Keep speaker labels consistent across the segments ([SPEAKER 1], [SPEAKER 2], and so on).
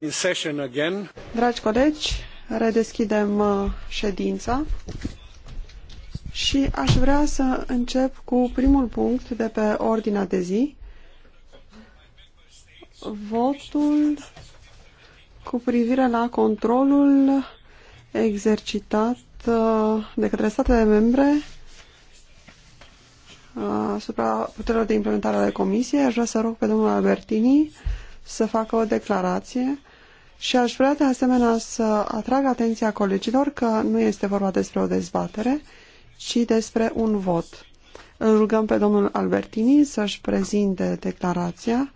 [SPEAKER 1] Session again.
[SPEAKER 2] Dragi colegi, redeschidem uh, ședința și aș vrea să încep cu primul punct de pe ordinea de zi, votul cu privire la controlul exercitat uh, de către statele membre uh, asupra puterilor de implementare ale Comisiei. Aș vrea să rog pe domnul Albertini să facă o declarație și aș vrea de asemenea să atrag atenția colegilor că nu este vorba despre o dezbatere, ci despre un vot. Îl rugăm pe domnul Albertini să-și prezinte declarația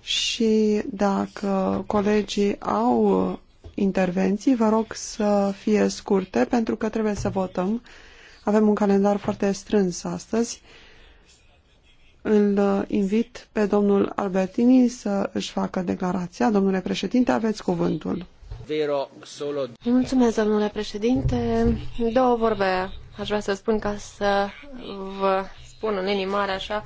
[SPEAKER 2] și dacă colegii au intervenții, vă rog să fie scurte pentru că trebuie să votăm. Avem un calendar foarte strâns astăzi îl uh, invit pe domnul Albertini să își facă declarația. Domnule președinte, aveți cuvântul.
[SPEAKER 3] Mulțumesc, domnule președinte. Două vorbe aș vrea să spun ca să vă spun în linii așa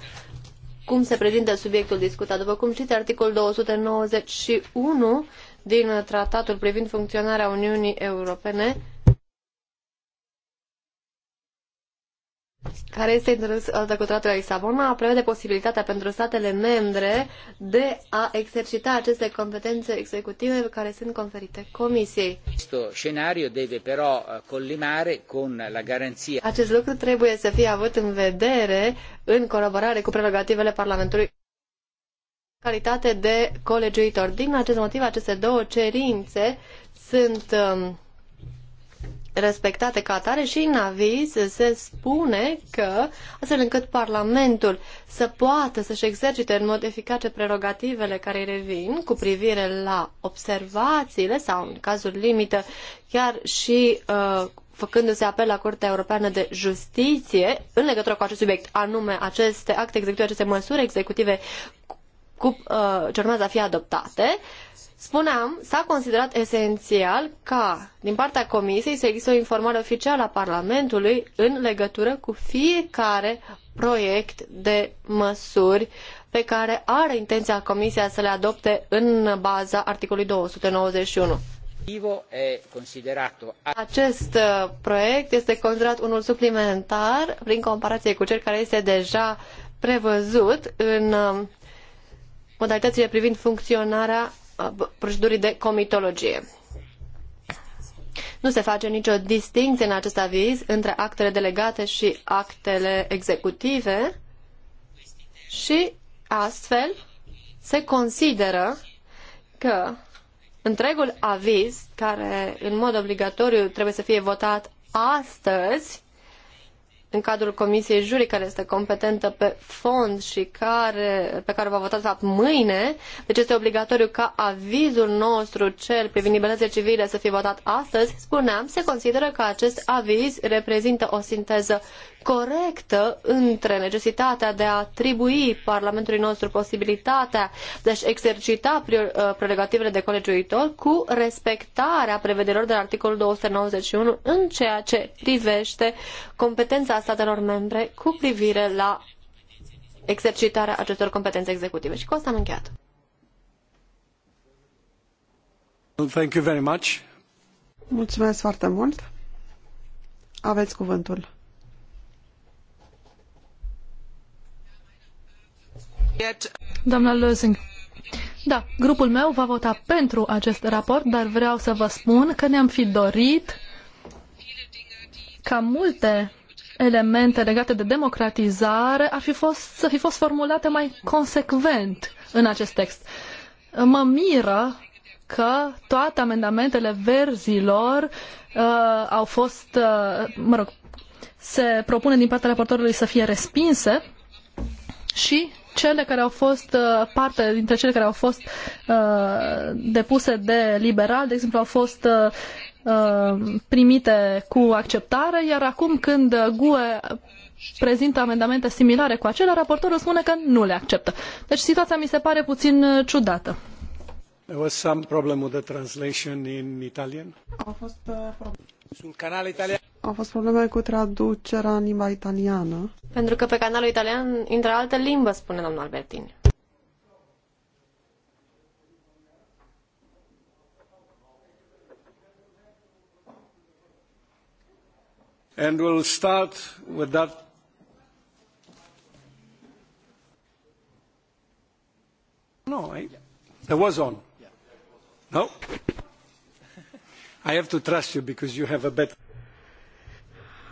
[SPEAKER 3] cum se prezintă subiectul discutat. După cum știți, articolul 291 din Tratatul privind funcționarea Uniunii Europene care este introdusă uh, de Tratatul Lisabona, prevede posibilitatea pentru statele membre de a exercita aceste competențe executive care sunt conferite Comisiei.
[SPEAKER 1] Acest scenariu deve però uh, collimare con la garanția. Acest
[SPEAKER 3] lucru trebuie să fie avut în vedere în colaborare cu prerogativele Parlamentului calitate de colegiuitor. Din acest motiv, aceste două cerințe sunt um, respectate ca atare și în aviz se spune că, astfel încât Parlamentul să poată să-și exercite în mod eficace prerogativele care îi revin cu privire la observațiile sau, în cazul limită, chiar și uh, făcându-se apel la Curtea Europeană de Justiție în legătură cu acest subiect, anume aceste acte executive, aceste măsuri executive cu, uh, ce urmează a fi adoptate, uh, Spuneam, s-a considerat esențial ca, din partea Comisiei, să existe o informare oficială a Parlamentului în legătură cu fiecare proiect de măsuri pe care are intenția Comisia să le adopte în baza articolului 291. Acest uh, proiect este considerat unul suplimentar prin comparație cu cel care este deja prevăzut în uh, modalitățile privind funcționarea Uh, procedurii de comitologie. Nu se face nicio distinție în acest aviz între actele delegate și actele executive și astfel se consideră că întregul aviz, care în mod obligatoriu trebuie să fie votat astăzi, în cadrul Comisiei Juri, care este competentă pe fond și care, pe care va vota fapt mâine, deci este obligatoriu ca avizul nostru cel privind libertățile civile să fie votat astăzi, spuneam, se consideră că acest aviz reprezintă o sinteză corectă între necesitatea de a atribui Parlamentului nostru posibilitatea de a-și exercita uh, prerogativele de colegiuitor cu respectarea prevederilor de la articolul 291 în ceea ce privește competența statelor membre cu privire la exercitarea acestor competențe executive. Și cu asta am încheiat.
[SPEAKER 1] Thank you very much.
[SPEAKER 2] Mulțumesc foarte mult. Aveți cuvântul.
[SPEAKER 4] Doamna Lösing, da, grupul meu va vota pentru acest raport, dar vreau să vă spun că ne-am fi dorit ca multe elemente legate de democratizare ar fi fost, să fi fost formulate mai consecvent în acest text. Mă miră că toate amendamentele verzilor uh, au fost, uh, mă rog, se propune din partea raportorului să fie respinse și cele care au fost, uh, parte dintre cele care au fost uh, depuse de liberal, de exemplu, au fost uh, uh primite cu acceptare, iar acum când GUE prezintă amendamente similare cu acelea, raportorul spune că nu le acceptă. Deci situația mi se pare puțin uh, ciudată.
[SPEAKER 1] There was some problem with the translation in Italian.
[SPEAKER 2] A fost uh, problem. A fost probleme cu traducerea în limba italiană. Pentru că pe canalul italian intră altă limbă, spune
[SPEAKER 3] domnul Albertini.
[SPEAKER 1] And we'll start with that. No, I... It was on. No? I have to trust you because you have a better...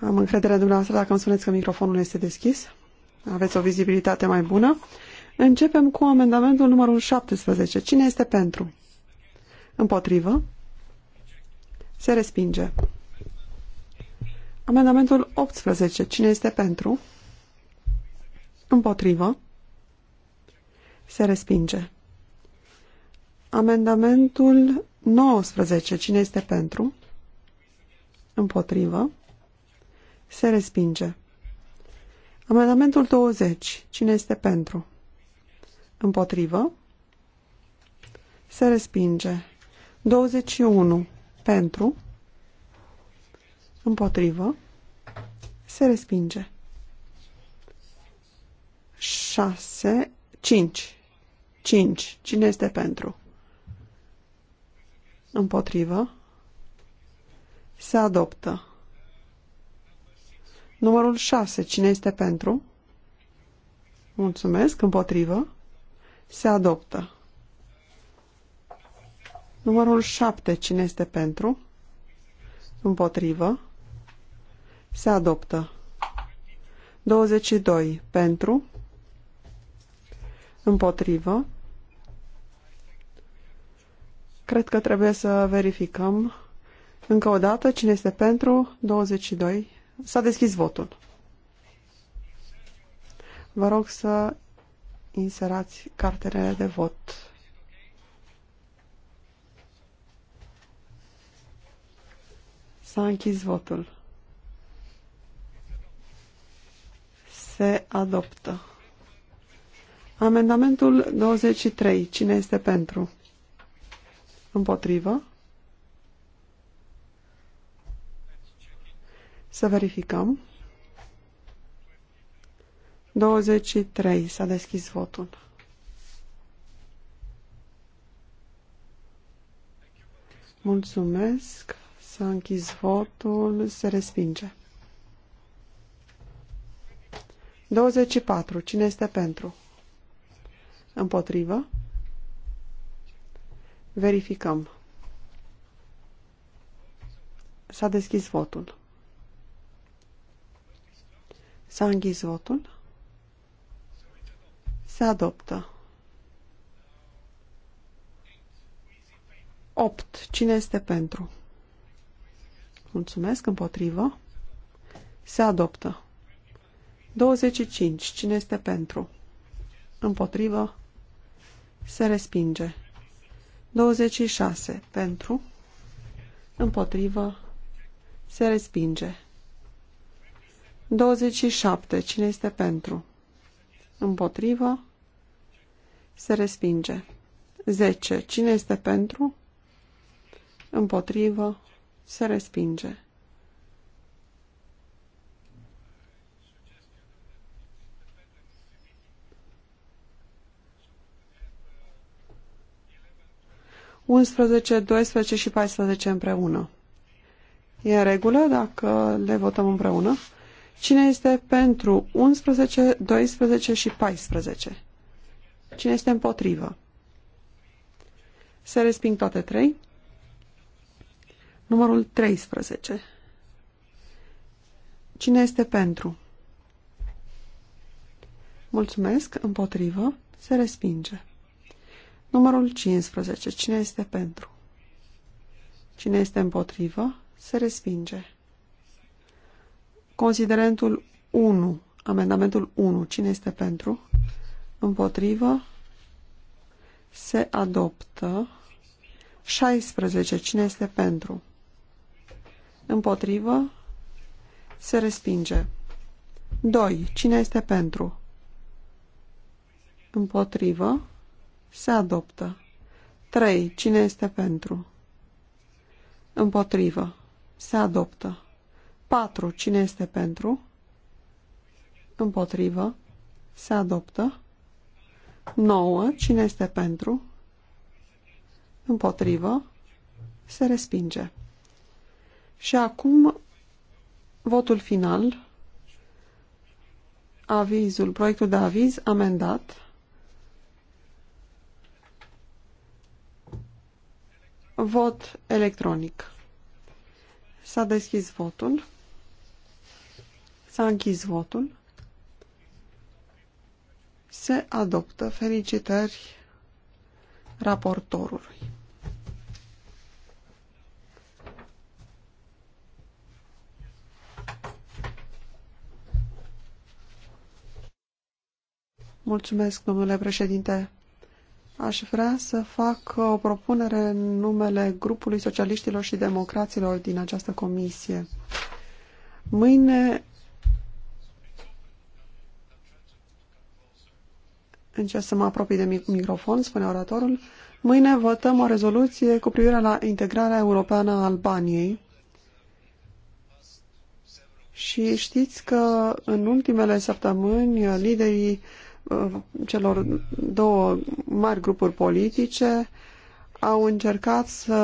[SPEAKER 2] Am încredere dumneavoastră dacă îmi spuneți că microfonul este deschis. Aveți o vizibilitate mai bună. Începem cu amendamentul numărul 17. Cine este pentru? Împotrivă? Se respinge. Amendamentul 18. Cine este pentru? Împotrivă? Se respinge. Amendamentul 19. Cine este pentru? Împotrivă. Se respinge. Amendamentul 20. Cine este pentru? Împotrivă. Se respinge. 21. Pentru. Împotrivă. Se respinge. 6. 5. 5. Cine este pentru? Împotrivă. Se adoptă. Numărul 6. Cine este pentru? Mulțumesc. Împotrivă. Se adoptă. Numărul 7. Cine este pentru? Împotrivă. Se adoptă. 22. Pentru. Împotrivă. Cred că trebuie să verificăm încă o dată cine este pentru 22. S-a deschis votul. Vă rog să inserați cartele de vot. S-a închis votul. Se adoptă. Amendamentul 23. Cine este pentru? Împotrivă. Să verificăm. 23. S-a deschis votul. Mulțumesc. S-a închis votul. Se respinge. 24. Cine este pentru? Împotrivă? Verificăm. S-a deschis votul. S-a închis votul. Se adoptă. 8. Cine este pentru? Mulțumesc. Împotrivă. Se adoptă. 25. Cine este pentru? Împotrivă. Se respinge. 26 pentru, împotrivă, se respinge. 27. Cine este pentru? Împotrivă, se respinge. 10. Cine este pentru? Împotrivă, se respinge. 11, 12 și 14 împreună. E în regulă dacă le votăm împreună? Cine este pentru 11, 12 și 14? Cine este împotrivă? Se resping toate trei. Numărul 13. Cine este pentru? Mulțumesc, împotrivă, se respinge. Numărul 15. Cine este pentru? Cine este împotrivă? Se respinge. Considerentul 1. Amendamentul 1. Cine este pentru? Împotrivă? Se adoptă. 16. Cine este pentru? Împotrivă? Se respinge. 2. Cine este pentru? Împotrivă? Se adoptă. 3. Cine este pentru? Împotrivă. Se adoptă. 4. Cine este pentru? Împotrivă. Se adoptă. 9. Cine este pentru? Împotrivă. Se respinge. Și acum votul final. Avizul, proiectul de aviz amendat. Vot electronic. S-a deschis votul. S-a închis votul. Se adoptă. Felicitări raportorului. Mulțumesc, domnule președinte. Aș vrea să fac o propunere în numele grupului socialiștilor și democraților din această comisie. Mâine încerc să mă apropii de microfon, spune oratorul. Mâine votăm o rezoluție cu privire la integrarea europeană a Albaniei. Și știți că în ultimele săptămâni liderii Uh, celor două mari grupuri politice au încercat să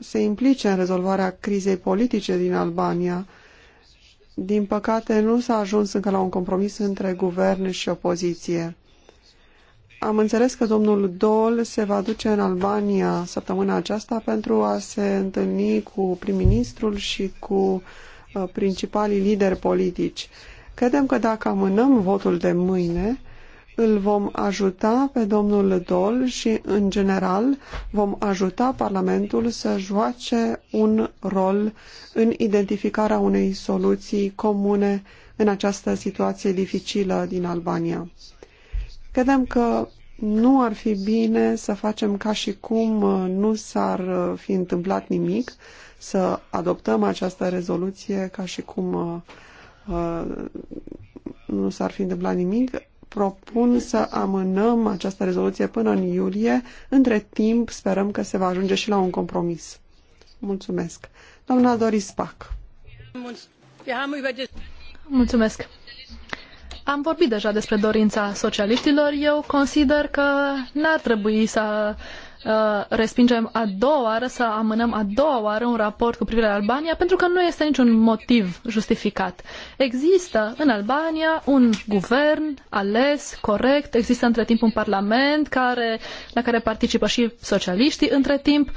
[SPEAKER 2] se implice în rezolvarea crizei politice din Albania. Din păcate, nu s-a ajuns încă la un compromis între guvern și opoziție. Am înțeles că domnul Dol se va duce în Albania săptămâna aceasta pentru a se întâlni cu prim-ministrul și cu uh, principalii lideri politici. Credem că dacă amânăm votul de mâine, îl vom ajuta pe domnul Dol și, în general, vom ajuta Parlamentul să joace un rol în identificarea unei soluții comune în această situație dificilă din Albania. Credem că nu ar fi bine să facem ca și cum uh, nu s-ar uh, fi întâmplat nimic, să adoptăm această rezoluție ca și cum uh, Uh, nu s-ar fi întâmplat nimic, propun să amânăm această rezoluție până în iulie. Între timp, sperăm că se va ajunge și la un compromis. Mulțumesc. Doamna Doris Pac.
[SPEAKER 4] Mulțumesc. Am vorbit deja despre dorința socialiștilor. Eu consider că n-ar trebui să Uh, respingem a doua oară, să amânăm a doua oară un raport cu privire la Albania, pentru că nu este niciun motiv justificat. Există în Albania un guvern ales, corect, există între timp un parlament care, la care participă și socialiștii între timp. Uh,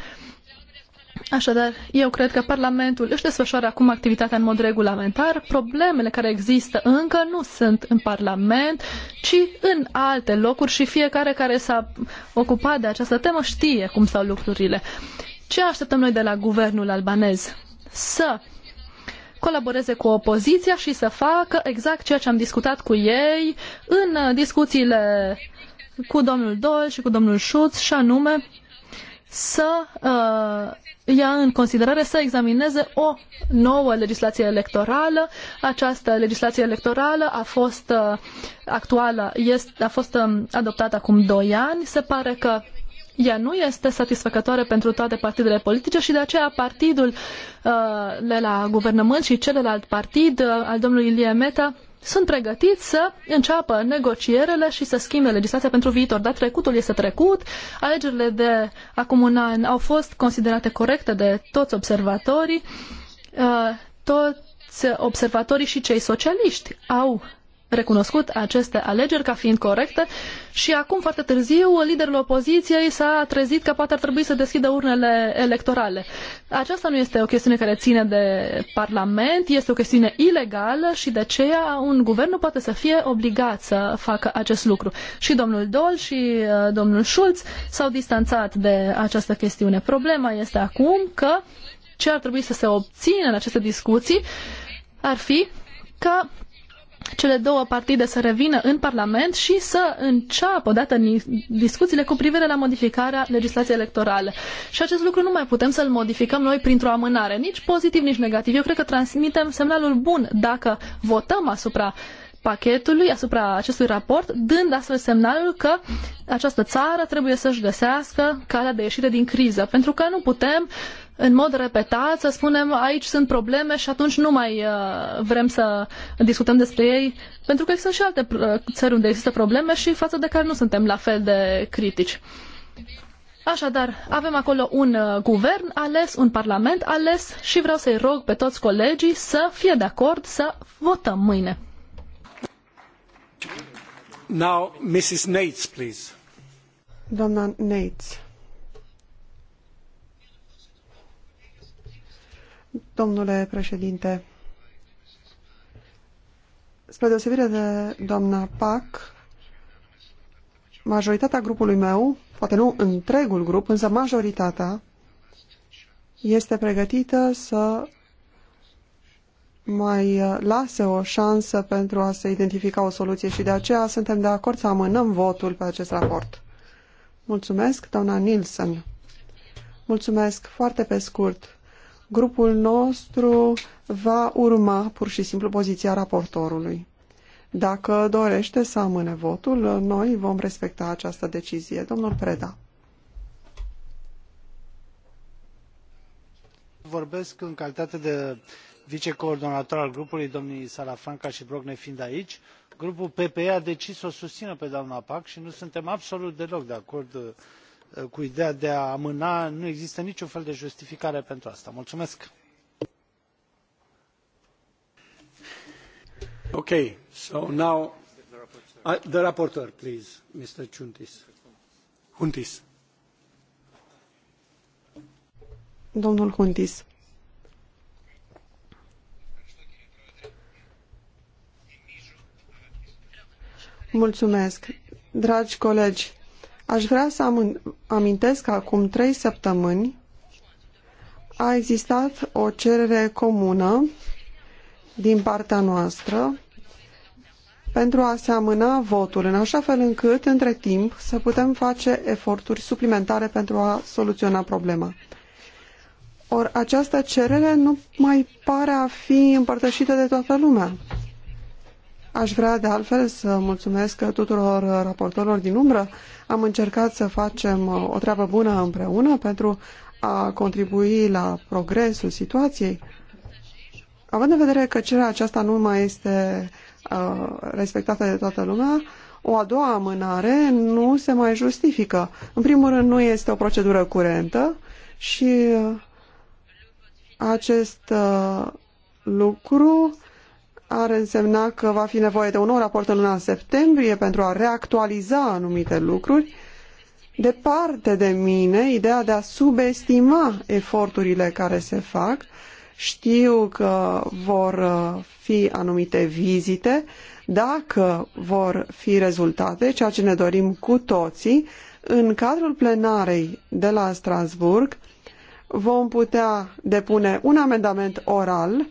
[SPEAKER 4] Așadar, eu cred că Parlamentul își desfășoară acum activitatea în mod regulamentar. Problemele care există încă nu sunt în Parlament, ci în alte locuri și fiecare care s-a ocupat de această temă știe cum stau lucrurile. Ce așteptăm noi de la guvernul albanez? Să colaboreze cu opoziția și să facă exact ceea ce am discutat cu ei în discuțiile cu domnul Dol și cu domnul Schulz și anume să uh, ia în considerare să examineze o nouă legislație electorală. Această legislație electorală a fost uh, actuală, a fost um, adoptată acum doi ani. Se pare că ea nu este satisfăcătoare pentru toate partidele politice și de aceea partidul uh, de la guvernământ și celălalt partid uh, al domnului Ilie Meta sunt pregătiți să înceapă negocierele și să schimbe legislația pentru viitor. Dar trecutul este trecut, alegerile de acum un an au fost considerate corecte de toți observatorii, uh, toți observatorii și cei socialiști au recunoscut aceste alegeri ca fiind corecte și acum, foarte târziu, liderul opoziției s-a trezit că poate ar trebui să deschidă urnele electorale. Aceasta nu este o chestiune care ține de Parlament, este o chestiune ilegală și de aceea un guvern nu poate să fie obligat să facă acest lucru. Și domnul Dol și uh, domnul Schulz s-au distanțat de această chestiune. Problema este acum că ce ar trebui să se obțină în aceste discuții ar fi că cele două partide să revină în Parlament și să înceapă odată discuțiile cu privire la modificarea legislației electorale. Și acest lucru nu mai putem să-l modificăm noi printr-o amânare, nici pozitiv, nici negativ. Eu cred că transmitem semnalul bun dacă votăm asupra pachetului, asupra acestui raport, dând astfel semnalul că această țară trebuie să-și găsească calea de ieșire din criză, pentru că nu putem uh, în mod repetat, să spunem aici sunt probleme și atunci nu mai uh, vrem să discutăm despre ei, pentru că există și alte uh, țări unde există probleme și față de care nu suntem la fel de critici. Așadar, avem acolo un uh, guvern ales, un parlament ales și vreau să-i rog pe toți colegii să fie de acord
[SPEAKER 2] să votăm mâine.
[SPEAKER 1] Now, Mrs. Nates, please.
[SPEAKER 2] Doamna Nates. Domnule președinte, spre deosebire de doamna Pac, majoritatea grupului meu, poate nu întregul grup, însă majoritatea, este pregătită să mai lase o șansă pentru a se identifica o soluție și de aceea suntem de acord să amânăm votul pe acest raport. Mulțumesc, doamna Nilsson. Mulțumesc foarte pe scurt grupul nostru va urma pur și simplu poziția raportorului. Dacă dorește să amâne votul, noi vom respecta această decizie. Domnul Preda.
[SPEAKER 1] Vorbesc în calitate de vicecoordonator al grupului, domnii Salafranca și Brok fiind aici. Grupul PPE a decis să o susțină pe doamna Pac și nu suntem absolut deloc de acord Uh, cu ideea de a amâna nu există niciun fel de justificare pentru asta. Mulțumesc. Okay, so now uh, the rapporteur, please, Mr. Chuntis. Huntis.
[SPEAKER 2] Domnul Huntis. Mulțumesc. Dragi colegi, Aș vrea să amintesc că acum trei săptămâni a existat o cerere comună din partea noastră pentru a se amâna votul, în așa fel încât, între timp, să putem face eforturi suplimentare pentru a soluționa problema. Or, această cerere nu mai pare a fi împărtășită de toată lumea. Aș vrea de altfel să mulțumesc tuturor raportorilor din umbră. Am încercat să facem o treabă bună împreună pentru a contribui la progresul situației. Având în vedere că cererea aceasta nu mai este uh, respectată de toată lumea, o a doua amânare nu se mai justifică. În primul rând, nu este o procedură curentă și uh, acest uh, lucru ar însemna că va fi nevoie de un nou raport în luna septembrie pentru a reactualiza anumite lucruri. Departe de mine ideea de a subestima eforturile care se fac. Știu că vor uh, fi anumite vizite, dacă vor fi rezultate, ceea ce ne dorim cu toții, în cadrul plenarei de la Strasburg vom putea depune un amendament oral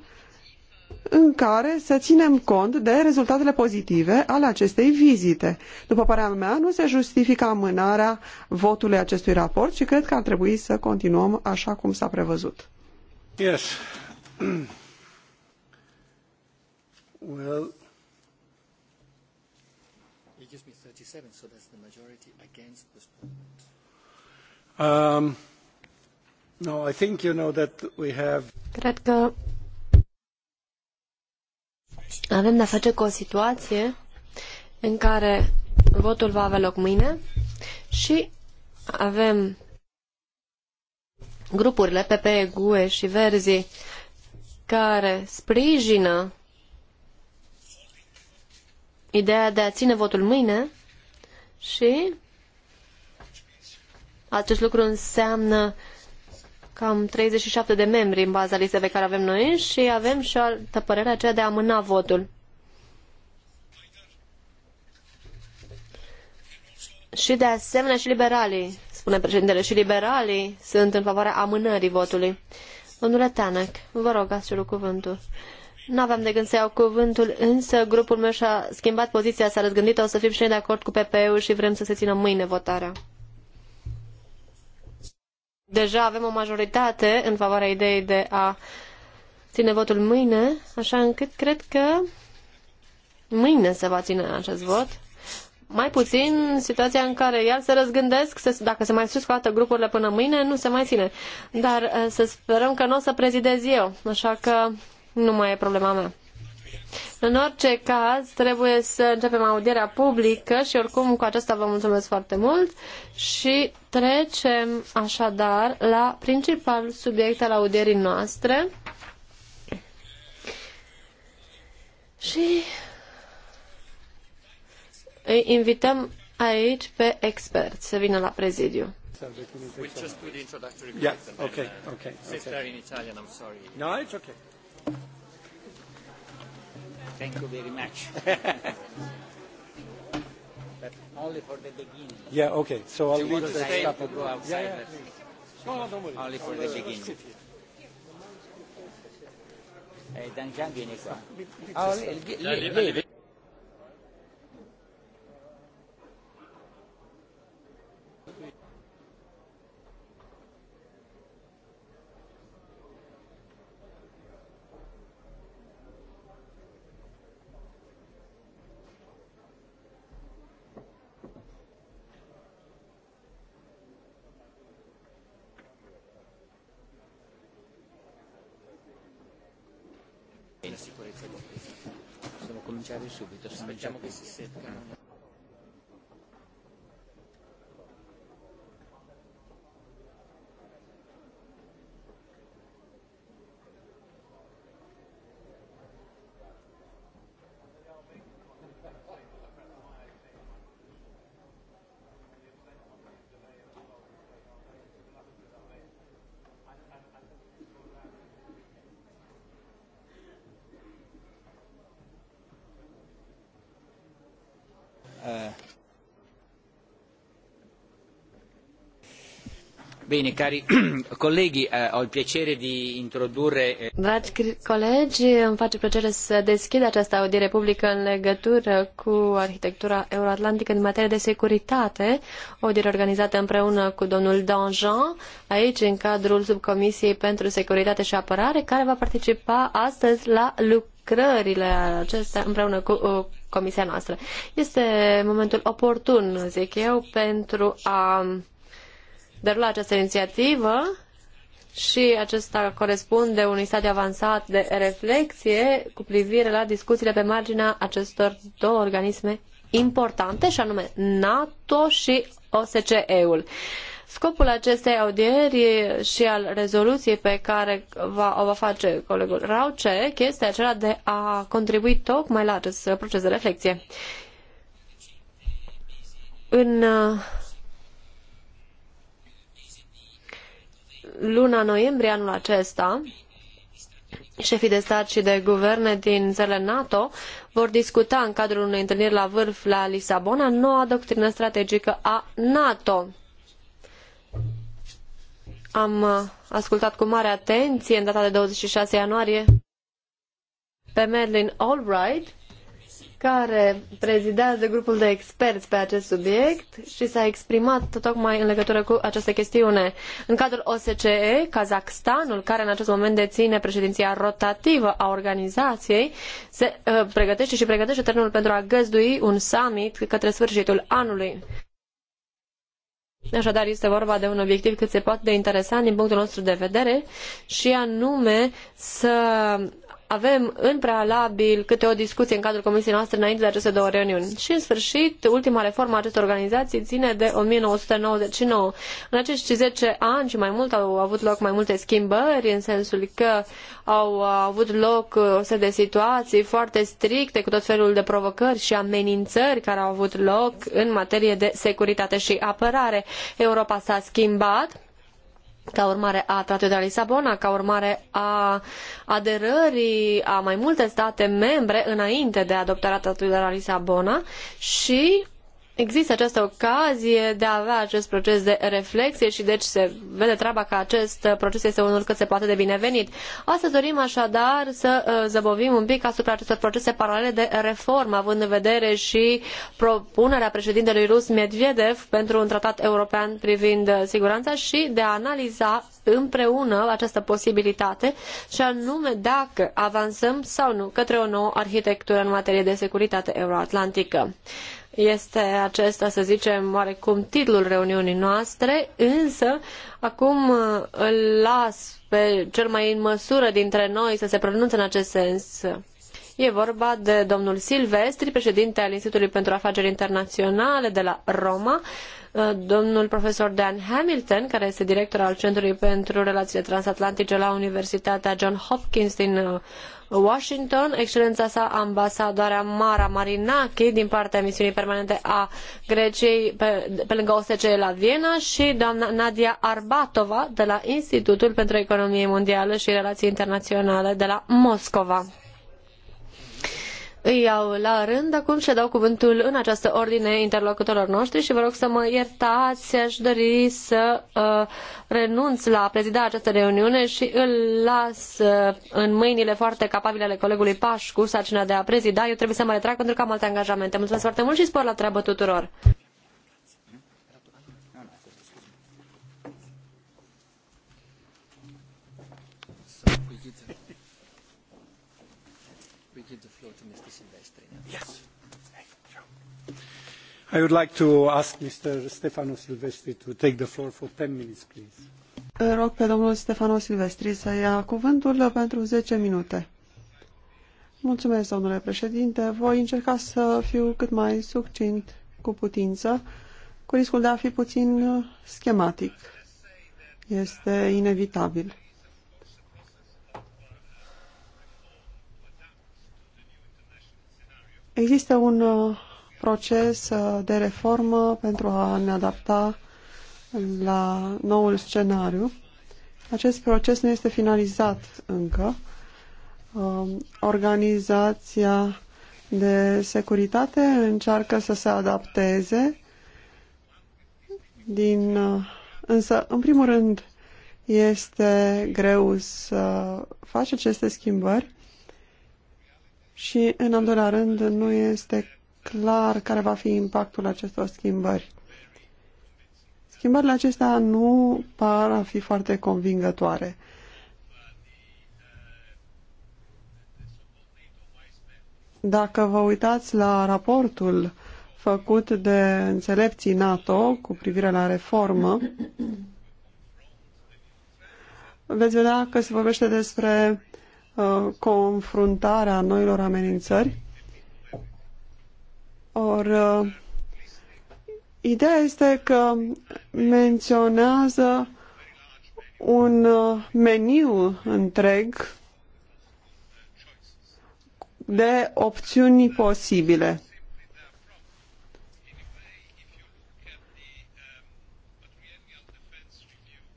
[SPEAKER 2] în care să ținem cont de rezultatele pozitive ale acestei vizite. După părerea mea, nu se justifică amânarea votului acestui raport și cred că ar trebui să continuăm așa cum s-a prevăzut.
[SPEAKER 1] Yes. well. It gives me 37, so that's the majority against Um, no, I think you know that we have... Cred că
[SPEAKER 3] avem de-a face cu o situație în care votul va avea loc mâine și avem grupurile PPE, GUE și Verzi care sprijină ideea de a ține votul mâine și acest lucru înseamnă cam 37 de membri în baza listei pe care avem noi și avem și o altă părere, aceea de a amâna votul. Și de asemenea și liberalii, spune președintele, și liberalii sunt în favoarea amânării votului. Domnule Tanec, vă rog, ați cuvântul. Nu aveam de gând să iau cuvântul, însă grupul meu și-a schimbat poziția, s-a răzgândit, o să fim și noi de acord cu PPE-ul și vrem să se țină mâine votarea deja avem o majoritate în favoarea ideii de a ține votul mâine, așa încât cred că mâine se va ține acest vot. Mai puțin situația în care iar se răzgândesc, se, dacă se mai suscoată grupurile până mâine, nu se mai ține. Dar eh, să sperăm că nu o să prezidez eu, așa că nu mai e problema mea. În orice caz, trebuie să începem audierea publică și oricum cu aceasta vă mulțumesc foarte mult și trecem așadar la principal subiect al audierii noastre. Și îi invităm aici pe experți să vină la prezidiu.
[SPEAKER 1] We'll just do the introductory yeah, okay, okay, okay. Since in Italian, I'm sorry. No, it's okay. Thank you very much. but only for the beginning. Yeah, okay. So I'll leave the stuff and go outside. Yeah, yeah. Only for
[SPEAKER 5] the beginning. Eh, Danjan viene qua. Ah, lei, lei, lei.
[SPEAKER 1] subito. Aspettiamo che si seccano. Bine, cari colegi, eh, ho il piacere di introdurre... Eh,
[SPEAKER 3] Dragi colegi, îmi face plăcere să deschid această audiere publică în legătură cu arhitectura euroatlantică în materie de securitate, o audiere organizată împreună cu domnul Danjean, aici în cadrul subcomisiei pentru securitate și apărare, care va participa astăzi la lucrările acestea împreună cu uh, comisia noastră. Este momentul oportun, zic eu, pentru a derulă această inițiativă și acesta corespunde unui stadiu avansat de reflexie cu privire la discuțiile pe marginea acestor două organisme importante, și anume NATO și OSCE-ul. Scopul acestei audieri și al rezoluției pe care va, o va face colegul Raucek este acela de a contribui tocmai la acest proces de reflexie. În luna noiembrie anul acesta, șefii de stat și de guverne din țările NATO vor discuta în cadrul unei întâlniri la vârf la Lisabona noua doctrină strategică a NATO. Am uh, ascultat cu mare atenție în data de 26 ianuarie pe Madeleine Albright, care prezidează grupul de experți pe acest subiect și s-a exprimat tocmai în legătură cu această chestiune. În cadrul OSCE, Kazakhstanul, care în acest moment deține președinția rotativă a organizației, se uh, pregătește și pregătește terenul pentru a găzdui un summit către sfârșitul anului. Așadar, este vorba de un obiectiv cât se poate de interesant din punctul nostru de vedere și anume să avem în prealabil câte o discuție în cadrul comisiei noastre înainte de aceste două reuniuni. Și în sfârșit, ultima reformă a acestor organizații ține de 1999. În acești 10 ani și mai mult au avut loc mai multe schimbări, în sensul că au avut loc o serie de situații foarte stricte, cu tot felul de provocări și amenințări care au avut loc în materie de securitate și apărare. Europa s-a schimbat, ca urmare a Tratatului de Lisabona, ca urmare a aderării a mai multe state membre înainte de adoptarea Tratatului de la Lisabona și există această ocazie de a avea acest proces de reflexie și deci se vede treaba că acest proces este unul cât se poate de binevenit. Astăzi dorim așadar să uh, zăbovim un pic asupra acestor procese paralele de reformă, având în vedere și propunerea președintelui rus Medvedev pentru un tratat european privind uh, siguranța și de a analiza împreună această posibilitate și anume dacă avansăm sau nu către o nouă arhitectură în materie de securitate euroatlantică este acesta, să zicem, oarecum titlul reuniunii noastre, însă acum uh, îl las pe cel mai în măsură dintre noi să se pronunțe în acest sens. E vorba de domnul Silvestri, președinte al Institutului pentru Afaceri Internaționale de la Roma, Uh, domnul profesor Dan Hamilton, care este director al Centrului pentru Relațiile Transatlantice la Universitatea John Hopkins din uh, Washington, excelența sa ambasadoarea Mara Marinaki din partea misiunii permanente a Greciei pe, pe lângă OSCE la Viena și doamna Nadia Arbatova de la Institutul pentru Economie Mondială și Relații Internaționale de la Moscova îi iau la rând acum și dau cuvântul în această ordine interlocutorilor noștri și vă rog să mă iertați, aș dori să uh, renunț la a prezida această reuniune și îl las uh, în mâinile foarte capabile ale colegului Pașcu sarcina de a prezida. Eu trebuie să mă retrag pentru că am alte angajamente. Mulțumesc foarte mult și spor la treabă tuturor!
[SPEAKER 1] I would like to ask Mr. Stefano Silvestri to take the floor for 10 minutes, please.
[SPEAKER 2] rog pe domnul Stefano Silvestri să ia cuvântul pentru 10 minute. Mulțumesc, domnule președinte. Voi încerca să fiu cât mai succint cu putință, cu riscul de a fi puțin schematic. Este inevitabil. Există un uh, proces uh, de reformă pentru a ne adapta la noul scenariu. Acest proces nu este finalizat încă. Um, organizația de securitate încearcă să se adapteze din, uh, însă, în primul rând, este greu să faci aceste schimbări și, în al doilea rând, nu este clar care va fi impactul acestor schimbări. Schimbările acestea nu par a fi foarte convingătoare. Dacă vă uitați la raportul făcut de înțelepții NATO cu privire la reformă, veți vedea că se vorbește despre uh, confruntarea noilor amenințări Or, uh, ideea este că menționează un uh, meniu întreg de opțiuni posibile.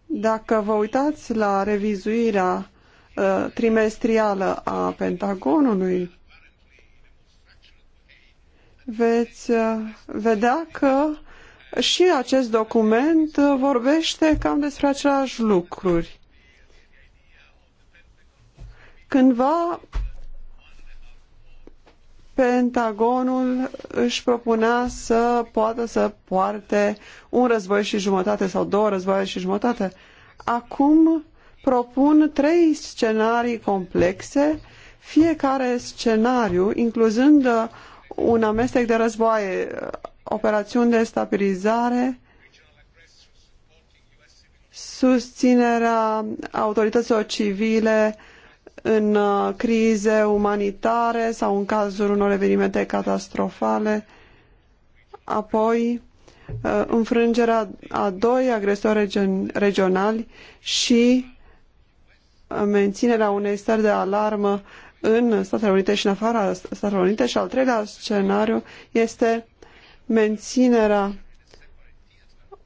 [SPEAKER 2] Dacă vă uitați la revizuirea uh, trimestrială a Pentagonului, veți uh, vedea că și acest document uh, vorbește cam despre aceleași lucruri. Cândva Pentagonul își propunea să poată să poarte un război și jumătate sau două războaie și jumătate. Acum propun trei scenarii complexe, fiecare scenariu, incluzând uh, un amestec de războaie, operațiuni de stabilizare, susținerea autorităților civile în uh, crize umanitare sau în cazul unor evenimente catastrofale, apoi uh, înfrângerea a doi agresori regionali și uh, menținerea unei stări de alarmă în Statele Unite și în afara Statelor Unite și al treilea scenariu este menținerea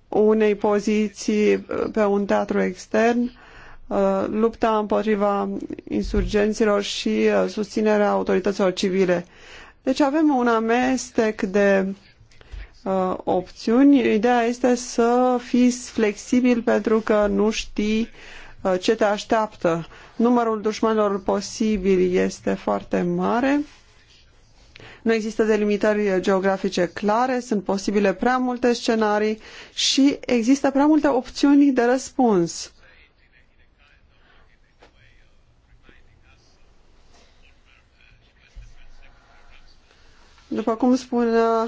[SPEAKER 2] unei poziții pe un teatru extern, uh, lupta împotriva insurgenților și uh, susținerea autorităților civile. Deci avem un amestec de uh, opțiuni. Ideea este să fii flexibil pentru că nu știi Uh, ce te așteaptă. Numărul dușmanilor posibili este foarte mare. Nu există delimitări geografice clare, sunt posibile prea multe scenarii și există prea multe opțiuni de răspuns. După cum spunea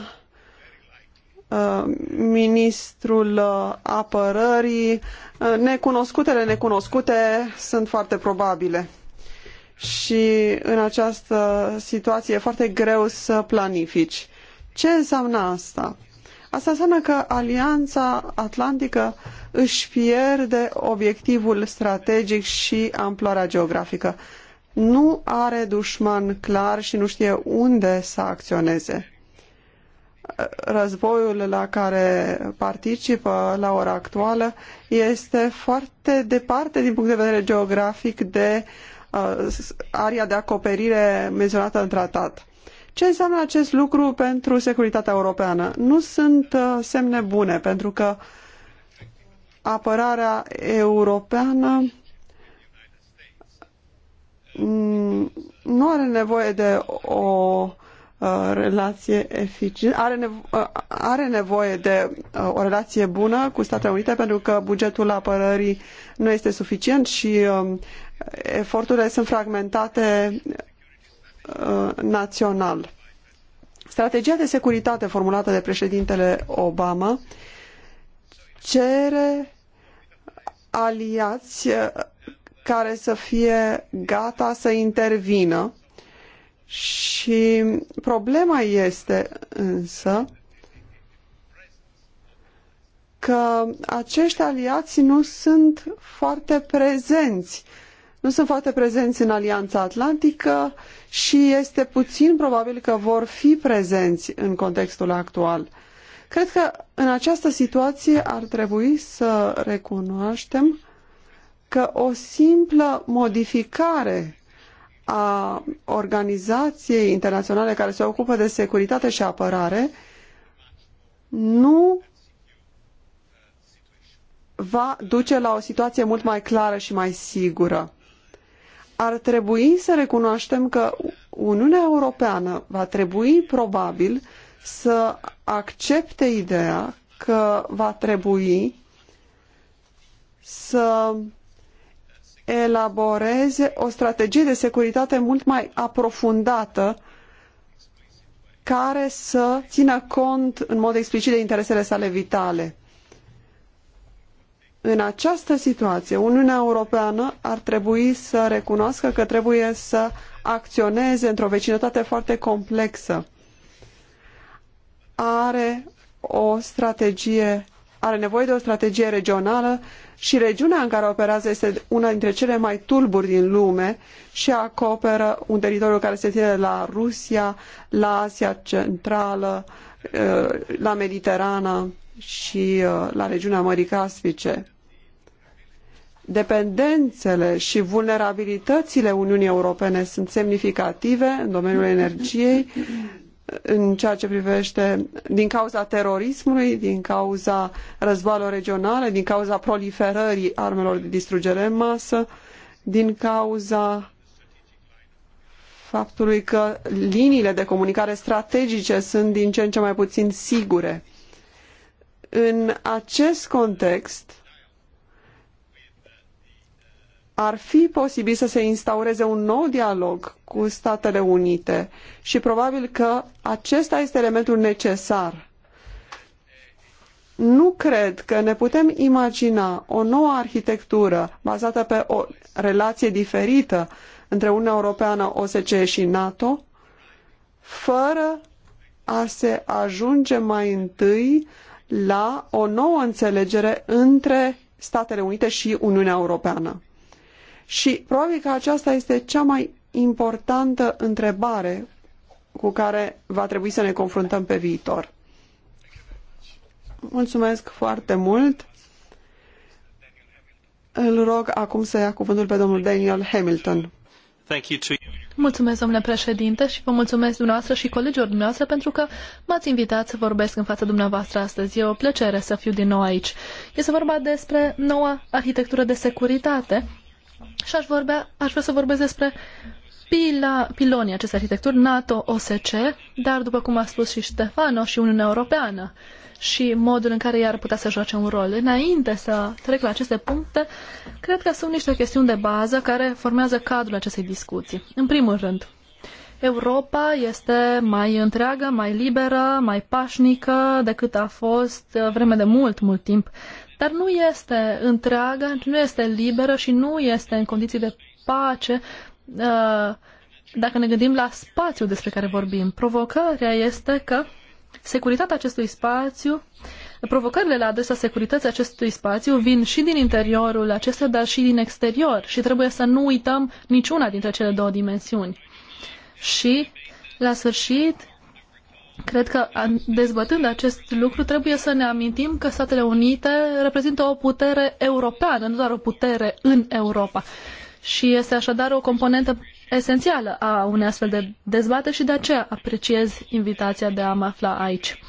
[SPEAKER 2] Uh, ministrul uh, apărării. Uh, necunoscutele necunoscute sunt foarte probabile. Și în această situație e foarte greu să planifici. Ce înseamnă asta? Asta înseamnă că Alianța Atlantică își pierde obiectivul strategic și amploarea geografică. Nu are dușman clar și nu știe unde să acționeze războiul la care participă la ora actuală este foarte departe din punct de vedere geografic de uh, area de acoperire menționată în tratat. Ce înseamnă acest lucru pentru securitatea europeană? Nu sunt uh, semne bune, pentru că apărarea europeană mm, nu are nevoie de o Uh, relație eficientă, are, nevo- uh, are nevoie de uh, o relație bună cu Statele Unite pentru că bugetul apărării nu este suficient și um, eforturile sunt fragmentate național. Strategia de securitate formulată de președintele Obama cere aliați care să fie gata să intervină și problema este însă că acești aliați nu sunt foarte prezenți. Nu sunt foarte prezenți în Alianța Atlantică și este puțin probabil că vor fi prezenți în contextul actual. Cred că în această situație ar trebui să recunoaștem că o simplă modificare a Organizației Internaționale care se ocupă de securitate și apărare nu va duce la o situație mult mai clară și mai sigură. Ar trebui să recunoaștem că Uniunea Europeană va trebui probabil să accepte ideea că va trebui să elaboreze o strategie de securitate mult mai aprofundată care să țină cont în mod explicit de interesele sale vitale. În această situație, Uniunea Europeană ar trebui să recunoască că trebuie să acționeze într-o vecinătate foarte complexă. Are o strategie, are nevoie de o strategie regională și regiunea în care operează este una dintre cele mai tulburi din lume și acoperă un teritoriu care se ține la Rusia, la Asia Centrală, eh, la Mediterana și eh, la regiunea Mării Caspice. Dependențele și vulnerabilitățile Uniunii Europene sunt semnificative în domeniul energiei, în ceea ce privește din cauza terorismului, din cauza războaielor regionale, din cauza proliferării armelor de distrugere în masă, din cauza faptului că liniile de comunicare strategice sunt din ce în ce mai puțin sigure. În acest context, ar fi posibil să se instaureze un nou dialog cu Statele Unite și probabil că acesta este elementul necesar. Nu cred că ne putem imagina o nouă arhitectură bazată pe o relație diferită între Uniunea Europeană, OSCE și NATO, fără a se ajunge mai întâi la o nouă înțelegere între Statele Unite și Uniunea Europeană. Și probabil că aceasta este cea mai importantă întrebare cu care va trebui să ne confruntăm pe viitor. Mulțumesc foarte mult. Îl rog acum să ia cuvântul pe domnul Daniel Hamilton. Mulțumesc, domnule președinte, și vă mulțumesc
[SPEAKER 4] dumneavoastră și colegilor dumneavoastră pentru că m-ați invitat să vorbesc în fața dumneavoastră astăzi. E o plăcere să fiu din nou aici. Este vorba despre noua arhitectură de securitate și aș, vorbea, aș vrea să vorbesc despre pila, pilonii acestei arhitecturi, nato OSC, dar după cum a spus și Ștefano și Uniunea Europeană și modul în care ea ar putea să joace un rol. Înainte să trec la aceste puncte, cred că sunt niște chestiuni de bază care formează cadrul acestei discuții. În primul rând, Europa este mai întreagă, mai liberă, mai pașnică decât a fost vreme de mult, mult timp dar nu este întreagă, nu este liberă și nu este în condiții de pace uh, dacă ne gândim la spațiul despre care vorbim. Provocarea este că securitatea acestui spațiu, provocările la adresa securității acestui spațiu vin și din interiorul acestuia, dar și din exterior și trebuie să nu uităm niciuna dintre cele două dimensiuni. Și, la sfârșit, Cred că dezbătând acest lucru trebuie să ne amintim că Statele Unite reprezintă o putere europeană, nu doar o putere în Europa. Și este așadar o componentă esențială a unei astfel de dezbateri și de aceea apreciez invitația de a mă afla aici.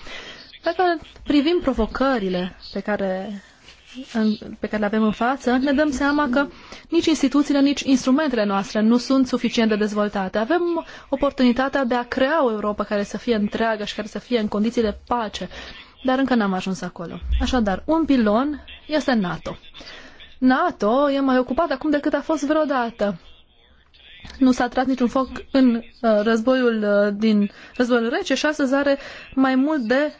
[SPEAKER 4] Dacă privim provocările pe care în, pe care le avem în față, ne dăm seama că nici instituțiile, nici instrumentele noastre nu sunt suficient de dezvoltate. Avem oportunitatea de a crea o Europa care să fie întreagă și care să fie în condiții de pace, dar încă n-am ajuns acolo. Așadar, un pilon este NATO. NATO e mai ocupat acum decât a fost vreodată. Nu s-a tras niciun foc în uh, războiul uh, din războiul rece și astăzi are mai mult de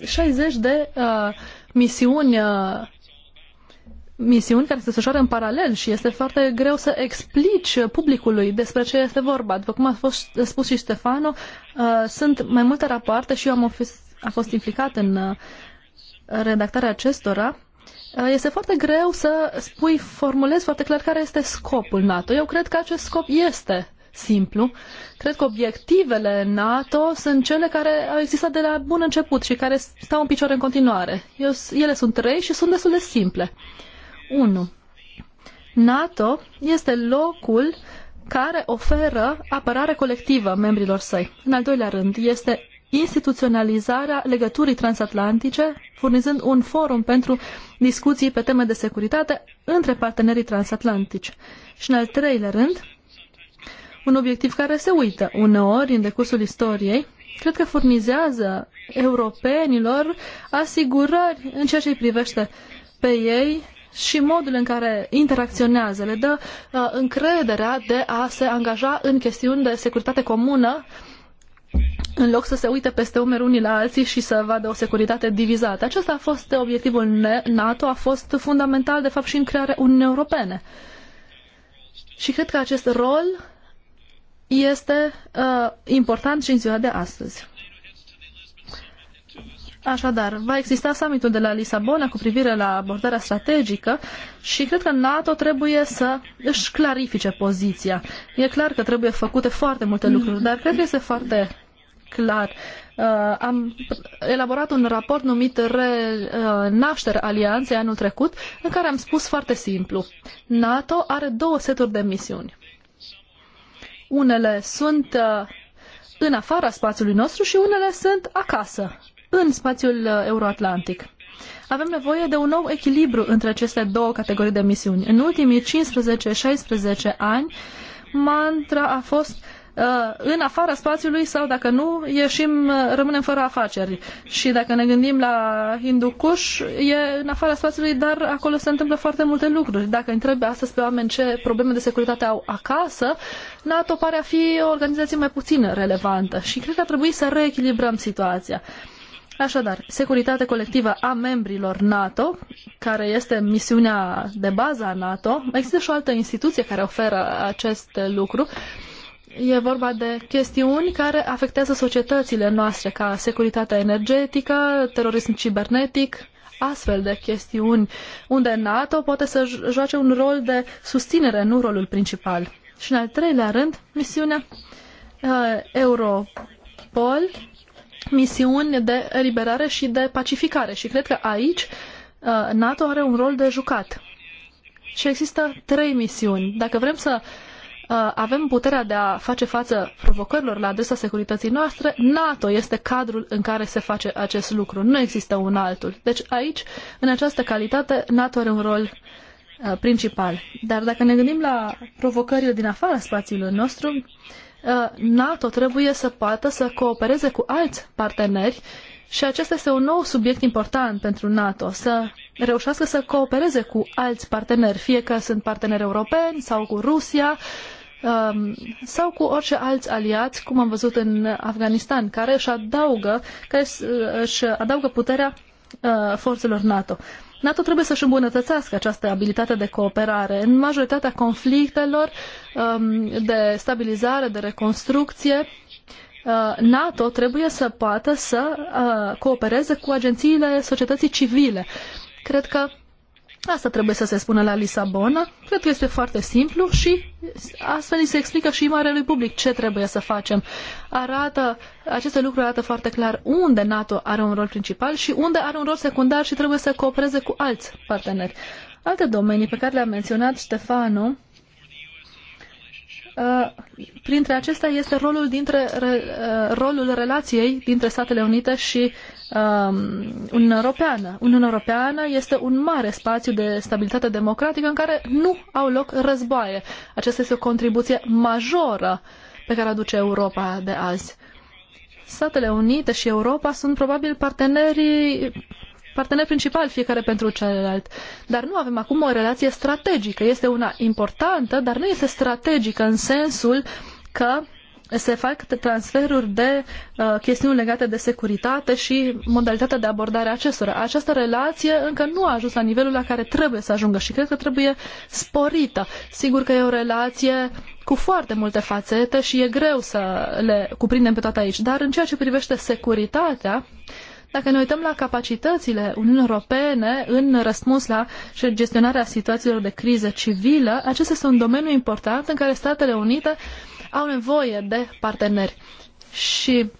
[SPEAKER 4] 60 de uh, misiuni uh, misiuni care se desfășoară în paralel și este foarte greu să explici publicului despre ce este vorba. După cum a fost spus și Stefano, uh, sunt mai multe rapoarte și eu am a fost implicat în uh, redactarea acestora. Este foarte greu să spui, formulezi foarte clar care este scopul NATO. Eu cred că acest scop este simplu. Cred că obiectivele NATO sunt cele care au existat de la bun început și care stau în picioare în continuare. Eu, ele sunt trei și sunt destul de simple. 1. NATO este locul care oferă apărare colectivă membrilor săi. În al doilea rând, este instituționalizarea legăturii transatlantice, furnizând un forum pentru discuții pe teme de securitate între partenerii transatlantici. Și în al treilea rând, un obiectiv care se uită. Uneori, în decursul istoriei, cred că furnizează europenilor asigurări în ceea ce îi privește pe ei și modul în care interacționează. Le dă uh, încrederea de a se angaja în chestiuni de securitate comună în loc să se uite peste umeri unii la alții și să vadă o securitate divizată. Acesta a fost obiectivul NATO, a fost fundamental de fapt și în crearea Uniunii Europene. Și cred că acest rol este uh, important și în ziua de astăzi. Așadar, va exista summitul de la Lisabona cu privire la abordarea strategică și cred că NATO trebuie să își clarifice poziția. E clar că trebuie făcute foarte multe lucruri, dar cred că este foarte clar. Uh, am elaborat un raport numit Renaștere uh, Alianței anul trecut, în care am spus foarte simplu. NATO are două seturi de misiuni. Unele sunt uh, în afara spațiului nostru și unele sunt acasă, în spațiul uh, euroatlantic. Avem nevoie de un nou echilibru între aceste două categorii de misiuni. În ultimii 15-16 ani, mantra a fost Uh, în afara spațiului sau dacă nu, ieșim, uh, rămânem fără afaceri. Și dacă ne gândim la Hindukush, e în afara spațiului, dar acolo se întâmplă foarte multe lucruri. Dacă întrebe astăzi pe oameni ce probleme de securitate au acasă, NATO pare a fi o organizație mai puțin relevantă și cred că ar trebui să reechilibrăm situația. Așadar, securitate colectivă a membrilor NATO, care este misiunea de bază a NATO, există și o altă instituție care oferă acest lucru, uh, E vorba de chestiuni care afectează societățile noastre, ca securitatea energetică, terorism cibernetic, astfel de chestiuni, unde NATO poate să joace un rol de susținere, nu rolul principal. Și în al treilea rând, misiunea uh, Europol, misiuni de eliberare și de pacificare. Și cred că aici uh, NATO are un rol de jucat. Și există trei misiuni. Dacă vrem să uh, Uh, avem puterea de a face față provocărilor la adresa securității noastre, NATO este cadrul în care se face acest lucru. Nu există un altul. Deci aici, în această calitate, NATO are un rol uh, principal. Dar dacă ne gândim la provocările din afara spațiului nostru, uh, NATO trebuie să poată să coopereze cu alți parteneri și acesta este un nou subiect important pentru NATO, să reușească să coopereze cu alți parteneri, fie că sunt parteneri europeni sau cu Rusia Um, sau cu orice alți aliați, cum am văzut în Afganistan, care își adaugă, care își adaugă puterea uh, forțelor NATO. NATO trebuie să-și îmbunătățească această abilitate de cooperare. În majoritatea conflictelor um, de stabilizare, de reconstrucție, uh, NATO trebuie să poată să uh, coopereze cu agențiile societății civile. Cred că Asta trebuie să se spună la Lisabona. Cred că este foarte simplu și astfel îi se explică și Marelui Public ce trebuie să facem. Arată, aceste lucruri arată foarte clar unde NATO are un rol principal și unde are un rol secundar și trebuie să coopereze cu alți parteneri. Alte domenii pe care le-a menționat Stefano Uh, printre acestea este rolul, dintre, uh, rolul relației dintre Statele Unite și um, Uniunea Europeană. Uniunea Europeană este un mare spațiu de stabilitate democratică în care nu au loc războaie. Aceasta este o contribuție majoră pe care aduce Europa de azi. Statele Unite și Europa sunt probabil partenerii Partener principal fiecare pentru celălalt. Dar nu avem acum o relație strategică. Este una importantă, dar nu este strategică în sensul că se fac transferuri de uh, chestiuni legate de securitate și modalitatea de abordare a acestora. Această relație încă nu a ajuns la nivelul la care trebuie să ajungă și cred că trebuie sporită. Sigur că e o relație cu foarte multe fațete și e greu să le cuprindem pe toate aici, dar în ceea ce privește securitatea, dacă ne uităm la capacitățile Uniunii Europene în răspuns la și gestionarea situațiilor de criză civilă, acesta este un domeniu important în care Statele Unite au nevoie de parteneri. Și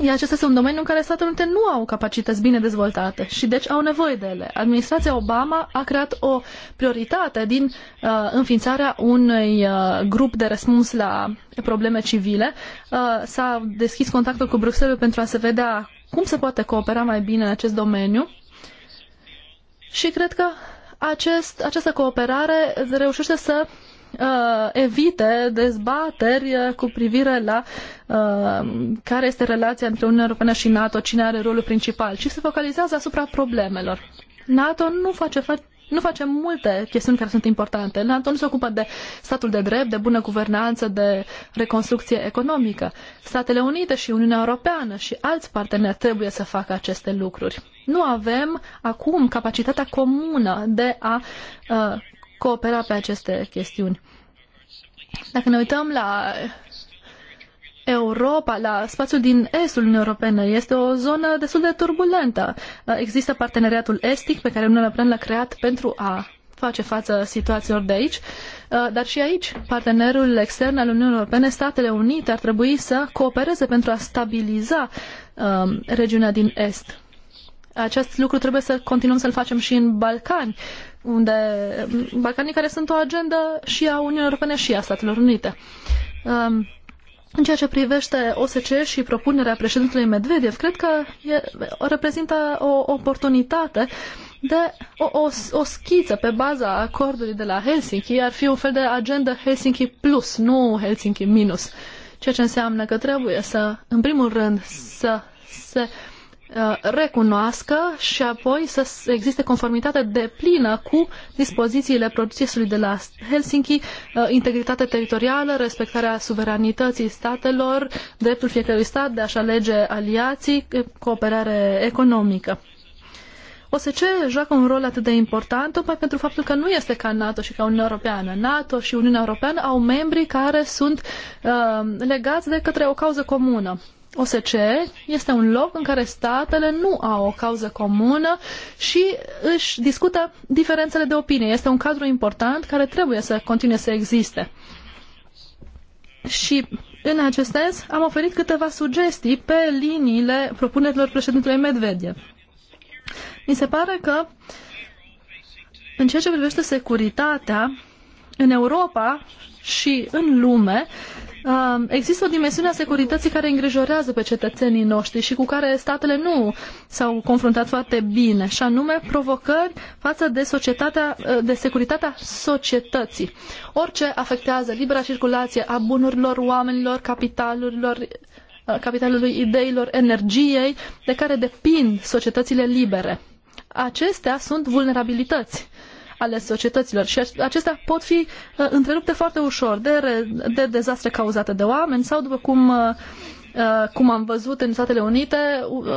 [SPEAKER 4] acesta este un domeniu în care Statele Unite nu au capacități bine dezvoltate și deci au nevoie de ele. Administrația Obama a creat o prioritate din uh, înființarea unui uh, grup de răspuns la probleme civile. Uh, s-a deschis contactul cu Bruxelles pentru a se vedea cum se poate coopera mai bine în acest domeniu și cred că acest, această cooperare reușește să uh, evite dezbateri uh, cu privire la uh, care este relația între Uniunea Europeană și NATO, cine are rolul principal, ci se focalizează asupra problemelor. NATO nu face față nu facem multe chestiuni care sunt importante. NATO nu se ocupă de statul de drept, de bună guvernanță, de reconstrucție economică. Statele Unite și Uniunea Europeană și alți parteneri trebuie să facă aceste lucruri. Nu avem acum capacitatea comună de a uh, coopera pe aceste chestiuni. Dacă ne uităm la Europa, la spațiul din estul Uniunii Europene. Este o zonă destul de turbulentă. Există parteneriatul estic pe care Uniunea Europeană l-a creat pentru a face față situațiilor de aici, uh, dar și aici partenerul extern al Uniunii Europene, Statele Unite, ar trebui să coopereze pentru a stabiliza um, regiunea din Est. Acest lucru trebuie să continuăm să-l facem și în Balcani, unde um, Balcanii care sunt o agendă și a Uniunii Europene și a Statelor Unite. Um, în ceea ce privește OSCE și propunerea președintelui Medvedev, cred că e, reprezintă o oportunitate de o, o, o schiță pe baza acordului de la Helsinki. Ar fi un fel de agenda Helsinki plus, nu Helsinki minus. Ceea ce înseamnă că trebuie să, în primul rând, să se Uh, recunoască și apoi să existe conformitate de plină cu dispozițiile procesului de la Helsinki, uh, integritate teritorială, respectarea suveranității statelor, dreptul fiecărui stat de a-și alege aliații, uh, cooperare economică. OSCE joacă un rol atât de important tocmai pentru faptul că nu este ca NATO și ca Uniunea Europeană. NATO și Uniunea Europeană au membri care sunt uh, legați de către o cauză comună. OSCE este un loc în care statele nu au o cauză comună și își discută diferențele de opinie. Este un cadru important care trebuie să continue să existe. Și în acest sens am oferit câteva sugestii pe liniile propunerilor președintelui Medvedev. Mi se pare că în ceea ce privește securitatea, în Europa și în lume, Um, există o dimensiune a securității care îngrijorează pe cetățenii noștri și cu care statele nu s-au confruntat foarte bine, și anume provocări față de, societatea, uh, de securitatea societății. Orice afectează libera circulație a bunurilor, oamenilor, capitalurilor, uh, capitalului ideilor, energiei, de care depind societățile libere. Acestea sunt vulnerabilități ale societăților și acestea pot fi uh, întrerupte foarte ușor de, re, de dezastre cauzate de oameni sau după cum uh, uh cum am văzut în Statele Unite,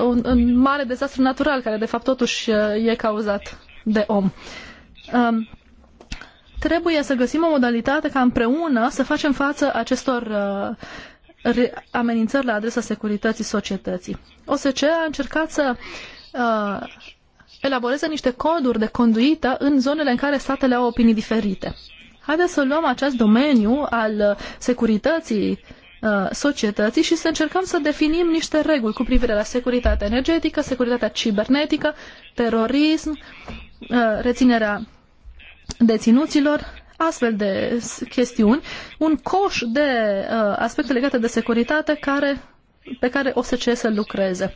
[SPEAKER 4] un, un mare dezastru natural care de fapt totuși uh, e cauzat de om. Um, trebuie să găsim o modalitate ca împreună să facem față acestor uh, amenințări la adresa securității societății. OSCE a încercat să uh, elaboreze niște coduri de conduită în zonele în care statele au opinii diferite. Haideți să luăm acest domeniu al uh, securității uh, societății și să încercăm să definim niște reguli cu privire la securitatea energetică, securitatea cibernetică, terorism, uh, reținerea deținuților, astfel de chestiuni, un coș de aspecte legate de securitate care pe care OSCE să lucreze.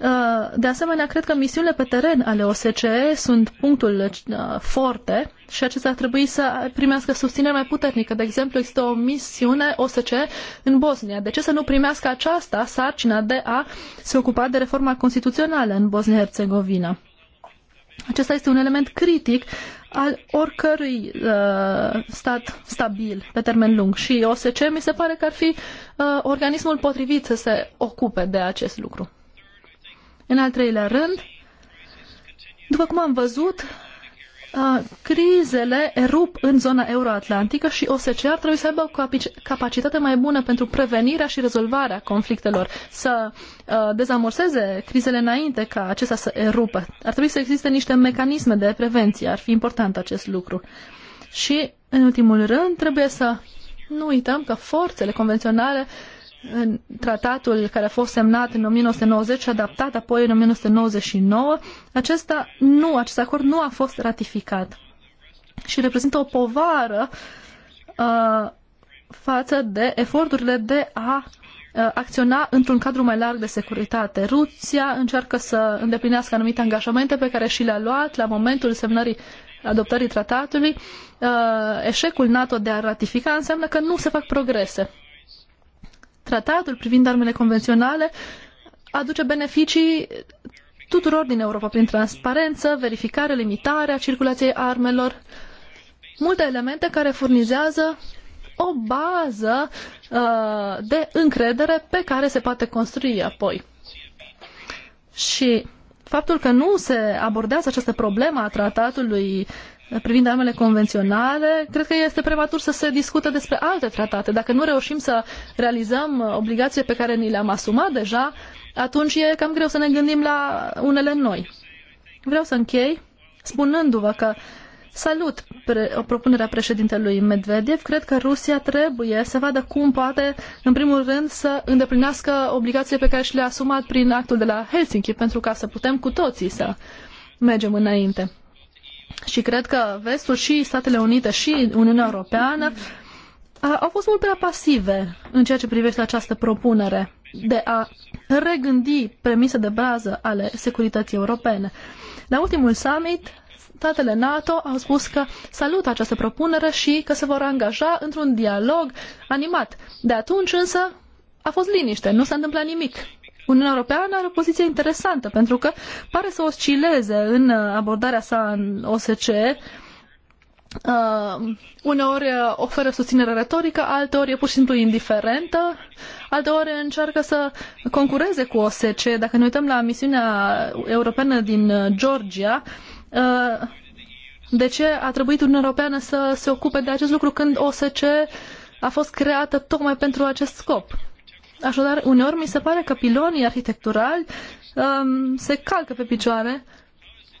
[SPEAKER 4] Uh, de asemenea, cred că misiunile pe teren ale OSCE sunt punctul uh, forte și acestea ar trebui să primească susținere mai puternică. De exemplu, există o misiune OSCE în Bosnia. De ce să nu primească aceasta sarcina de a se ocupa de reforma constituțională în Bosnia-Herzegovina? Acesta este un element critic al oricărui uh, stat stabil pe termen lung. Și OSCE mi se pare că ar fi uh, organismul potrivit să se ocupe de acest lucru. În al treilea rând, după cum am văzut, crizele erup în zona euroatlantică și OSCE ar trebui să aibă o capacitate mai bună pentru prevenirea și rezolvarea conflictelor, să dezamorseze crizele înainte ca acestea să erupă. Ar trebui să existe niște mecanisme de prevenție, ar fi important acest lucru. Și, în ultimul rând, trebuie să nu uităm că forțele convenționale în tratatul care a fost semnat în 1990 și adaptat apoi în 1999, acesta nu, acest acord nu a fost ratificat și reprezintă o povară uh, față de eforturile de a uh, acționa într-un cadru mai larg de securitate. Rusia încearcă să îndeplinească anumite angajamente pe care și le-a luat la momentul semnării adoptării tratatului. Uh, eșecul NATO de a ratifica înseamnă că nu se fac progrese tratatul privind armele convenționale aduce beneficii tuturor din Europa prin transparență, verificare, limitare a circulației armelor, multe elemente care furnizează o bază uh, de încredere pe care se poate construi apoi. Și faptul că nu se abordează această problemă a tratatului privind armele convenționale, cred că este prematur să se discute despre alte tratate. Dacă nu reușim să realizăm uh, obligațiile pe care ni le-am asumat deja, atunci e cam greu să ne gândim la unele noi. Vreau să închei spunându-vă că salut pre- propunerea președintelui Medvedev. Cred că Rusia trebuie să vadă cum poate, în primul rând, să îndeplinească obligațiile pe care și le-a asumat prin actul de la Helsinki, pentru ca să putem cu toții să mergem înainte. Și cred că Vestul și Statele Unite și Uniunea Europeană au fost mult prea pasive în ceea ce privește această propunere de a regândi premise de bază ale securității europene. La ultimul summit, statele NATO au spus că salută această propunere și că se vor angaja într-un dialog animat. De atunci însă a fost liniște, nu s-a întâmplat nimic. Uniunea Europeană are o poziție interesantă pentru că pare să oscileze în uh, abordarea sa în OSCE. Uh, uneori uh, oferă susținere retorică, alteori e pur și simplu indiferentă, alteori încearcă să concureze cu OSCE. Dacă ne uităm la misiunea europeană din uh, Georgia, uh, de ce a trebuit Uniunea Europeană să se ocupe de acest lucru când OSCE a fost creată tocmai pentru acest scop? Așadar, uneori mi se pare că pilonii arhitecturali um, se calcă pe picioare.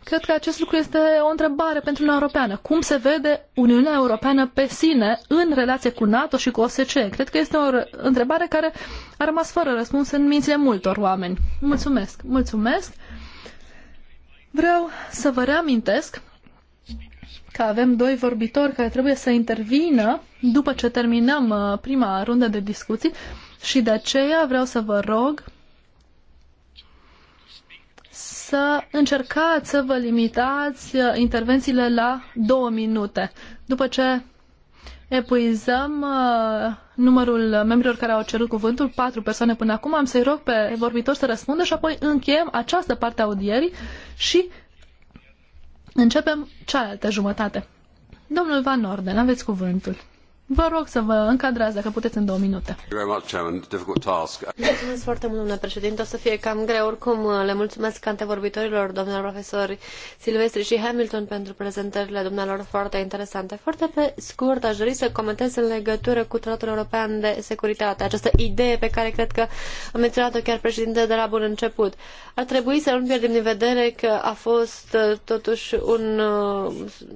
[SPEAKER 4] Cred că acest lucru este o întrebare pentru Uniunea Europeană. Cum se vede Uniunea Europeană pe sine în relație cu NATO și cu OSCE? Cred că este o întrebare care a rămas fără răspuns în mințile multor oameni. Mulțumesc! Mulțumesc! Vreau să vă reamintesc că avem doi vorbitori care trebuie să intervină după ce terminăm uh, prima rundă de discuții. Și de aceea vreau să vă rog să încercați să vă limitați uh, intervențiile la două minute. După ce epuizăm uh, numărul membrilor care au cerut cuvântul, patru persoane până acum, am să-i rog pe vorbitor să răspundă și apoi încheiem această parte a audierii și începem cealaltă jumătate. Domnul Van Orden, aveți cuvântul. Vă rog să vă încadrați, dacă puteți, în două minute.
[SPEAKER 2] Mulțumesc
[SPEAKER 3] foarte mult, domnule președinte. O să fie cam greu. Oricum, le mulțumesc antevorbitorilor, domnilor profesori Silvestri și Hamilton, pentru prezentările dumnealor foarte interesante. Foarte pe scurt, aș dori să comentez în legătură cu Tratatul European de Securitate, această idee pe care cred că a menționat-o chiar președintele de la bun început. Ar trebui să nu pierdem din vedere că a fost uh, totuși un, uh,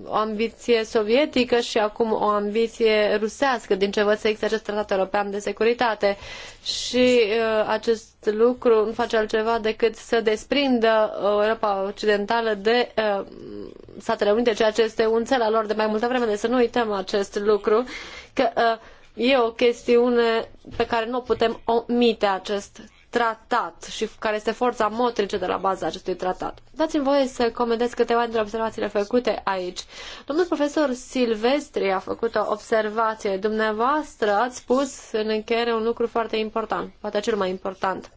[SPEAKER 3] o ambiție sovietică și acum o ambiție rusească, din ce văd să există acest tratat european de securitate. Și uh, acest lucru nu face altceva decât să desprindă uh, Europa Occidentală de uh, Statele Unite, ceea ce este un țel al lor de mai multă vreme, deci să nu uităm acest lucru, că uh, e o chestiune pe care nu o putem omite acest tratat și care este forța motrice de la baza acestui tratat. Dați-mi voie să comentez câteva dintre observațiile făcute aici. Domnul profesor Silvestri a făcut o observație. Dumneavoastră ați spus în încheiere un lucru foarte important, poate cel mai important.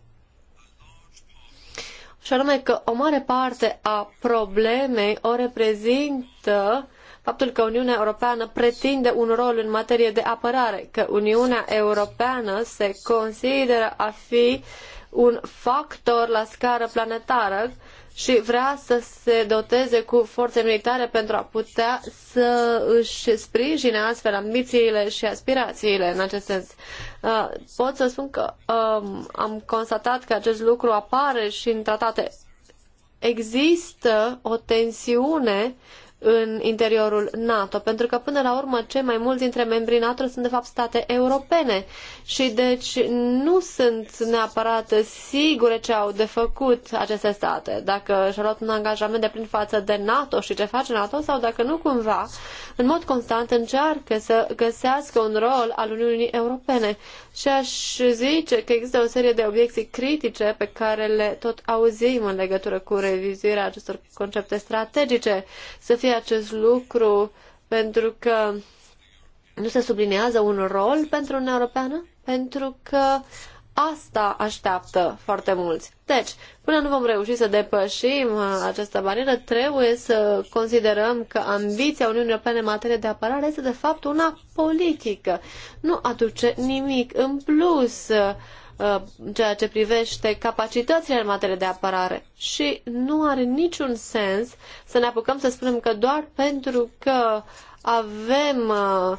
[SPEAKER 3] Și anume că o mare parte a problemei o reprezintă faptul că Uniunea Europeană pretinde un rol în materie de apărare, că Uniunea Europeană se consideră a fi un factor la scară planetară și vrea să se doteze cu forțe militare pentru a putea să își sprijine astfel ambițiile și aspirațiile în acest sens. Uh, pot să spun că um, am constatat că acest lucru apare și în tratate. Există o tensiune uh, în interiorul NATO, pentru că până la urmă cei mai mulți dintre membrii NATO sunt de fapt state europene și deci nu sunt neapărat sigure ce au de făcut aceste state, dacă și-au luat un angajament de plin față de NATO și ce face NATO sau dacă nu cumva în mod constant încearcă să găsească un rol al Uniunii Europene și aș zice că există o serie de obiecții critice pe care le tot auzim în legătură cu revizuirea acestor concepte strategice. Să fie acest lucru pentru că nu se subliniază un rol pentru Uniunea Europeană, pentru că asta așteaptă foarte mulți. Deci, până nu vom reuși să depășim uh, această barieră, trebuie să considerăm că ambiția Uniunii Europene în materie de apărare este de fapt una politică. Nu aduce nimic în plus uh, uh, ceea ce privește capacitățile în materie de apărare. Și nu are niciun sens să ne apucăm să spunem că doar pentru că avem uh,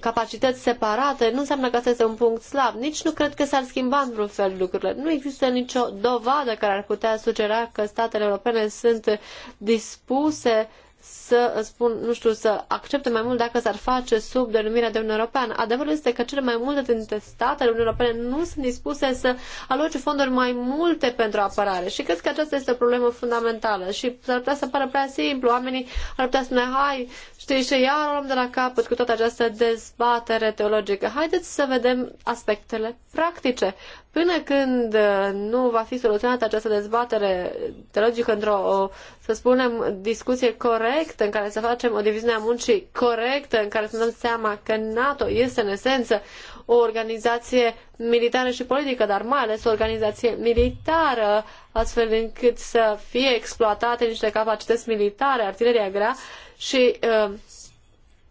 [SPEAKER 3] capacități separate, nu înseamnă că asta este un punct slab. Nici nu cred că s-ar schimba într-un fel lucrurile. Nu există nicio dovadă care ar putea sugera că statele europene sunt dispuse să spun, nu știu, să accepte mai mult dacă s-ar face sub denumirea de Uniune Europeană. Adevărul este că cele mai multe dintre statele Uniunii Europene nu sunt dispuse să aloce fonduri mai multe pentru apărare și cred că aceasta este o problemă fundamentală și s-ar putea să pară prea simplu. Oamenii ar putea spune, hai Știi, și iar o luăm de la capăt cu toată această dezbatere teologică. Haideți să vedem aspectele practice. Până când uh, nu va fi soluționată această dezbatere teologică într-o, să spunem, discuție corectă în care să facem o diviziune a muncii corectă, în care să dăm seama că NATO este în esență o organizație militară și politică, dar mai ales o organizație militară, astfel încât să fie exploatate niște capacități militare, artileria grea și uh,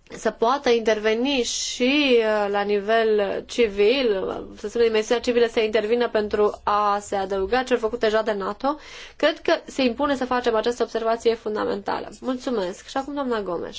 [SPEAKER 3] să poată interveni și uh, la nivel civil, să spunem, dimensiunea civilă să intervină pentru a se adăuga cel făcut deja de NATO, cred că se impune să facem această observație fundamentală. Mulțumesc. Și acum, doamna Gomes.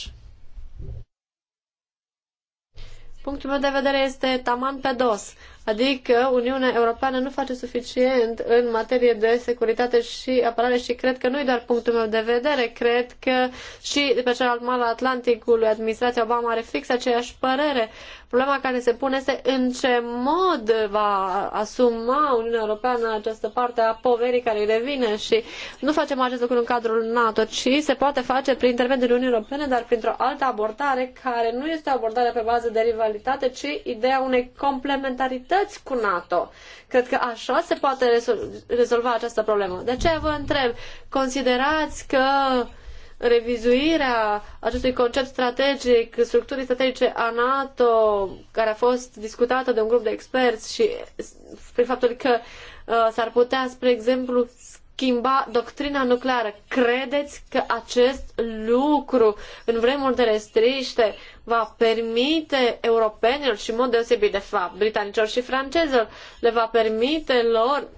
[SPEAKER 3] Punctul meu de vedere este taman pe dos. Adică Uniunea Europeană nu face suficient în materie de securitate și apărare și cred că nu e doar punctul meu de vedere, cred că și de pe cealaltă mal Atlanticului administrația Obama are fix aceeași părere. Problema care se pune este în ce mod va asuma Uniunea Europeană această parte a poverii care îi revine și nu facem acest lucru în cadrul NATO, ci se poate face prin intermediul Uniunii Europene, dar printr-o altă abordare care nu este o abordare pe bază de rivalitate, ci ideea unei complementarități solidarități cu NATO. Cred că așa se poate rezolva această problemă. De aceea vă întreb, considerați că revizuirea acestui concept strategic, structurii strategice a NATO, care a fost discutată de un grup de experți și prin faptul că uh, s-ar putea, spre exemplu, schimba doctrina nucleară. Credeți că acest lucru, în vremuri de restriște, va permite europenilor și în mod deosebit de fapt britanicilor și francezilor, le va permite lor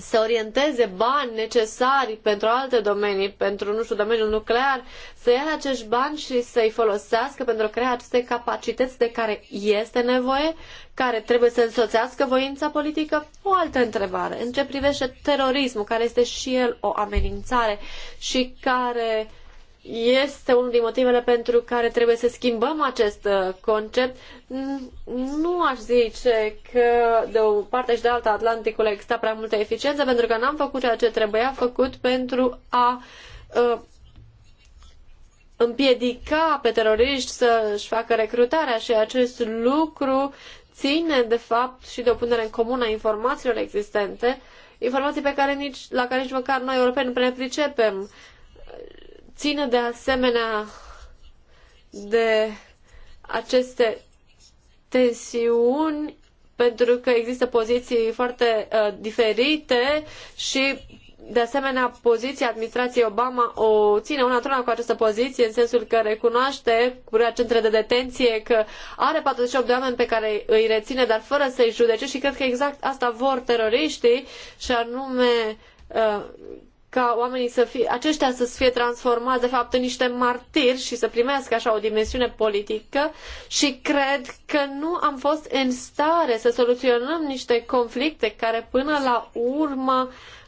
[SPEAKER 3] să orienteze bani necesari pentru alte domenii, pentru, nu știu, domeniul nuclear, să ia acești bani și să-i folosească pentru a crea aceste capacități de care este nevoie, care trebuie să însoțească voința politică? O altă întrebare. În ce privește terorismul, care este și el o amenințare și care este unul din motivele pentru care trebuie să schimbăm acest uh, concept. Nu aș zice că de o parte și de alta Atlanticul existat prea multă eficiență pentru că n-am făcut ceea ce trebuia făcut pentru a uh, împiedica pe teroriști să-și facă recrutarea și acest lucru ține de fapt și de o punere în comun a informațiilor existente, informații pe care nici, la care nici măcar noi europeni nu prea ne pricepem ține de asemenea de aceste tensiuni pentru că există poziții foarte uh, diferite și de asemenea, poziția administrației Obama o ține una într-una cu această poziție, în sensul că recunoaște cu centre de detenție că are 48 de oameni pe care îi reține, dar fără să-i judece și cred că exact asta vor teroriștii și anume uh, ca oamenii să fie, aceștia să fie transformați de fapt în niște martiri și să primească așa o dimensiune politică și cred că nu am fost în stare să soluționăm niște conflicte care până la urmă uh,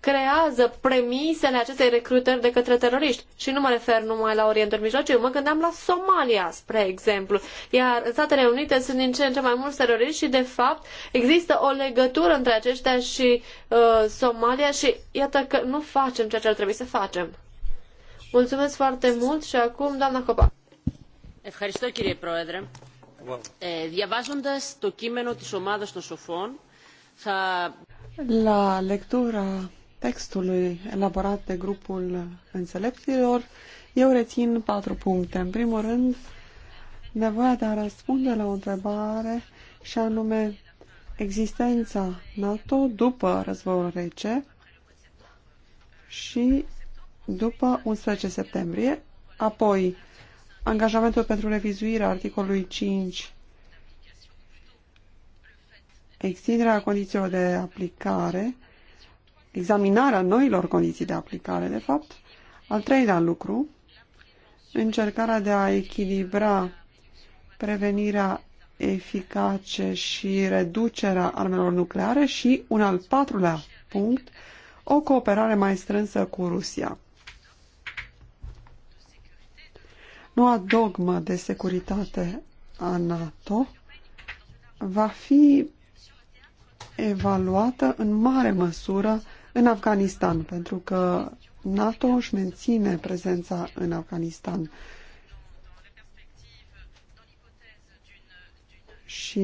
[SPEAKER 3] creează premisele acestei recrutări de către teroriști. Și nu mă refer numai la Orientul Mijlociu, mă gândeam la Somalia, spre exemplu. Iar în Statele Unite sunt din ce în ce mai mulți teroriști și, de fapt, există o legătură între aceștia și uh, Somalia și iată că nu facem ceea ce ar trebui să facem. Mulțumesc foarte mult și acum, doamna Copa. Ευχαριστώ κύριε Πρόεδρε. το της
[SPEAKER 2] La lectura textului elaborat de grupul înțelepților, eu rețin patru puncte. În primul rând, nevoia de a răspunde la o întrebare și anume existența NATO după războiul rece și după 11 septembrie, apoi angajamentul pentru revizuirea articolului 5 extinderea condițiilor de aplicare examinarea noilor condiții de aplicare, de fapt. Al treilea lucru, încercarea de a echilibra prevenirea eficace și reducerea armelor nucleare și un al patrulea punct, o cooperare mai strânsă cu Rusia. Noua dogmă de securitate a NATO va fi evaluată în mare măsură în Afganistan, pentru că NATO își menține prezența în Afganistan. Și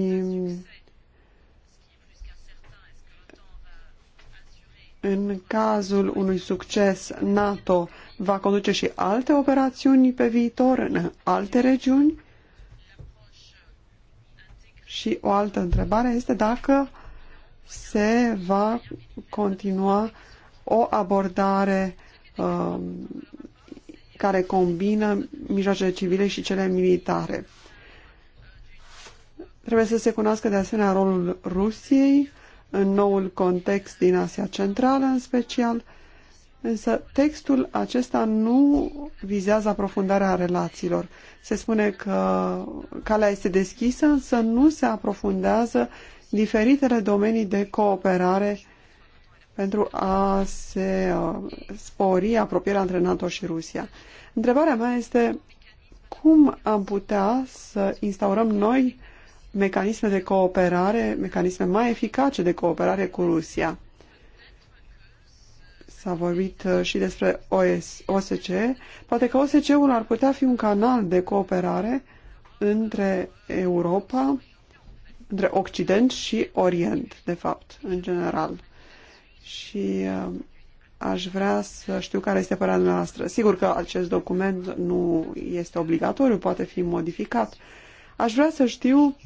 [SPEAKER 2] în cazul unui succes, NATO va conduce și alte operațiuni pe viitor în alte regiuni? Și o altă întrebare este dacă se va continua o abordare uh, care combină mijloacele civile și cele militare. Trebuie să se cunoască de asemenea rolul Rusiei în noul context din Asia Centrală în special, însă textul acesta nu vizează aprofundarea relațiilor. Se spune că calea este deschisă, însă nu se aprofundează uh, diferitele domenii de cooperare pentru a se uh, spori apropierea între NATO și Rusia. Întrebarea mea este cum am putea să instaurăm noi mecanisme de cooperare, mecanisme mai eficace de cooperare cu Rusia. S-a vorbit uh, și despre OSCE. Poate că OSCE-ul ar putea fi un canal de cooperare între Europa între Occident și Orient, de fapt, în general. Și uh, aș vrea să știu care este părerea noastră. Sigur că acest document nu este obligatoriu, poate fi modificat. Aș vrea să știu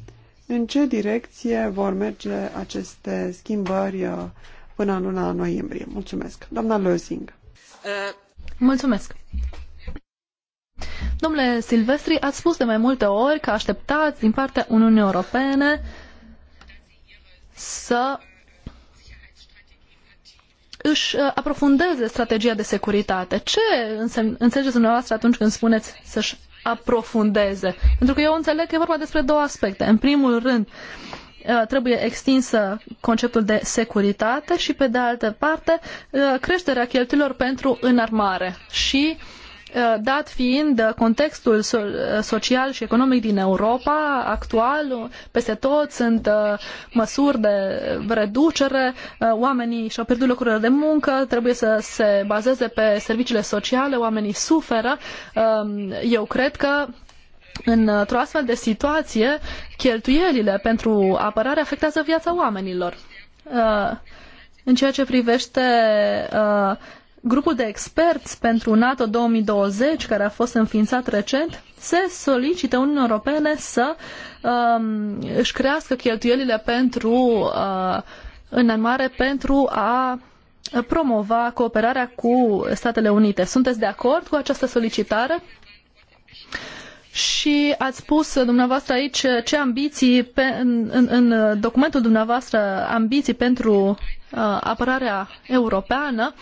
[SPEAKER 2] în ce direcție vor merge aceste schimbări uh, până în luna noiembrie. Mulțumesc. Doamna Lozing. Uh, mulțumesc.
[SPEAKER 4] Domnule Silvestri, ați spus de mai multe ori că așteptați din partea Uniunii Europene să își uh, aprofundeze strategia de securitate. Ce înțelegeți dumneavoastră atunci când spuneți să-și aprofundeze? Pentru că eu înțeleg că e vorba despre două aspecte. În primul rând, uh, trebuie extinsă conceptul de securitate și, pe de altă parte, uh, creșterea cheltuielor pentru înarmare. Și uh, Uh, dat fiind uh, contextul uh, social și economic din Europa actual, peste tot sunt măsuri de reducere, oamenii și-au pierdut locurile de muncă, trebuie să se bazeze pe serviciile sociale, oamenii suferă. Um, eu cred că într-o astfel de situație, cheltuielile pentru apărare afectează viața oamenilor. În ceea ce privește Grupul de experți pentru NATO 2020, care a fost înființat recent, se solicită Uniunii Europene să um, își crească cheltuielile pentru uh, înarmare pentru a promova cooperarea cu Statele Unite. Sunteți de acord cu această solicitare? Și ați spus dumneavoastră aici ce ambiții, pe, în, în, în documentul dumneavoastră, ambiții pentru Uh, apărarea europeană,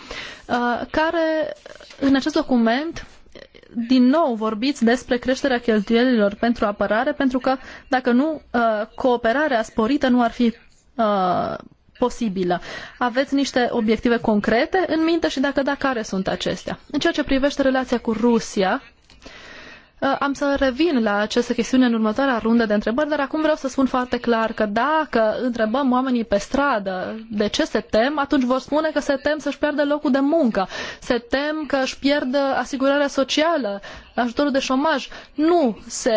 [SPEAKER 4] uh, care în acest document din nou vorbiți despre creșterea cheltuielilor pentru apărare, pentru că dacă nu, uh, cooperarea sporită nu ar fi posibilă. Aveți niște obiective concrete în minte și dacă da, care sunt acestea? În ceea ce privește relația cu Rusia, Uh, am să revin la această chestiune în următoarea rundă de întrebări, dar acum vreau să spun foarte clar că dacă întrebăm oamenii pe stradă de ce se tem, atunci vor spune că se tem să-și piardă locul de muncă, se tem că își pierd uh, asigurarea socială, ajutorul de șomaj. Nu se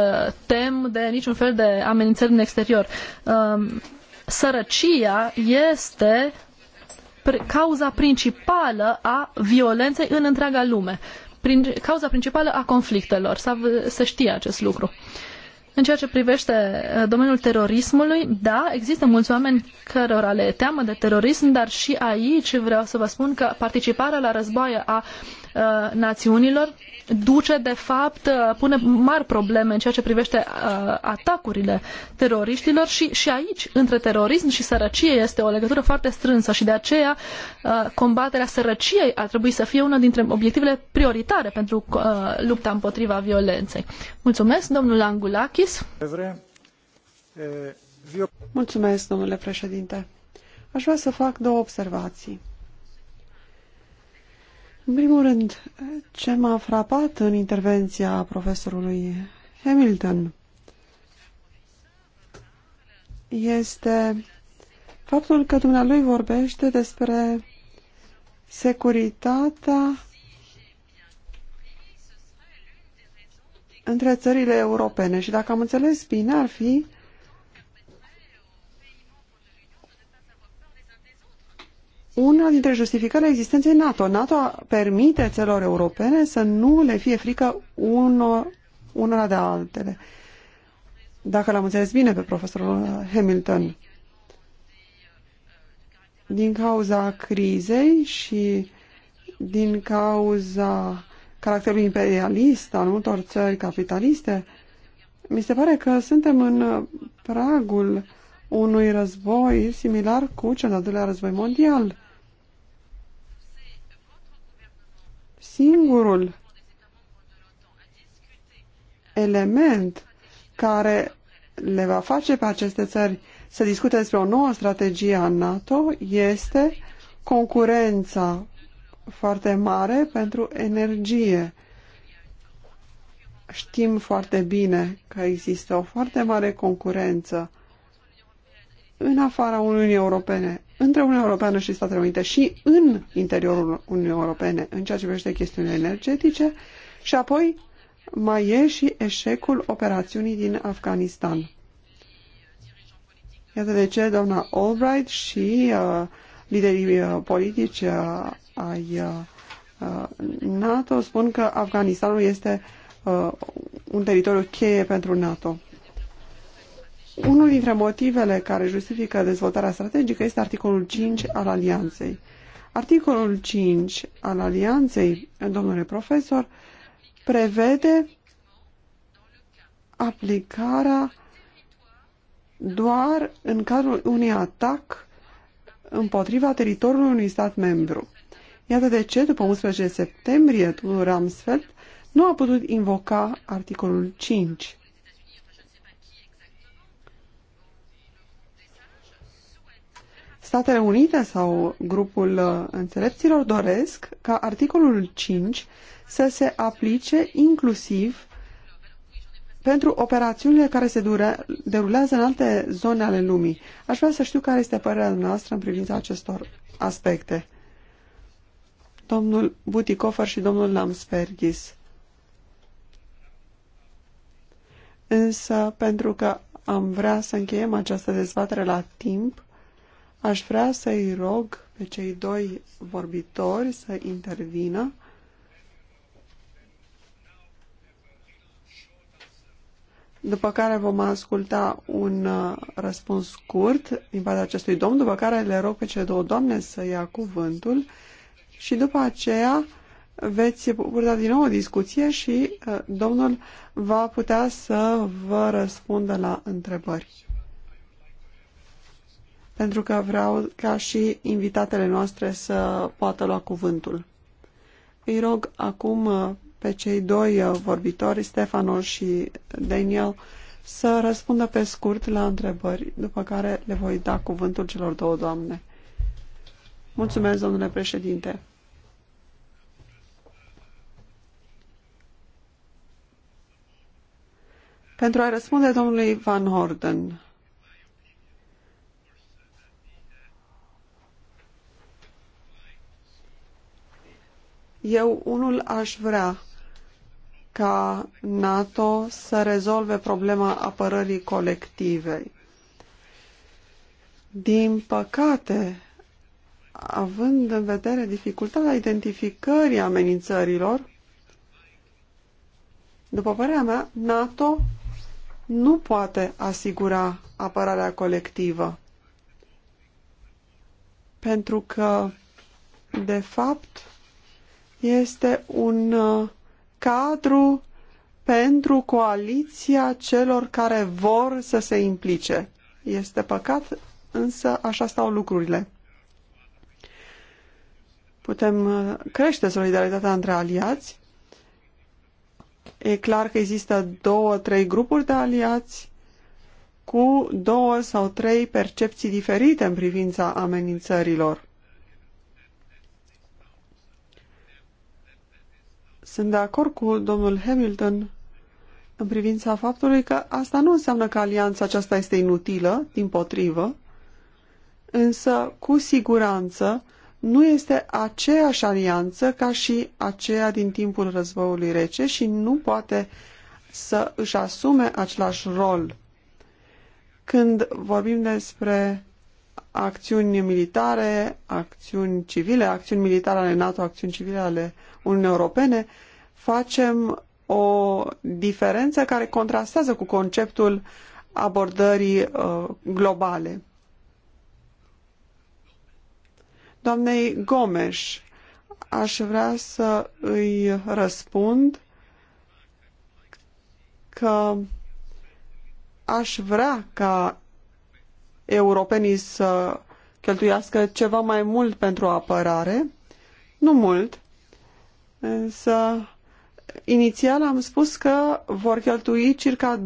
[SPEAKER 4] uh, tem de niciun fel de amenințări din exterior. Uh, sărăcia este cauza principală a violenței în întreaga lume. Uh, prin, cauza principală a conflictelor, să, știe acest lucru. În ceea ce privește uh, domeniul terorismului, da, există mulți oameni cărora le teamă de terorism, dar și aici vreau să vă spun că participarea la războaie a uh, națiunilor duce, de fapt, uh, pune mari probleme în ceea ce privește uh, atacurile teroriștilor și, și aici, între terorism și sărăcie, este o legătură foarte strânsă și de aceea uh, combaterea sărăciei ar trebui să fie una dintre obiectivele prioritare pentru uh, lupta împotriva violenței. Mulțumesc, domnul Angulakis
[SPEAKER 1] a
[SPEAKER 2] Mulțumesc, domnule președinte. Aș vrea să fac două observații. În primul rând, ce m-a frapat în intervenția profesorului Hamilton este faptul că dumnealui vorbește despre securitatea între țările europene și dacă am înțeles bine ar fi una dintre justificările existenței NATO. NATO permite țărilor europene să nu le fie frică unor, unora de altele. Dacă l-am înțeles bine pe profesorul Hamilton. Din cauza crizei și din cauza caracterul imperialist al multor țări capitaliste, mi se pare că suntem în pragul unui război similar cu cel de-al doilea război mondial. Singurul element care le va face pe aceste țări să discute despre o nouă strategie a NATO este concurența foarte mare pentru energie. Știm foarte bine că există o foarte mare concurență în afara Uniunii Europene, între Uniunea Europeană și Statele Unite și în interiorul Uniunii Europene în ceea ce privește chestiunile energetice și apoi mai e și eșecul operațiunii din Afganistan. Iată de ce doamna Albright și uh, Liderii uh, politici uh, ai uh, NATO spun că Afganistanul este un teritoriu cheie pentru NATO. Unul dintre motivele care justifică dezvoltarea strategică este articolul 5 al alianței. Articolul 5 al alianței, domnule profesor, prevede aplicarea doar în cadrul unui atac împotriva teritoriului unui stat membru. Iată de ce, după 11 septembrie, Tudor Ramsfeld nu a putut invoca articolul 5. Statele Unite sau grupul uh, înțelepților doresc ca articolul 5 să se aplice inclusiv pentru operațiunile care se dure, derulează în alte zone ale lumii. Aș vrea să știu care este părerea noastră în privința acestor aspecte. Domnul Buticofer și domnul Lamsfergis. Însă, pentru că am vrea să încheiem această dezbatere la timp, aș vrea să-i rog pe cei doi vorbitori să intervină după care vom asculta un uh, răspuns scurt din partea acestui domn, după care le rog pe cele două doamne să ia cuvântul și după aceea veți purta din nou o discuție și uh, domnul va putea să vă răspundă la întrebări. Pentru că vreau ca și invitatele noastre să poată lua cuvântul. Îi rog acum uh, pe cei doi uh, vorbitori, Stefano și Daniel, să răspundă pe scurt la întrebări, după care le voi da cuvântul celor două doamne. Mulțumesc, domnule președinte. Pentru a răspunde domnului Van Horden, eu unul aș vrea ca NATO să rezolve problema apărării colective. Din păcate, având în vedere dificultatea identificării amenințărilor, după părerea mea, NATO nu poate asigura apărarea colectivă. Pentru că, de fapt, este un uh, cadru pentru coaliția celor care vor să se implice. Este păcat, însă așa stau lucrurile. Putem uh, crește solidaritatea între aliați. E clar că există două, trei grupuri de aliați cu două sau trei percepții diferite în privința amenințărilor. Sunt de acord cu domnul Hamilton în privința faptului că asta nu înseamnă că alianța aceasta este inutilă, din potrivă, însă, cu siguranță, nu este aceeași alianță ca și aceea din timpul războiului rece și nu poate să își asume același rol. Când vorbim despre acțiuni militare, acțiuni civile, acțiuni militare ale NATO, acțiuni civile ale Uniunii Europene, facem o diferență care contrastează cu conceptul abordării uh, globale. Doamnei Gomes, aș vrea să îi răspund că aș vrea ca europenii să cheltuiască ceva mai mult pentru apărare, nu mult, însă inițial am spus că vor cheltui circa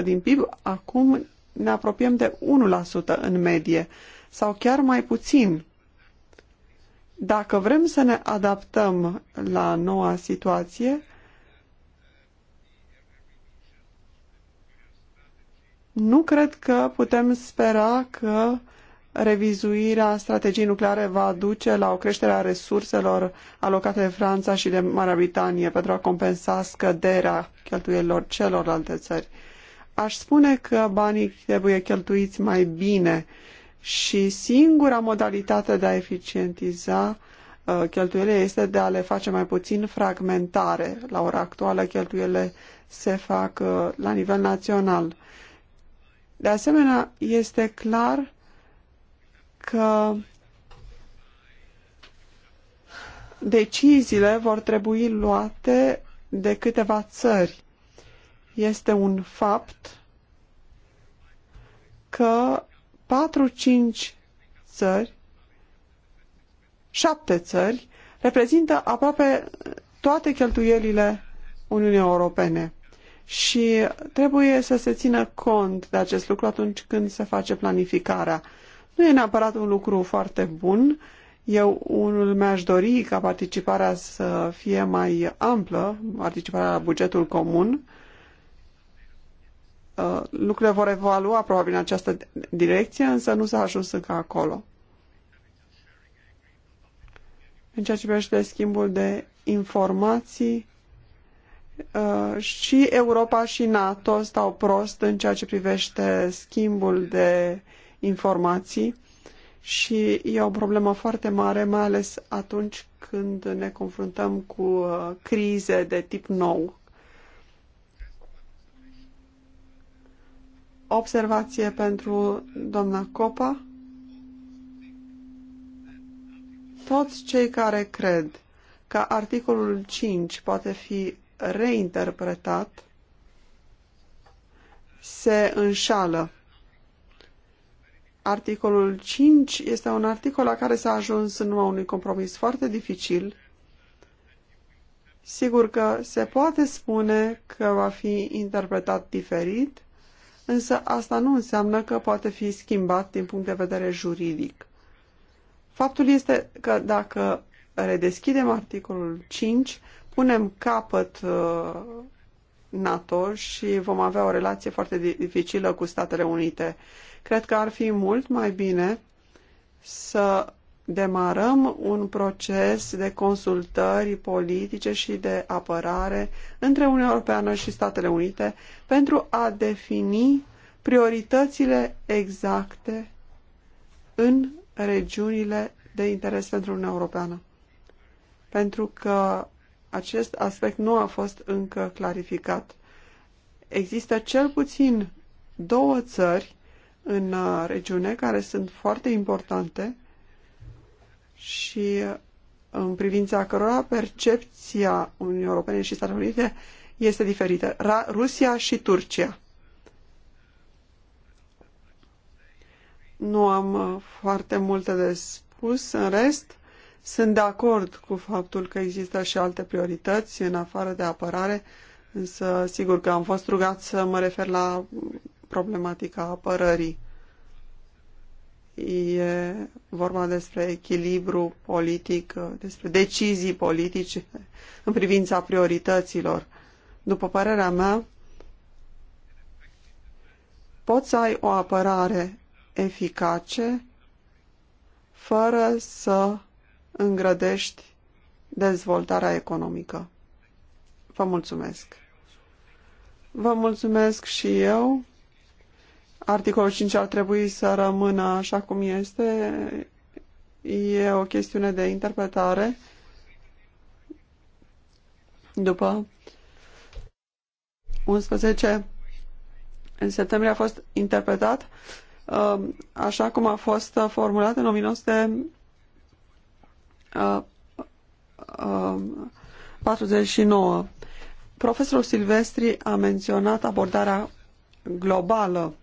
[SPEAKER 2] 2% din PIB, acum ne apropiem de 1% în medie sau chiar mai puțin. Dacă vrem să ne adaptăm la noua situație, nu cred că putem spera că revizuirea strategiei nucleare va duce la o creștere a resurselor alocate de Franța și de Marea Britanie pentru a compensa scăderea cheltuielilor celorlalte țări. Aș spune că banii trebuie cheltuiți mai bine și singura modalitate de a eficientiza uh, cheltuielile este de a le face mai puțin fragmentare. La ora actuală cheltuielile se fac uh, la nivel național. De asemenea, este clar că deciziile vor trebui luate de câteva țări. Este un fapt că 4-5 țări, 7 țări, reprezintă aproape toate cheltuielile Uniunii Europene. Și trebuie să se țină cont de acest lucru atunci când se face planificarea. Nu e neapărat un lucru foarte bun. Eu unul mi-aș dori ca participarea să fie mai amplă, participarea la bugetul comun. Uh, lucrurile vor evalua probabil în această direcție, însă nu s-a ajuns încă acolo. În ceea ce privește schimbul de informații, uh, și Europa și NATO stau prost în ceea ce privește schimbul de informații informații și e o problemă foarte mare, mai ales atunci când ne confruntăm cu uh, crize de tip nou. Observație pentru doamna Copa. Toți cei care cred că articolul 5 poate fi reinterpretat se înșală. Articolul 5 este un articol la care s-a ajuns în urma unui compromis foarte dificil. Sigur că se poate spune că va fi interpretat diferit, însă asta nu înseamnă că poate fi schimbat din punct de vedere juridic. Faptul este că dacă redeschidem articolul 5, punem capăt uh, NATO și vom avea o relație foarte dificilă cu Statele Unite. Cred că ar fi mult mai bine să demarăm un proces de consultări politice și de apărare între Uniunea Europeană și Statele Unite pentru a defini prioritățile exacte în regiunile de interes pentru Uniunea Europeană. Pentru că acest aspect nu a fost încă clarificat. Există cel puțin două țări în uh, regiune care sunt foarte importante și uh, în privința cărora percepția Uniunii Europene și Statele Unite este diferită. Ra Rusia și Turcia. Nu am uh, foarte multe de spus. În rest, sunt de acord cu faptul că există și alte priorități în afară de apărare, însă sigur că am fost rugat să mă refer la problematica apărării. E vorba despre echilibru politic, despre decizii politice în privința priorităților. După părerea mea, poți să ai o apărare eficace fără să îngrădești dezvoltarea economică. Vă mulțumesc! Vă mulțumesc și eu Articolul 5 ar trebui să rămână așa cum este. E o chestiune de interpretare. După 11 în septembrie a fost interpretat uh, așa cum a fost formulat în 1949. Uh, uh, Profesorul Silvestri a menționat abordarea globală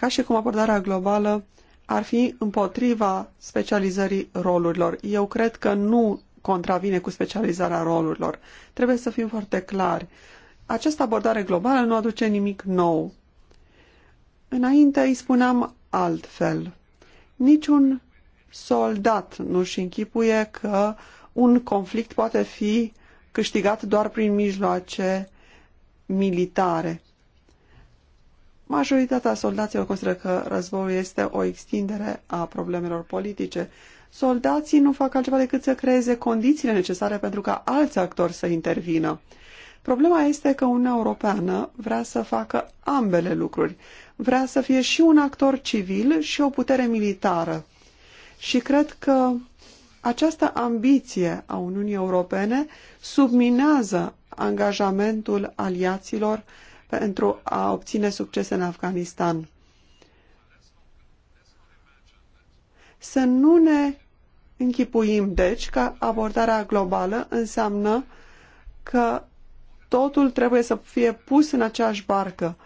[SPEAKER 2] ca și cum abordarea globală ar fi împotriva specializării rolurilor. Eu cred că nu contravine cu specializarea rolurilor. Trebuie să fim foarte clari. Această abordare globală nu aduce nimic nou. Înainte îi spuneam altfel. Niciun soldat nu-și închipuie că un conflict poate fi câștigat doar prin mijloace militare. Majoritatea soldaților consideră că războiul este o extindere a problemelor politice. Soldații nu fac altceva decât să creeze condițiile necesare pentru ca alți actori să intervină. Problema este că Uniunea Europeană vrea să facă ambele lucruri. Vrea să fie și un actor civil și o putere militară. Și cred că această ambiție a Uniunii Europene subminează angajamentul aliaților pentru a obține succes în Afganistan. Să nu ne închipuim, deci, că abordarea globală înseamnă că totul trebuie să fie pus în aceeași barcă.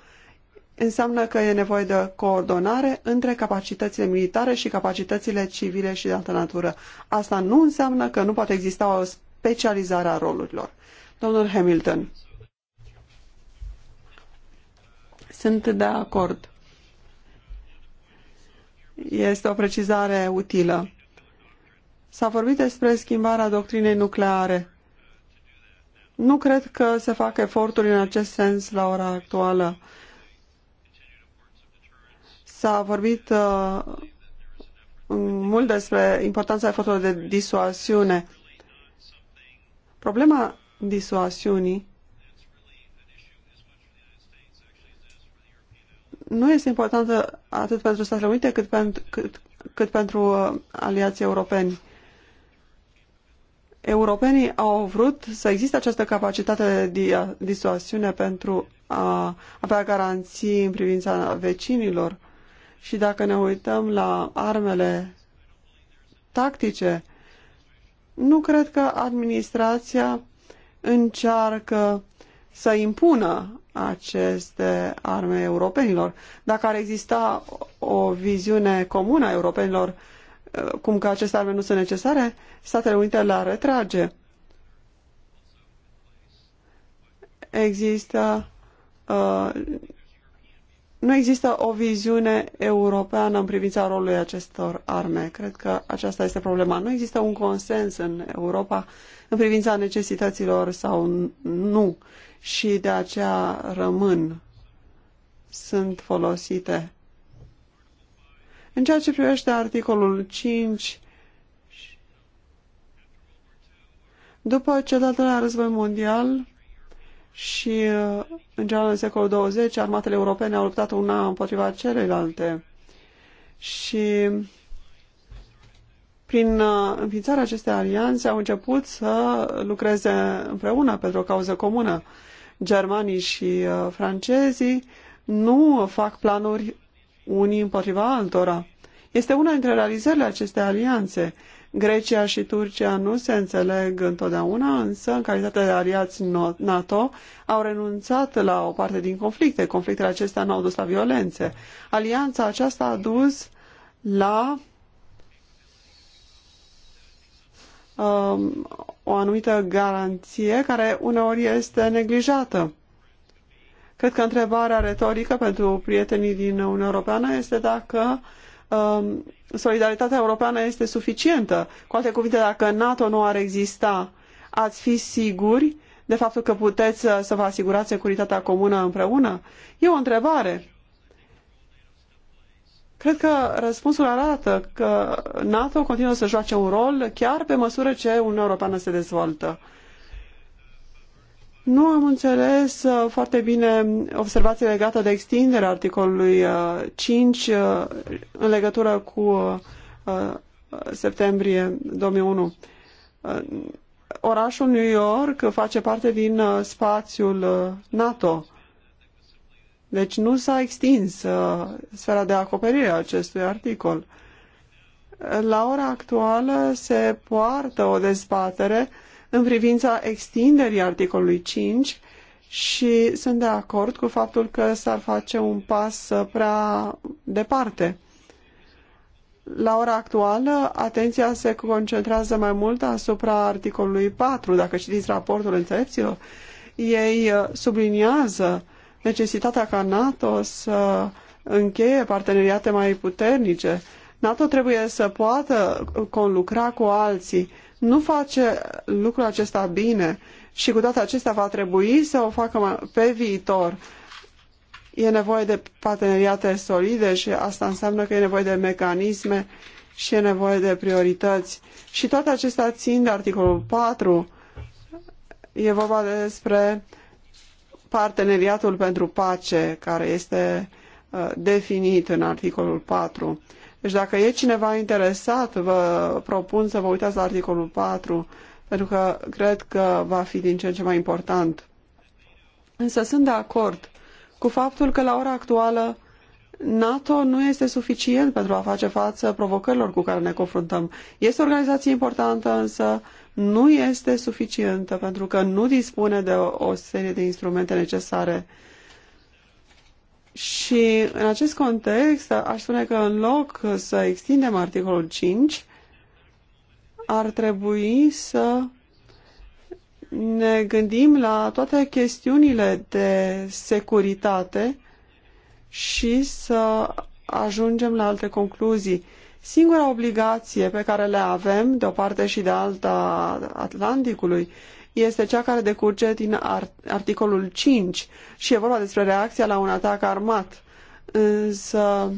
[SPEAKER 2] Înseamnă că e nevoie de coordonare între capacitățile militare și capacitățile civile și de altă natură. Asta nu înseamnă că nu poate exista o specializare a rolurilor. Domnul Hamilton, Sunt de acord. Este o precizare utilă. S-a vorbit despre schimbarea doctrinei nucleare. Nu cred că se fac eforturi în acest sens la ora actuală. S-a vorbit uh, mult despre importanța eforturilor de disuasiune. Problema disuasiunii nu este importantă atât pentru Statele Unite cât pentru, cât, cât pentru uh, aliații europeni. Europenii au vrut să existe această capacitate de uh, disuasiune pentru a avea garanții în privința vecinilor. Și dacă ne uităm la armele tactice, nu cred că administrația încearcă să impună aceste arme europenilor. Dacă ar exista o viziune comună a europenilor, eh, cum că aceste arme nu sunt necesare, Statele Unite le-ar retrage. Există uh, nu există o viziune europeană în privința rolului acestor arme. Cred că aceasta este problema. Nu există un consens în Europa în privința necesităților sau nu și de aceea rămân, sunt folosite. În ceea ce privește articolul 5, după cel de-al doilea război mondial, și uh, în general în secolul 20 armatele europene au luptat una împotriva celelalte și prin uh, înființarea acestei alianțe au început să lucreze împreună pentru o cauză comună. Germanii și uh, francezii nu fac planuri unii împotriva altora. Este una dintre realizările acestei alianțe. Grecia și Turcia nu se înțeleg întotdeauna, însă, în calitate de aliați NATO, au renunțat la o parte din conflicte. Conflictele acestea nu au dus la violențe. Alianța aceasta a dus la um, o anumită garanție care uneori este neglijată. Cred că întrebarea retorică pentru prietenii din Uniunea Europeană este dacă uh, Um, solidaritatea europeană este suficientă. Cu alte cuvinte, dacă NATO nu ar exista, ați fi siguri de faptul că puteți uh, să vă asigurați securitatea comună împreună? E o întrebare. Cred că răspunsul arată că NATO continuă să joace un rol chiar pe măsură ce Uniunea Europeană se dezvoltă. Nu am înțeles uh, foarte bine observația legată de extinderea articolului 5 uh, uh, în legătură cu septembrie 2001. Orașul New York face parte din spațiul NATO. Deci nu s-a extins sfera de acoperire a acestui articol. La ora actuală se poartă o dezbatere în privința extinderii articolului 5 și sunt de acord cu faptul că s-ar face un pas prea departe. La ora actuală, atenția se concentrează mai mult asupra articolului 4, dacă citiți raportul înțelepților. Ei uh, subliniază necesitatea ca NATO să încheie parteneriate mai puternice. NATO trebuie să poată conlucra cu alții, nu face lucrul acesta bine și cu toate acestea va trebui să o facă pe viitor. E nevoie de parteneriate solide și asta înseamnă că e nevoie de mecanisme și e nevoie de priorități. Și toate acestea țin de articolul 4. E vorba despre parteneriatul pentru pace, care este uh, definit în articolul 4. Deci dacă e cineva interesat, vă propun să vă uitați la articolul 4, pentru că cred că va fi din ce în ce mai important. Însă sunt de acord cu faptul că la ora actuală NATO nu este suficient pentru a face față provocărilor cu care ne confruntăm. Este o organizație importantă, însă nu este suficientă pentru că nu dispune de o serie de instrumente necesare uh, și în acest context, aș spune că în loc să extindem articolul 5, ar trebui să ne gândim la toate chestiunile de securitate și să ajungem la alte concluzii. Singura obligație pe care le avem de o parte și de alta Atlanticului este cea care decurge din articolul 5 și e vorba despre reacția la un atac armat. Însă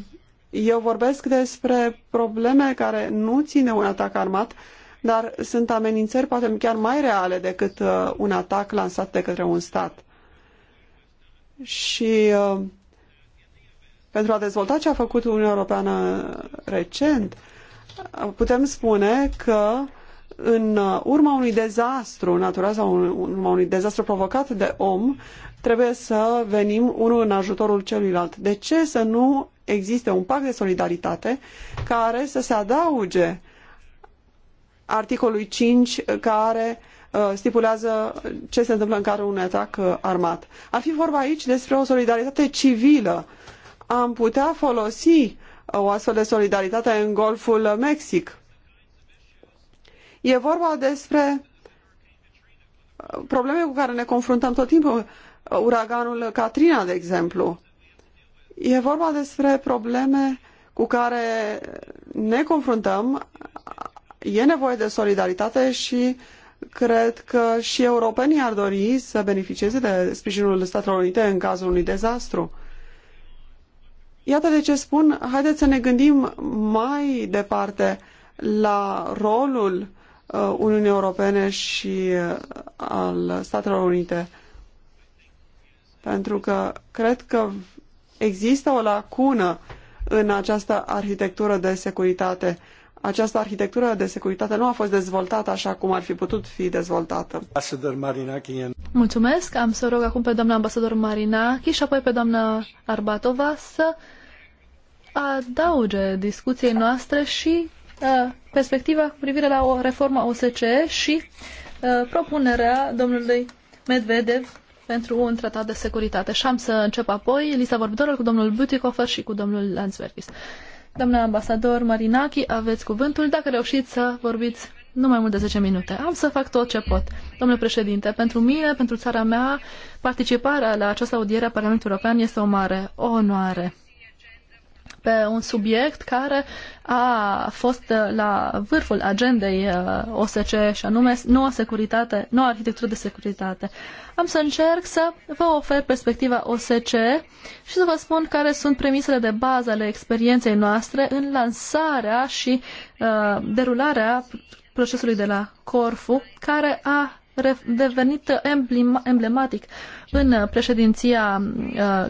[SPEAKER 2] eu vorbesc despre probleme care nu țin de un atac armat, dar sunt amenințări poate chiar mai reale decât uh, un atac lansat de către un stat. Și uh, pentru a dezvolta ce a făcut Uniunea Europeană recent, putem spune că în uh, urma unui dezastru natural sau în urma unui dezastru provocat de om, trebuie să venim unul în ajutorul celuilalt. De ce să nu existe un pact de solidaritate care să se adauge articolului 5 care uh, stipulează ce se întâmplă în cazul unui atac uh, armat. Ar fi vorba aici despre o solidaritate civilă. Am putea folosi o astfel de solidaritate în Golful Mexic E vorba despre uh, probleme cu care ne confruntăm tot timpul. Uh, uraganul Katrina, de exemplu. E vorba despre probleme cu care ne confruntăm. E nevoie de solidaritate și cred că și europenii ar dori să beneficieze de sprijinul Statelor Unite în cazul unui dezastru. Iată de ce spun, haideți să ne gândim mai departe la rolul Uh, Uniunii Europene și uh, al Statelor Unite. Pentru că cred că există o lacună în această arhitectură de securitate. Această arhitectură de securitate nu a fost dezvoltată așa cum ar fi putut fi dezvoltată.
[SPEAKER 4] Mulțumesc. Am să rog acum pe doamna ambasador Marinaki și apoi pe doamna Arbatova să adauge discuției noastre și Uh, perspectiva cu privire la o reformă OSCE și uh, propunerea domnului Medvedev pentru un tratat de securitate. Și am să încep apoi lista vorbitorilor cu domnul Butikofer și cu domnul Landsbergis. Doamna ambasador Marinaki, aveți cuvântul dacă reușiți să vorbiți nu mai mult de 10 minute. Am să fac tot ce pot. Domnule președinte, pentru mine, pentru țara mea, participarea la această audiere a Parlamentului European este o mare o onoare pe un subiect care a fost uh, la vârful agendei uh, OSCE și anume noua securitate, noua arhitectură de securitate. Am să încerc să vă ofer perspectiva OSCE și să vă spun care sunt premisele de bază ale experienței noastre în lansarea și uh, derularea procesului de la Corfu, care a devenit emblematic în uh, președinția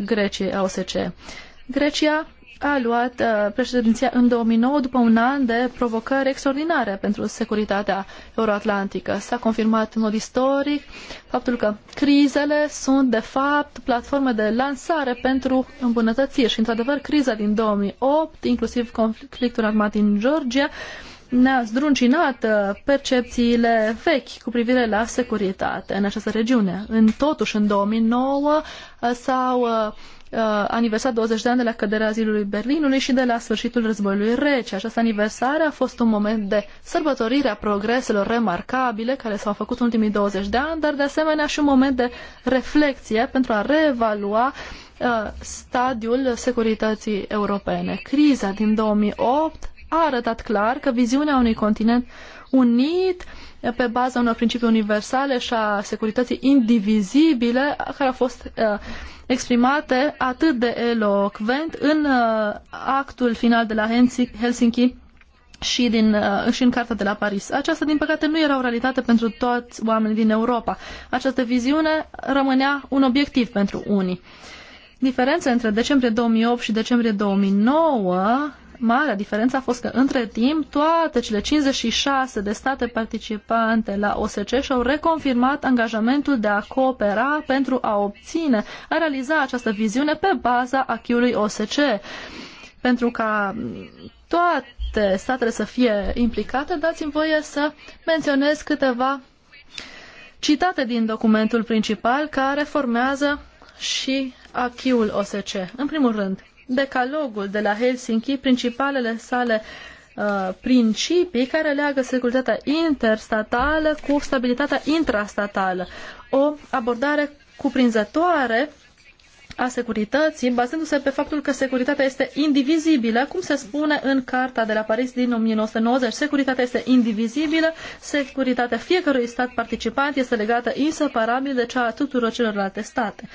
[SPEAKER 4] Greciei a OSCE. Grecia a luat uh, președinția în 2009 după un an de provocări extraordinare pentru securitatea euroatlantică. S-a confirmat în mod istoric faptul că crizele sunt de fapt platforme de lansare pentru îmbunătățiri și într-adevăr criza din 2008, inclusiv conflictul armat din Georgia, ne-a zdruncinat uh, percepțiile vechi cu privire la securitate în această regiune. În totuși, în 2009 uh, s-au Uh, aniversat 20 de ani de la căderea zilului Berlinului și de la sfârșitul războiului rece. Această aniversare a fost un moment de sărbătorire a progreselor remarcabile care s-au făcut în ultimii 20 de ani, dar de asemenea și un moment de reflexie pentru a reevalua uh, stadiul securității europene. Criza din 2008 a arătat clar că viziunea unui continent unit uh, pe baza unor principii universale și a securității indivizibile care a fost uh, exprimate atât de elocvent în uh, actul final de la Helsinki și, din, uh, și în Carta de la Paris. Aceasta, din păcate, nu era o realitate pentru toți oamenii din Europa. Această viziune rămânea un obiectiv pentru unii. Diferența între decembrie 2008 și decembrie 2009 Marea diferență a fost că între timp toate cele 56 de state participante la OSCE și-au reconfirmat angajamentul de a coopera pentru a obține, a realiza această viziune pe baza achiului OSCE. Pentru ca toate statele să fie implicate, dați-mi voie să menționez câteva citate din documentul principal care formează și achiul OSCE. În primul rând, decalogul de la Helsinki, principalele sale uh, principii care leagă securitatea interstatală cu stabilitatea intrastatală. O abordare cuprinzătoare a securității, bazându-se pe faptul că securitatea este indivizibilă, cum se spune în Carta de la Paris din 1990. Securitatea este indivizibilă, securitatea fiecărui stat participant este legată inseparabil de cea a tuturor celorlalte state.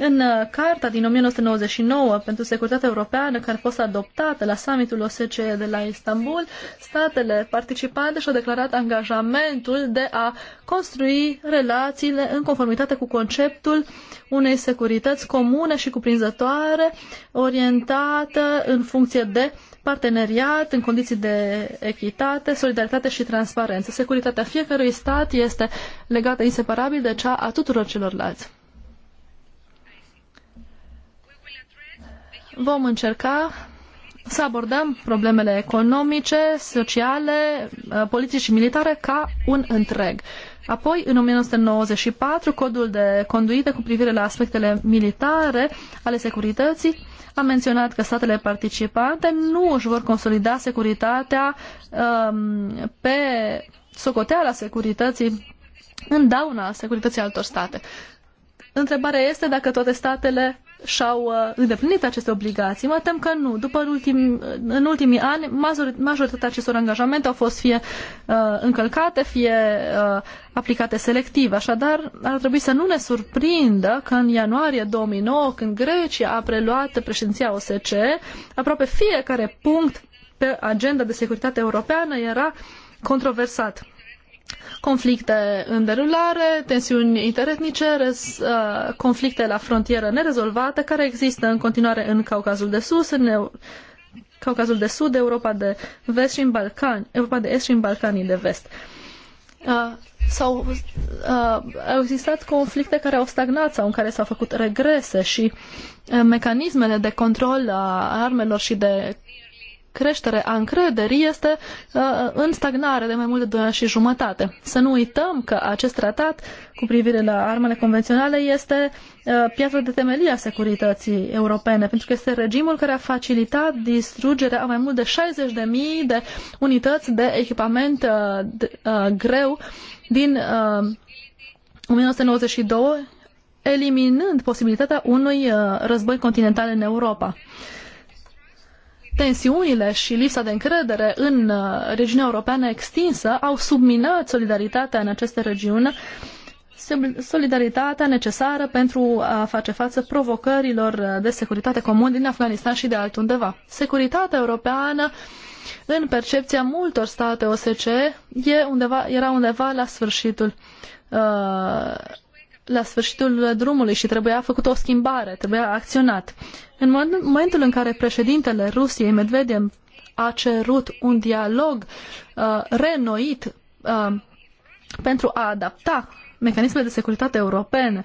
[SPEAKER 4] În uh, carta din 1999 pentru securitatea europeană, care a fost adoptată la summitul OSCE de la Istanbul, statele participante și-au declarat angajamentul de a construi relațiile în conformitate cu conceptul unei securități comune și cuprinzătoare, orientată în funcție de parteneriat în condiții de echitate, solidaritate și transparență. Securitatea fiecărui stat este legată inseparabil de cea a tuturor celorlalți. Vom încerca să abordăm problemele economice, sociale, uh, politice și militare ca un întreg. Apoi, în 1994, codul de conduită cu privire la aspectele militare ale securității a menționat că statele participante nu își vor consolida securitatea um, pe socoteala securității în dauna securității altor state. Întrebarea este dacă toate statele și-au uh, îndeplinit aceste obligații? Mă tem că nu. După ultim, uh, în ultimii ani, majoritatea acestor angajamente au fost fie uh, încălcate, fie uh, aplicate selectiv. Așadar, ar trebui să nu ne surprindă că în ianuarie 2009, când Grecia a preluat președinția OSCE, aproape fiecare punct pe agenda de securitate europeană era controversat conflicte în derulare, tensiuni interetnice, res, uh, conflicte la frontieră nerezolvate care există în continuare în Caucazul de Sus, în Eu Caucazul de Sud, Europa de Vest și în Balcani, Europa de Est și în Balcanii de Vest. Uh, sau uh, au existat conflicte care au stagnat sau în care s-au făcut regrese și uh, mecanismele de control a armelor și de creștere a încrederii este uh, în stagnare de mai mult de 2 ani și jumătate. Să nu uităm că acest tratat cu privire la armele convenționale este uh, piatra de temelie a securității europene, pentru că este regimul care a facilitat distrugerea a mai mult de 60.000 de unități de echipament uh, de, uh, greu din uh, 1992, eliminând posibilitatea unui uh, război continental în Europa. Uh, tensiunile și lipsa de încredere în uh, regiunea europeană extinsă au subminat solidaritatea în această regiune, solidaritatea necesară pentru a face față provocărilor uh, de securitate comun din Afganistan și de altundeva. Securitatea europeană în percepția multor state OSCE e undeva, era undeva la sfârșitul uh, la sfârșitul drumului și trebuia făcut o schimbare, trebuia acționat. În momentul în care președintele Rusiei, Medvedev, a cerut un dialog uh, renoit uh, pentru a adapta mecanismele de securitate europene,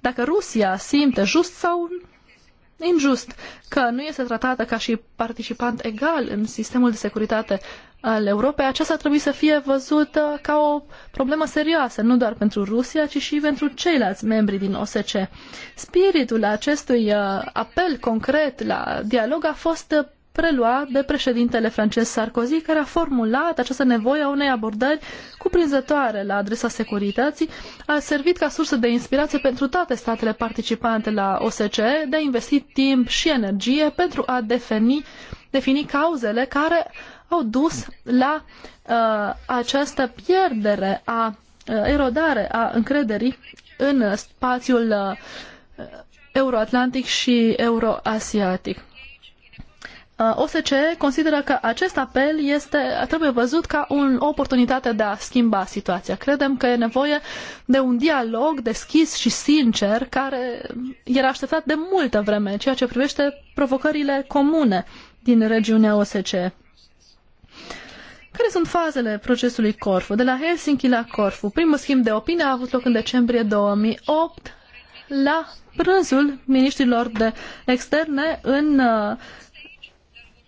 [SPEAKER 4] dacă Rusia simte just sau injust, că nu este tratată ca și participant egal în sistemul de securitate al Europei, aceasta trebuie să fie văzută ca o problemă serioasă, nu doar pentru Rusia, ci și pentru ceilalți membri din OSCE. Spiritul acestui uh, apel concret la dialog a fost uh, prelua de președintele francez Sarkozy, care a formulat această nevoie a unei abordări cuprinzătoare la adresa securității, a servit ca sursă de inspirație pentru toate statele participante la OSCE de a investi timp și energie pentru a defini, defini cauzele care au dus la uh, această pierdere a uh, erodare a încrederii în spațiul uh, euroatlantic și euroasiatic. Uh, OSCE consideră că acest apel este, trebuie văzut ca un, o oportunitate de a schimba situația. Credem că e nevoie de un dialog deschis și sincer care era așteptat de multă vreme, ceea ce privește provocările comune din regiunea OSCE. Care sunt fazele procesului Corfu? De la Helsinki la Corfu. Primul schimb de opinie a avut loc în decembrie 2008 la prânzul ministrilor de externe în uh,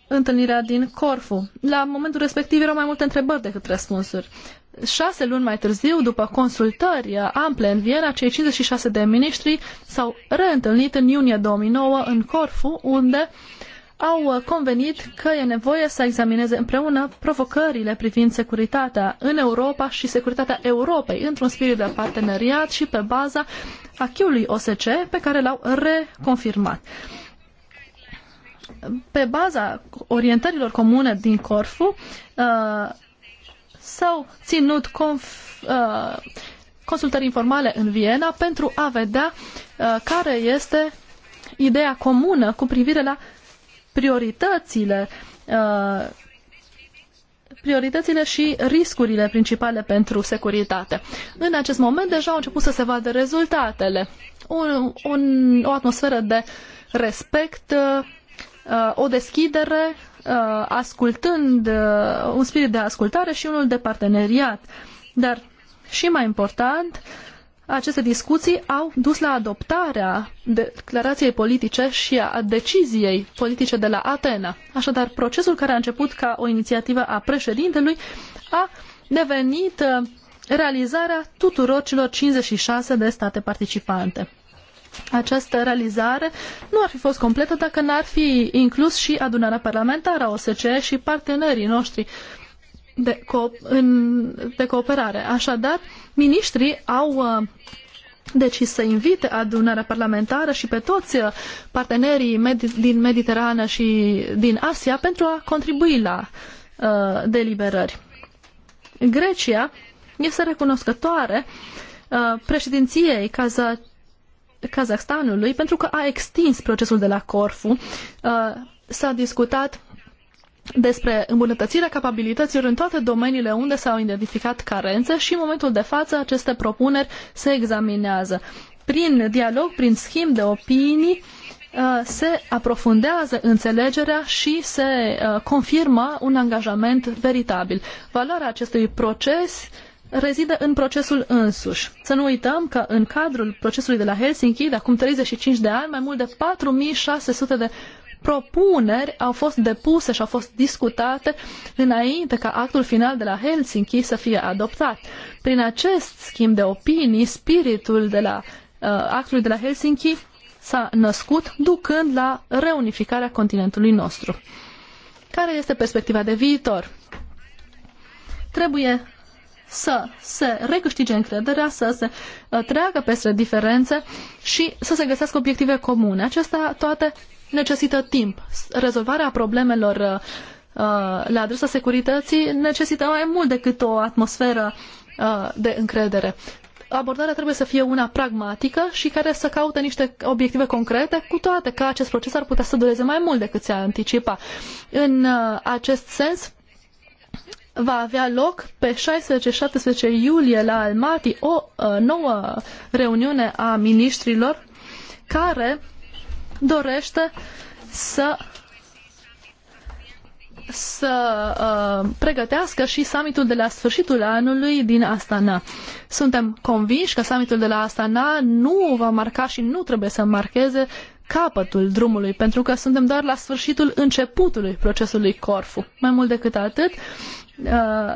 [SPEAKER 4] întâlnirea din Corfu. La momentul respectiv erau mai multe întrebări decât răspunsuri. Șase luni mai târziu, după consultări ample în Viena, cei 56 de miniștri s-au reîntâlnit în iunie 2009 în Corfu, unde au convenit că e nevoie să examineze împreună provocările privind securitatea în Europa și securitatea Europei într-un spirit de parteneriat și pe baza achiului OSCE pe care l-au reconfirmat pe baza orientărilor comune din Corfu, uh, s-au ținut conf, uh, consultări informale în Viena pentru a vedea uh, care este ideea comună cu privire la prioritățile prioritățile și riscurile principale pentru securitate. În acest moment deja au început să se vadă rezultatele. Un, un, o atmosferă de respect Uh, o deschidere, uh, ascultând uh, un spirit de ascultare și unul de parteneriat. Dar și mai important, aceste discuții au dus la adoptarea declarației politice și a deciziei politice de la Atena. Așadar, procesul care a început ca o inițiativă a președintelui a devenit realizarea tuturor celor 56 de state participante. Această realizare nu ar fi fost completă dacă n-ar fi inclus și adunarea parlamentară a OSCE și partenerii noștri de, co- în, de cooperare. Așadar, miniștrii au uh, decis să invite adunarea parlamentară și pe toți uh, partenerii med- din Mediterană și din Asia pentru a contribui la uh, deliberări. Grecia este recunoscătoare uh, președinției Kazakhstanului Kazahstanului pentru că a extins procesul de la Corfu. Uh, s-a discutat despre îmbunătățirea capabilităților în toate domeniile unde s-au identificat carențe și în momentul de față aceste propuneri se examinează. Prin dialog, prin schimb de opinii, uh, se aprofundează înțelegerea și se uh, confirmă un angajament veritabil. Valoarea acestui proces rezidă în procesul însuși. Să nu uităm că în cadrul procesului de la Helsinki, de acum 35 de ani, mai mult de 4600 de propuneri au fost depuse și au fost discutate înainte ca actul final de la Helsinki să fie adoptat. Prin acest schimb de opinii, spiritul de la uh, actului de la Helsinki s-a născut ducând la reunificarea continentului nostru. Care este perspectiva de viitor? Trebuie să se recâștige încrederea, să se uh, treacă peste diferențe și să se găsească obiective comune. Acestea toate necesită timp. Rezolvarea problemelor uh, uh, la adresa securității necesită mai mult decât o atmosferă de încredere. Abordarea trebuie să fie una pragmatică și care să caute niște obiective concrete, cu toate că acest proces ar putea să dureze mai mult decât se anticipa. În acest sens, va avea loc pe 16-17 iulie la Almaty o uh, nouă reuniune a ministrilor care dorește să să uh, pregătească și summitul de la sfârșitul anului din Astana. Suntem convinși că summitul de la Astana nu va marca și nu trebuie să marcheze capătul drumului, pentru că suntem doar la sfârșitul începutului procesului Corfu. Mai mult decât atât, Uh,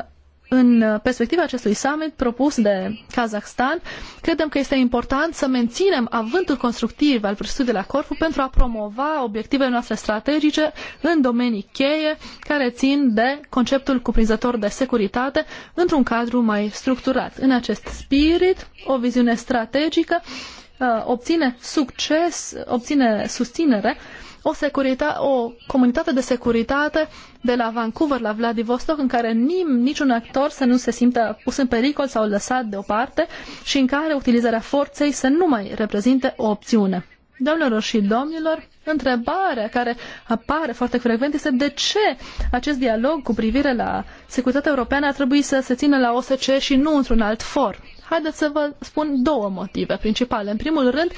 [SPEAKER 4] în perspectiva acestui summit propus de Kazahstan, credem că este important să menținem avântul constructiv al procesului de la Corfu pentru a promova obiectivele noastre strategice în domenii cheie care țin de conceptul cuprinzător de securitate într-un cadru mai structurat. În acest spirit, o viziune strategică uh, obține succes, obține susținere uh, o, securita- o comunitate de securitate de la Vancouver la Vladivostok în care nim, niciun actor să nu se simtă pus în pericol sau lăsat deoparte și în care utilizarea forței să nu mai reprezinte o opțiune. Doamnelor și domnilor, întrebarea care apare foarte frecvent este de ce acest dialog cu privire la securitatea europeană ar trebui să se țină la OSCE și nu într-un alt for. Haideți să vă spun două motive principale. În primul rând,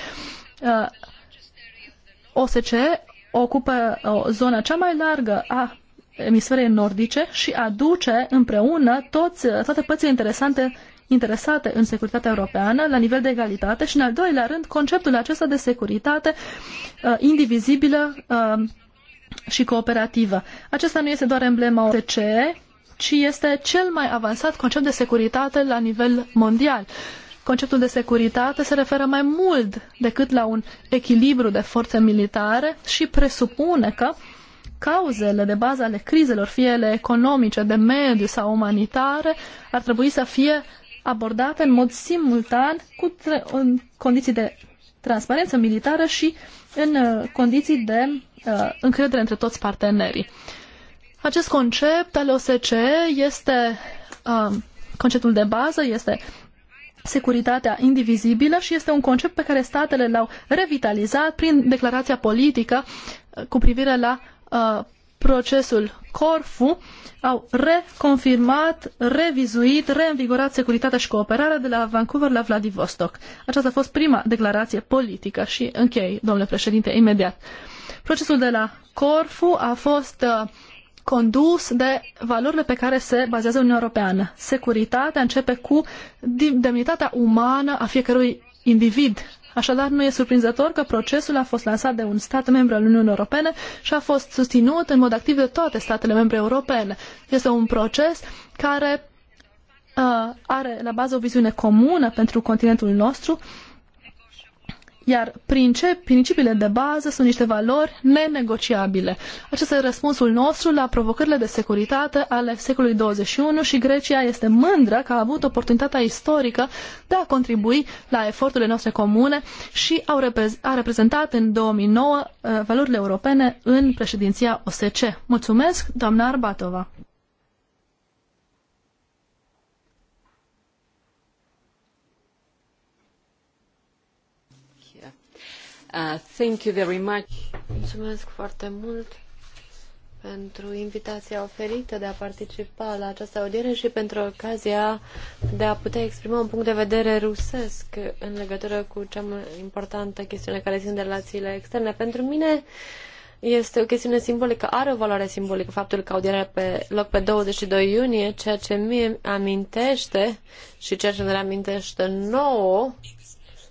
[SPEAKER 4] uh, OSCE ocupă o zonă cea mai largă a emisferei nordice și aduce împreună toți, toate părțile interesante interesate în securitatea europeană la nivel de egalitate și, în al doilea rând, conceptul acesta de securitate uh, indivizibilă uh, și cooperativă. Acesta nu este doar emblema OTCE, ci este cel mai avansat concept de securitate la nivel mondial. Uh, Conceptul de securitate se referă mai mult decât la un echilibru de forțe militare și presupune că cauzele de bază ale crizelor, fie ele economice, de mediu sau umanitare, ar trebui să fie abordate în mod simultan cu în condiții de transparență militară și în uh, condiții de uh, încredere între toți partenerii. Acest concept al OSCE este uh, conceptul de bază, este securitatea indivizibilă și este un concept pe care statele l-au revitalizat prin declarația politică uh, cu privire la uh, procesul Corfu, au reconfirmat, revizuit, reînvigorat securitatea și cooperarea de la Vancouver la Vladivostok. Aceasta a fost prima declarație politică și închei, domnule președinte, imediat. Procesul de la Corfu a fost uh, condus de valorile pe care se bazează Uniunea Europeană. Securitatea începe cu demnitatea umană a fiecărui individ. Așadar, nu e surprinzător că procesul a fost lansat de un stat membru al Uniunii Europene și a fost susținut în mod activ de toate statele membre europene. Este un proces care uh, are la bază o viziune comună pentru continentul nostru iar principiile de bază sunt niște valori nenegociabile. Acesta este răspunsul nostru la provocările de securitate ale secolului 21 și Grecia este mândră că a avut oportunitatea istorică de a contribui la eforturile noastre comune și au reprez- a reprezentat în 2009 uh, valorile europene în președinția OSCE. Mulțumesc, doamna Arbatova!
[SPEAKER 3] Uh, Mulțumesc foarte mult pentru invitația oferită de a participa la această audiere și pentru ocazia de a putea exprima un punct de vedere rusesc în legătură cu cea mai importantă chestiune care sunt relațiile externe. Pentru mine este o chestiune simbolică, are o valoare simbolică faptul că audierea pe loc pe 22 iunie, ceea ce mie amintește și ceea ce ne amintește nouă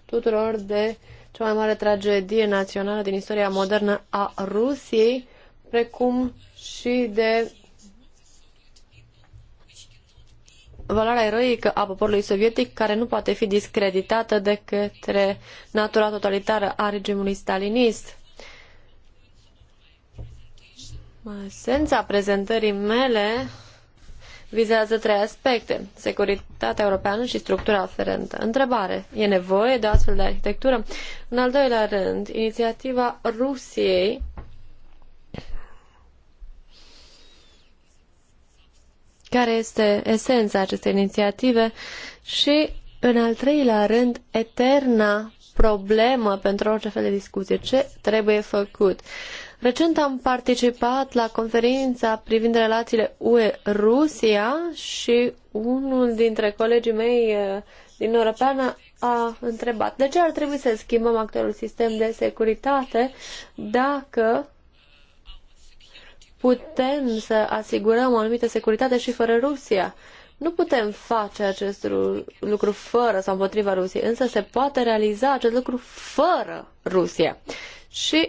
[SPEAKER 3] tuturor de uh, cea mai mare tragedie națională din istoria modernă a Rusiei, precum și de valoarea eroică a poporului sovietic, care nu poate fi discreditată de către natura totalitară a regimului stalinist. Esența prezentării mele vizează trei aspecte, securitatea europeană și structura aferentă. Întrebare, e nevoie de o astfel de arhitectură? În al doilea rând, inițiativa Rusiei care este esența acestei inițiative și, în al treilea rând, eterna problemă pentru orice fel de discuție. Ce trebuie făcut? Recent am participat la conferința privind relațiile UE-Rusia și unul dintre colegii mei eh, din Europeană a întrebat de ce ar trebui să schimbăm actualul sistem de securitate dacă putem să asigurăm o anumită securitate și fără Rusia. Nu putem face acest lucru fără sau împotriva Rusiei, însă se poate realiza acest lucru fără Rusia. Și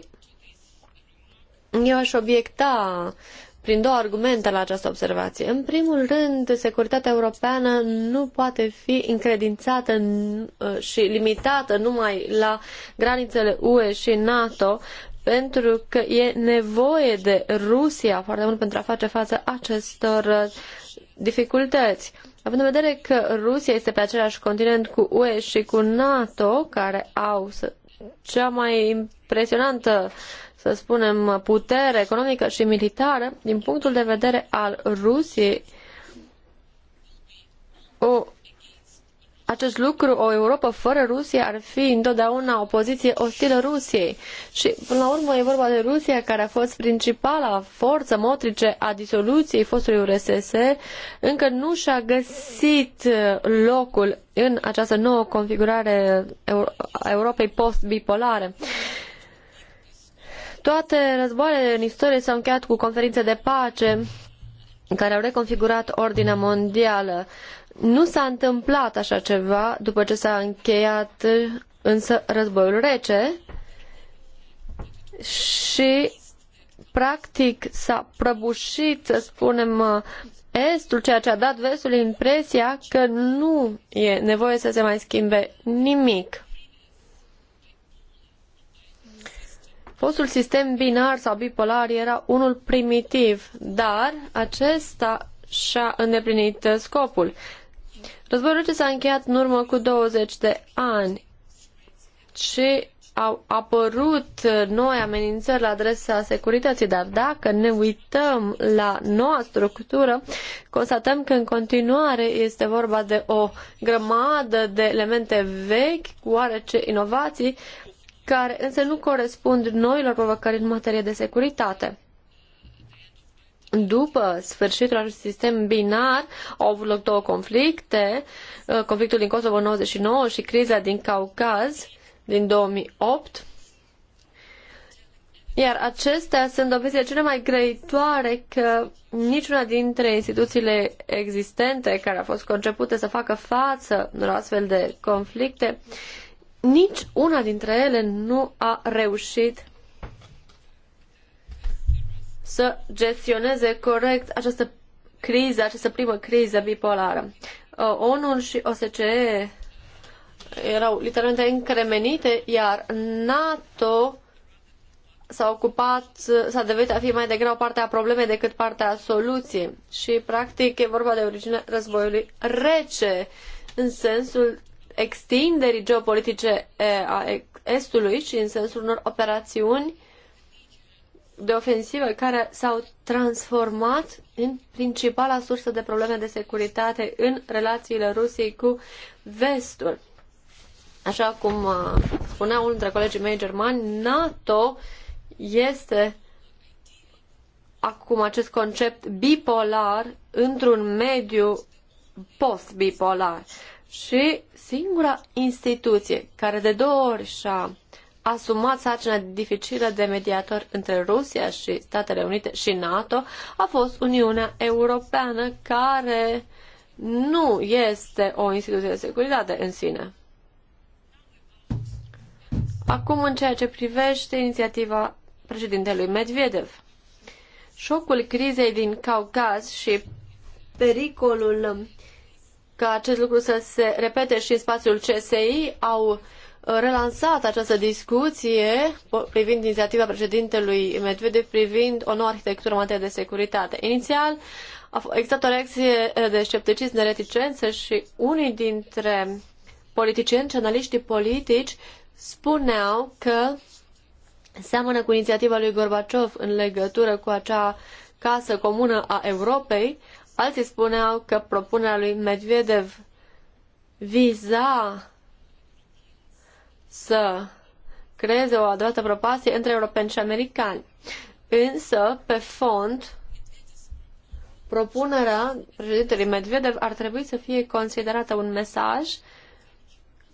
[SPEAKER 3] eu aș obiecta prin două argumente la această observație. În primul rând, securitatea europeană nu poate fi încredințată uh, și limitată numai la granițele UE și NATO, pentru că e nevoie de Rusia foarte mult pentru a face față acestor uh, dificultăți. Având în vedere că Rusia este pe același continent cu UE și cu NATO, care au cea mai impresionantă să spunem, putere economică și militară, din punctul de vedere al Rusiei, o, acest lucru, o Europa fără Rusia, ar fi întotdeauna o poziție ostilă Rusiei. Și, până la urmă, e vorba de Rusia, care a fost principala forță motrice a disoluției fostului URSS, încă nu și-a găsit uh, locul în această nouă configurare uh, a Europei post-bipolare. Toate războaiele în istorie s-au încheiat cu conferințe de pace care au reconfigurat ordinea mondială. Nu s-a întâmplat așa ceva după ce s-a încheiat însă războiul rece și practic s-a prăbușit, să spunem, estul, ceea ce a dat vestul impresia că nu e nevoie să se mai schimbe nimic. Fostul sistem binar sau bipolar era unul primitiv, dar acesta și-a îndeplinit uh, scopul. Războiul ce s-a încheiat în urmă cu 20 de ani și au apărut uh, noi amenințări la adresa securității, dar dacă ne uităm la noua structură, constatăm că în continuare este vorba de o grămadă de elemente vechi, cu oarece inovații, care însă nu corespund noilor provocări în materie de securitate. După sfârșitul acestui sistem binar, au avut loc două conflicte, uh, conflictul din Kosovo 99 și criza din Caucaz din 2008, iar acestea sunt dovezile cele mai greitoare că niciuna dintre instituțiile existente care a fost concepute să facă față unor astfel de conflicte nici una dintre ele nu a reușit să gestioneze corect această criză, această primă criză bipolară. ONU și OSCE erau literalmente încremenite, iar NATO s-a ocupat, s-a devenit a fi mai degrabă partea problemei decât partea soluției. Și, practic, e vorba de originea războiului rece, în sensul extinderii geopolitice eh, a Estului, ci în sensul unor operațiuni de ofensivă care s-au transformat în principala sursă de probleme de securitate în relațiile Rusiei cu Vestul. Așa cum eh, spunea unul dintre colegii mei germani, NATO este acum acest concept bipolar într-un mediu post-bipolar și singura instituție care de două ori și-a asumat sarcina dificilă de mediator între Rusia și Statele Unite și NATO a fost Uniunea Europeană, care nu este o instituție de securitate în sine. Acum, în ceea ce privește inițiativa președintelui Medvedev. Șocul crizei din Caucaz și pericolul ca acest lucru să se repete și în spațiul CSI. Au relansat această discuție privind inițiativa președintelui Medvedev privind o nouă arhitectură în materie de securitate. Inițial a existat o reacție de scepticism, de reticență și unii dintre politicieni și analiștii politici spuneau că seamănă cu inițiativa lui Gorbaciov în legătură cu acea casă comună a Europei, Alții spuneau că propunerea lui Medvedev viza să creeze o adevărată propasie între europeni și americani. Însă, pe fond, propunerea președintelui Medvedev ar trebui să fie considerată un mesaj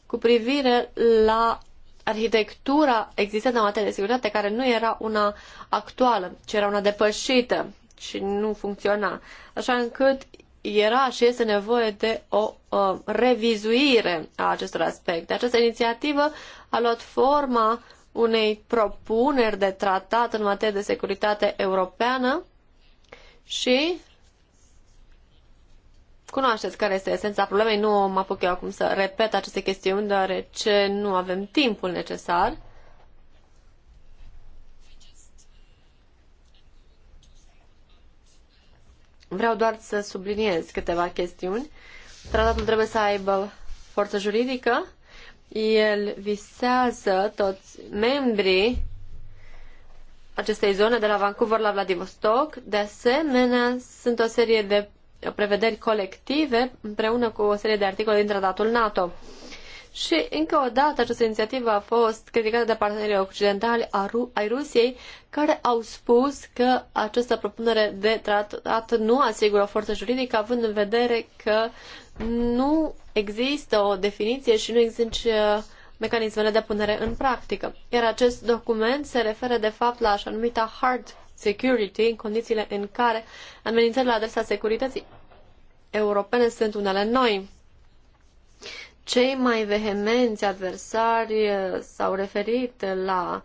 [SPEAKER 3] cu privire la arhitectura existentă în materie de securitate, care nu era una actuală, ci era una depășită și nu funcționa. Așa încât era și este nevoie de o o uh, revizuire a acestor aspecte. Această inițiativă a luat forma unei propuneri de tratat în materie de securitate europeană și cunoașteți care este esența problemei. Nu mă apuc eu acum să repet aceste chestiuni, deoarece nu avem timpul necesar. Vreau doar să subliniez câteva chestiuni. Tratatul trebuie să aibă forță juridică. El visează toți membrii acestei zone, de la Vancouver la Vladivostok. De asemenea, sunt o serie de prevederi colective împreună cu o serie de articole din tratatul NATO. Și încă o dată această inițiativă a fost criticată de partenerii occidentali ai Rusiei, care au spus că această propunere de tratat nu asigură o forță juridică, având în vedere că nu există o definiție și nu există uh, mecanismele de punere în practică. Iar acest document se referă de fapt la așa numita hard security, în condițiile în care amenințările la adresa securității europene sunt unele noi. Cei mai vehemenți adversari s-au referit la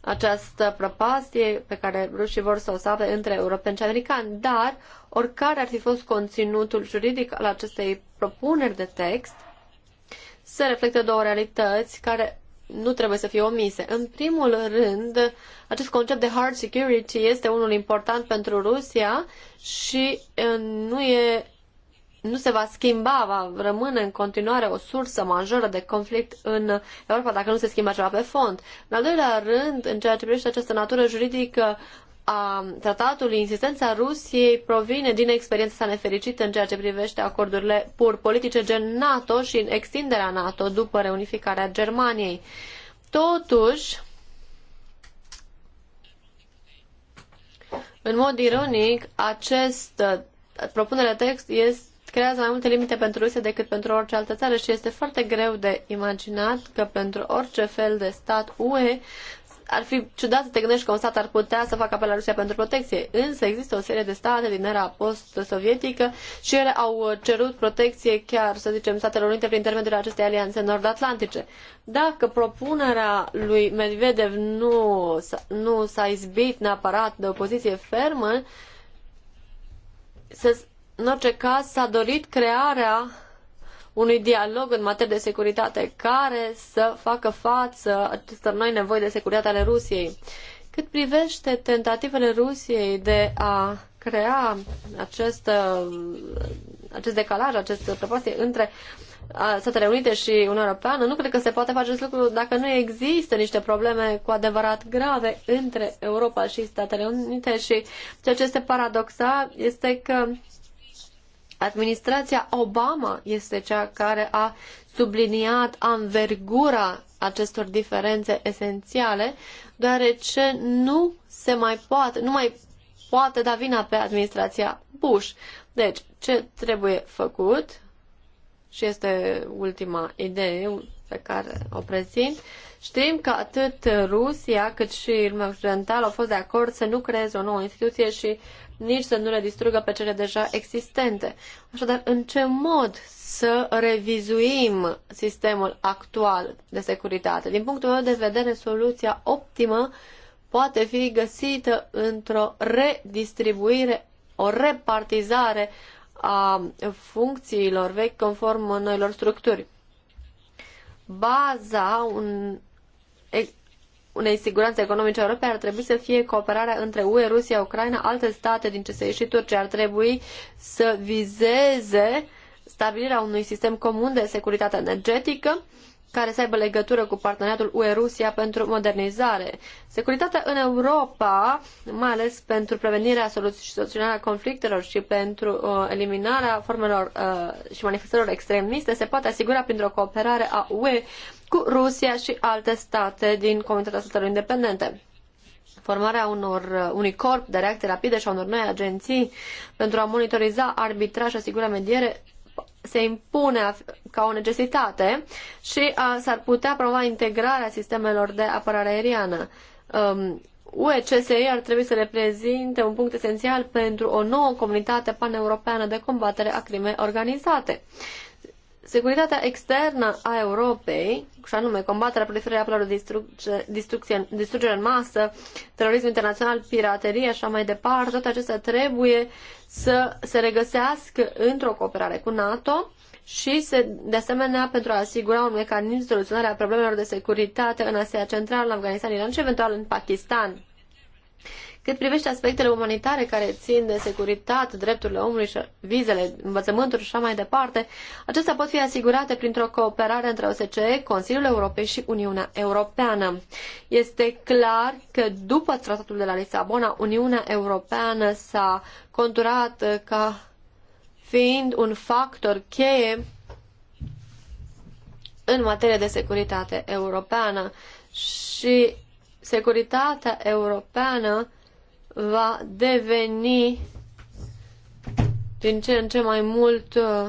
[SPEAKER 3] această prăpastie pe care rușii vor să o salve între europeni și americani, dar oricare ar fi fost conținutul juridic al acestei propuneri de text, se reflectă două realități care nu trebuie să fie omise. În primul rând, acest concept de hard security este unul important pentru Rusia și uh, nu e nu se va schimba, va rămâne în continuare o sursă majoră de conflict în Europa dacă nu se schimbă ceva pe fond. În al doilea rând, în ceea ce privește această natură juridică a tratatului, insistența Rusiei provine din experiența sa nefericită în ceea ce privește acordurile pur politice gen NATO și în extinderea NATO după reunificarea Germaniei. Totuși, în mod ironic, acest de text este creează mai multe limite pentru Rusia decât pentru orice altă țară și este foarte greu de imaginat că pentru orice fel de stat UE ar fi ciudat să te gândești că un stat ar putea să facă apel la Rusia pentru protecție. Însă există o serie de state din era post-sovietică și ele au cerut protecție chiar, să zicem, Statelor Unite prin intermediul acestei alianțe nord-atlantice. Dacă propunerea lui Medvedev nu, nu s-a izbit neapărat de o poziție fermă, să în orice caz, s-a dorit crearea unui dialog în materie de securitate care să facă față acestor noi nevoi de securitate ale Rusiei. Cât privește tentativele Rusiei de a crea acest, uh, acest decalaj, această prăpastie între uh, Statele Unite și Uniunea Europeană, nu cred că se poate face acest lucru dacă nu există niște probleme cu adevărat grave între Europa și Statele Unite și ceea ce este paradoxal este că Administrația Obama este cea care a subliniat anvergura acestor diferențe esențiale, deoarece nu se mai poate, nu mai poate da vina pe administrația Bush. Deci, ce trebuie făcut, și este ultima idee pe care o prezint, știm că atât Rusia cât și lumea occidentală au fost de acord să nu creeze o nouă instituție și uh, nici să nu le distrugă pe cele deja existente. Așadar, în ce mod să revizuim sistemul actual de securitate? Din punctul meu de vedere, soluția optimă poate fi găsită într-o redistribuire, o repartizare a funcțiilor vechi conform noilor structuri. Baza un, unei siguranțe economice europene ar trebui să fie cooperarea între UE, Rusia, Ucraina, alte state din CSI și Turcia. Ar trebui să vizeze stabilirea unui sistem comun de securitate energetică care să aibă legătură cu parteneriatul UE-Rusia pentru modernizare. Securitatea în Europa, mai ales pentru prevenirea soluției și soluționarea conflictelor și pentru uh, eliminarea formelor uh, și manifestărilor extremiste, se poate asigura printr-o cooperare a UE cu Rusia și alte state din Comunitatea Statelor Independente. Formarea unor, uh, unui corp de reacție rapide și a unor noi agenții pentru a monitoriza arbitra și asigura mediere se impune ca o necesitate și s-ar putea promova integrarea sistemelor de apărare aeriană. Um, UECSI ar trebui să reprezinte un punct esențial pentru o nouă comunitate paneuropeană de combatere a crimei organizate. Securitatea externă a Europei, și anume combaterea proliferării apelor de distrucție, distrugere în masă, terorism internațional, piraterie și așa mai departe, toate acestea trebuie să se regăsească într-o cooperare cu NATO și se, de asemenea pentru a asigura un mecanism de soluționare a problemelor de securitate în Asia Centrală, în Afganistan, Iran și eventual în Pakistan. Cât privește aspectele umanitare care țin de securitate, drepturile omului și vizele, învățământul și așa mai departe, acestea pot fi asigurate printr-o cooperare între OSCE, Consiliul Europei și Uniunea Europeană. Este clar că după tratatul de la Lisabona, Uniunea Europeană s-a conturat ca fiind un factor cheie în materie de securitate europeană și securitatea europeană va deveni din ce în ce mai mult uh,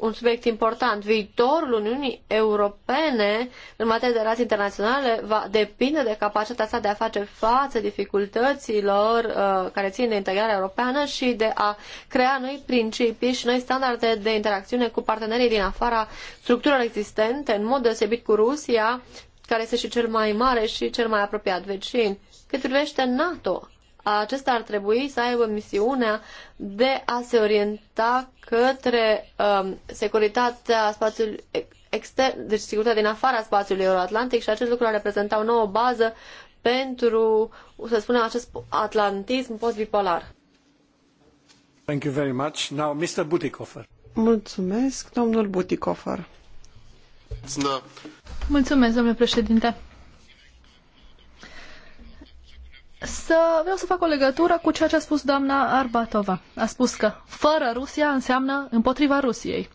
[SPEAKER 3] un subiect important. Viitorul Uniunii Europene în materie de relații internaționale va depinde de capacitatea sa de a face față dificultăților uh, care țin de integrarea europeană și de a crea noi principii și noi standarde de interacțiune cu partenerii din afara structurilor existente, în mod deosebit cu Rusia, care este și cel mai mare și cel mai apropiat vecin. Cât privește NATO, acesta ar trebui să aibă misiunea de a se orienta către um, securitatea spațiului extern, deci securitatea din afara spațiului euroatlantic și acest lucru ar reprezenta o nouă bază pentru, să spunem, acest atlantism postbipolar.
[SPEAKER 1] Thank you very much. Now, Mr. Butikofer.
[SPEAKER 2] Mulțumesc, domnul Butikofer. No. Mulțumesc, domnule președinte.
[SPEAKER 4] Să vreau să fac o legătură cu ceea ce a spus doamna Arbatova. A spus că fără Rusia înseamnă împotriva Rusiei.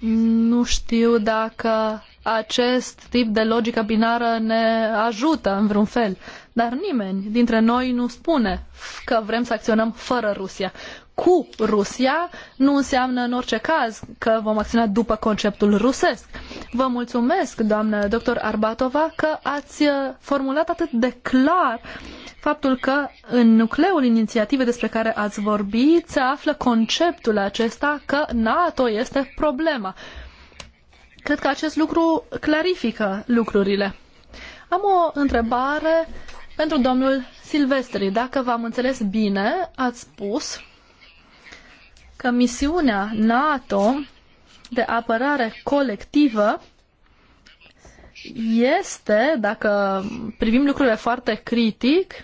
[SPEAKER 4] Nu știu dacă acest tip de logică binară ne ajută în vreun fel, dar nimeni dintre noi nu spune că vrem să acționăm fără Rusia cu Rusia nu înseamnă în orice caz că vom acționa după conceptul rusesc. Vă mulțumesc, doamnă doctor Arbatova, că ați uh, formulat atât de clar faptul că în nucleul inițiativei despre care ați vorbit se află conceptul acesta că NATO este problema. Cred că acest lucru clarifică lucrurile. Am o întrebare pentru domnul Silvestri. Dacă v-am înțeles bine, ați spus că misiunea NATO de apărare colectivă este, dacă privim lucrurile foarte critic,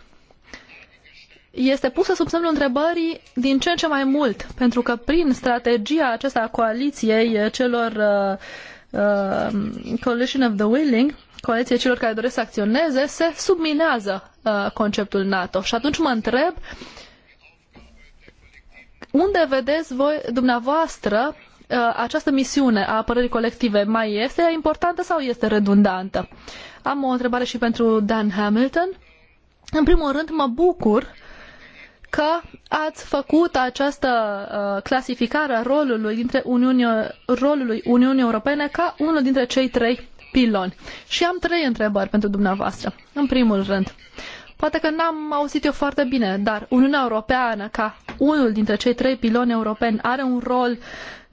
[SPEAKER 4] este pusă sub semnul întrebării din ce în ce mai mult, pentru că prin strategia aceasta a coaliției celor uh, uh, Coalition of the Willing, coaliție celor care doresc să acționeze, se subminează uh, conceptul NATO. Și atunci mă întreb unde vedeți voi, dumneavoastră, uh, această misiune a apărării colective mai este importantă sau este redundantă? Am o întrebare și pentru Dan Hamilton. În primul rând, mă bucur că ați făcut această uh, clasificare a rolului, dintre Uniunii, rolului Uniunii Europene ca unul dintre cei trei piloni. Și am trei întrebări pentru dumneavoastră. În primul rând, Poate că n-am auzit eu foarte bine, dar Uniunea Europeană, ca unul dintre cei trei piloni europeni, are un rol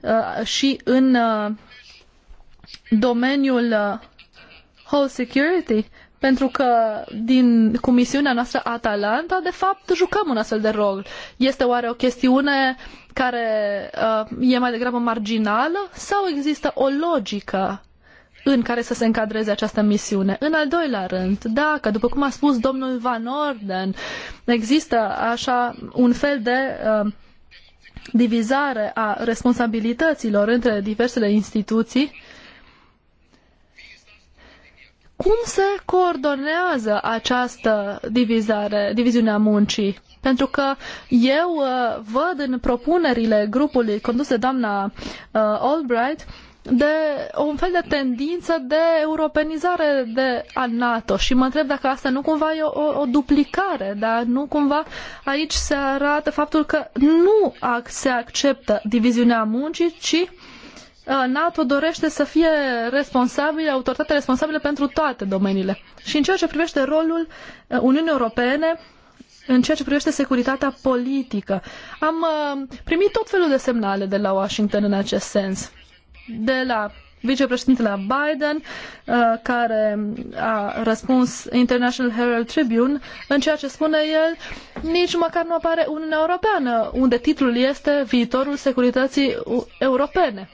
[SPEAKER 4] uh, și în uh, domeniul uh, whole security, pentru că din cu misiunea noastră Atalanta, de fapt, jucăm un astfel de rol. Este oare o chestiune care uh, e mai degrabă marginală sau există o logică în care să se încadreze această misiune. În al doilea rând, dacă, după cum a spus domnul Van Orden, există așa un fel de uh, divizare a responsabilităților între diversele instituții, cum se coordonează această divizare, diviziunea muncii? Pentru că eu uh, văd în propunerile grupului condus de doamna uh, Albright de un fel de tendință de europenizare de a NATO și mă întreb dacă asta nu cumva e o, o duplicare, dar nu cumva aici se arată faptul că nu se acceptă diviziunea muncii, ci uh, NATO dorește să fie responsabilă, autoritatea responsabilă pentru toate domeniile. Și în ceea ce privește rolul uh, Uniunii Europene, în ceea ce privește securitatea politică, am uh, primit tot felul de semnale de la Washington în acest sens de la vicepreședintele Biden, uh, care a răspuns International Herald Tribune, în ceea ce spune el, nici măcar nu apare Uniunea Europeană, unde titlul este Viitorul Securității Europene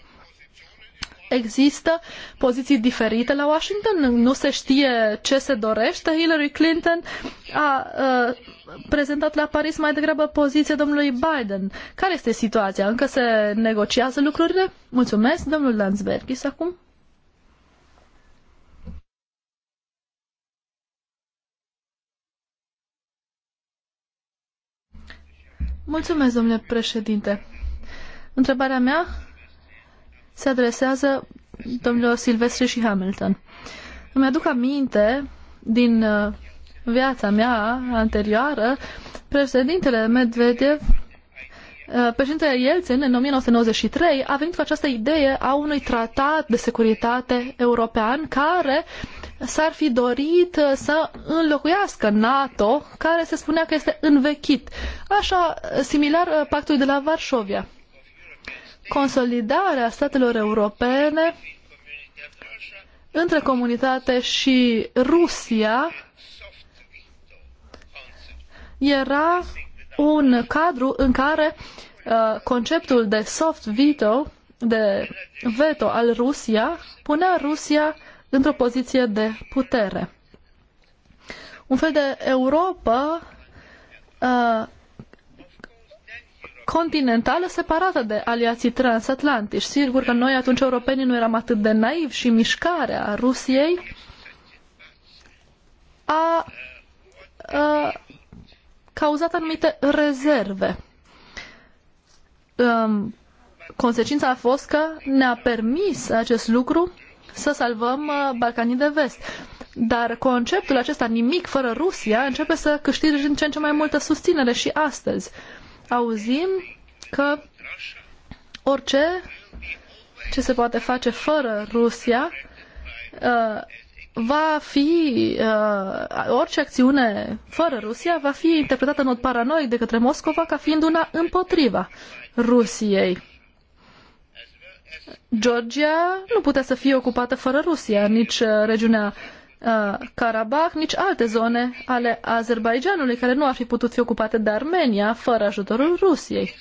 [SPEAKER 4] există poziții diferite la Washington, nu se știe ce se dorește. Hillary Clinton a uh, prezentat la Paris mai degrabă poziția domnului Biden. Care este situația? Încă se negociază lucrurile? Mulțumesc, domnul Landsbergis, acum. Mulțumesc, domnule președinte. Întrebarea mea se adresează domnilor Silvestri și Hamilton. Îmi aduc aminte din uh, viața mea anterioară, președintele Medvedev, uh, președintele Yeltsin, în 1993, a venit cu această idee a unui tratat de securitate european care s-ar fi dorit uh, să înlocuiască NATO, care se spunea că este învechit, așa similar pactului de la Varșovia consolidarea statelor europene între comunitate și Rusia era un cadru în care uh, conceptul de soft veto, de veto al Rusia, punea Rusia într-o poziție de putere. Un fel de Europa uh, continentală separată de aliații transatlantici. Sigur că noi atunci europenii nu eram atât de naivi și mișcarea Rusiei a, a cauzat anumite rezerve. Um, consecința a fost că ne-a permis acest lucru să salvăm uh, Balcanii de Vest. Dar conceptul acesta, nimic fără Rusia, începe să câștige din ce în ce mai multă susținere și astăzi. Uh, auzim că orice ce se poate face fără Rusia uh, va fi uh, orice acțiune fără Rusia va fi interpretată în mod paranoic de către Moscova ca fiind una împotriva Rusiei. Georgia nu putea să fie ocupată fără Rusia, nici uh, regiunea Uh, Karabakh, nici alte zone ale Azerbaijanului care nu ar fi putut fi ocupate de Armenia fără ajutorul Rusiei.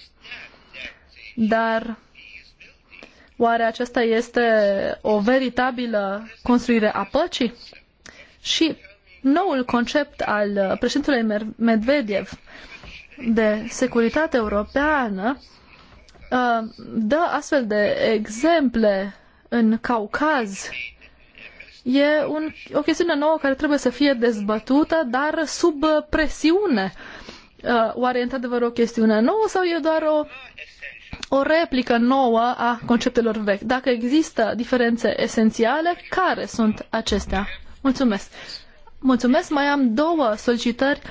[SPEAKER 4] Dar oare aceasta este o veritabilă construire a păcii? Și noul concept al președintelui Medvedev de securitate europeană uh, dă astfel de exemple în Caucaz E un, o chestiune nouă care trebuie să fie dezbătută, dar sub presiune. Uh, oare e într-adevăr o chestiune nouă sau e doar o, o replică nouă a conceptelor vechi? Dacă există diferențe esențiale, care sunt acestea? Mulțumesc! Mulțumesc! Mai am două solicitări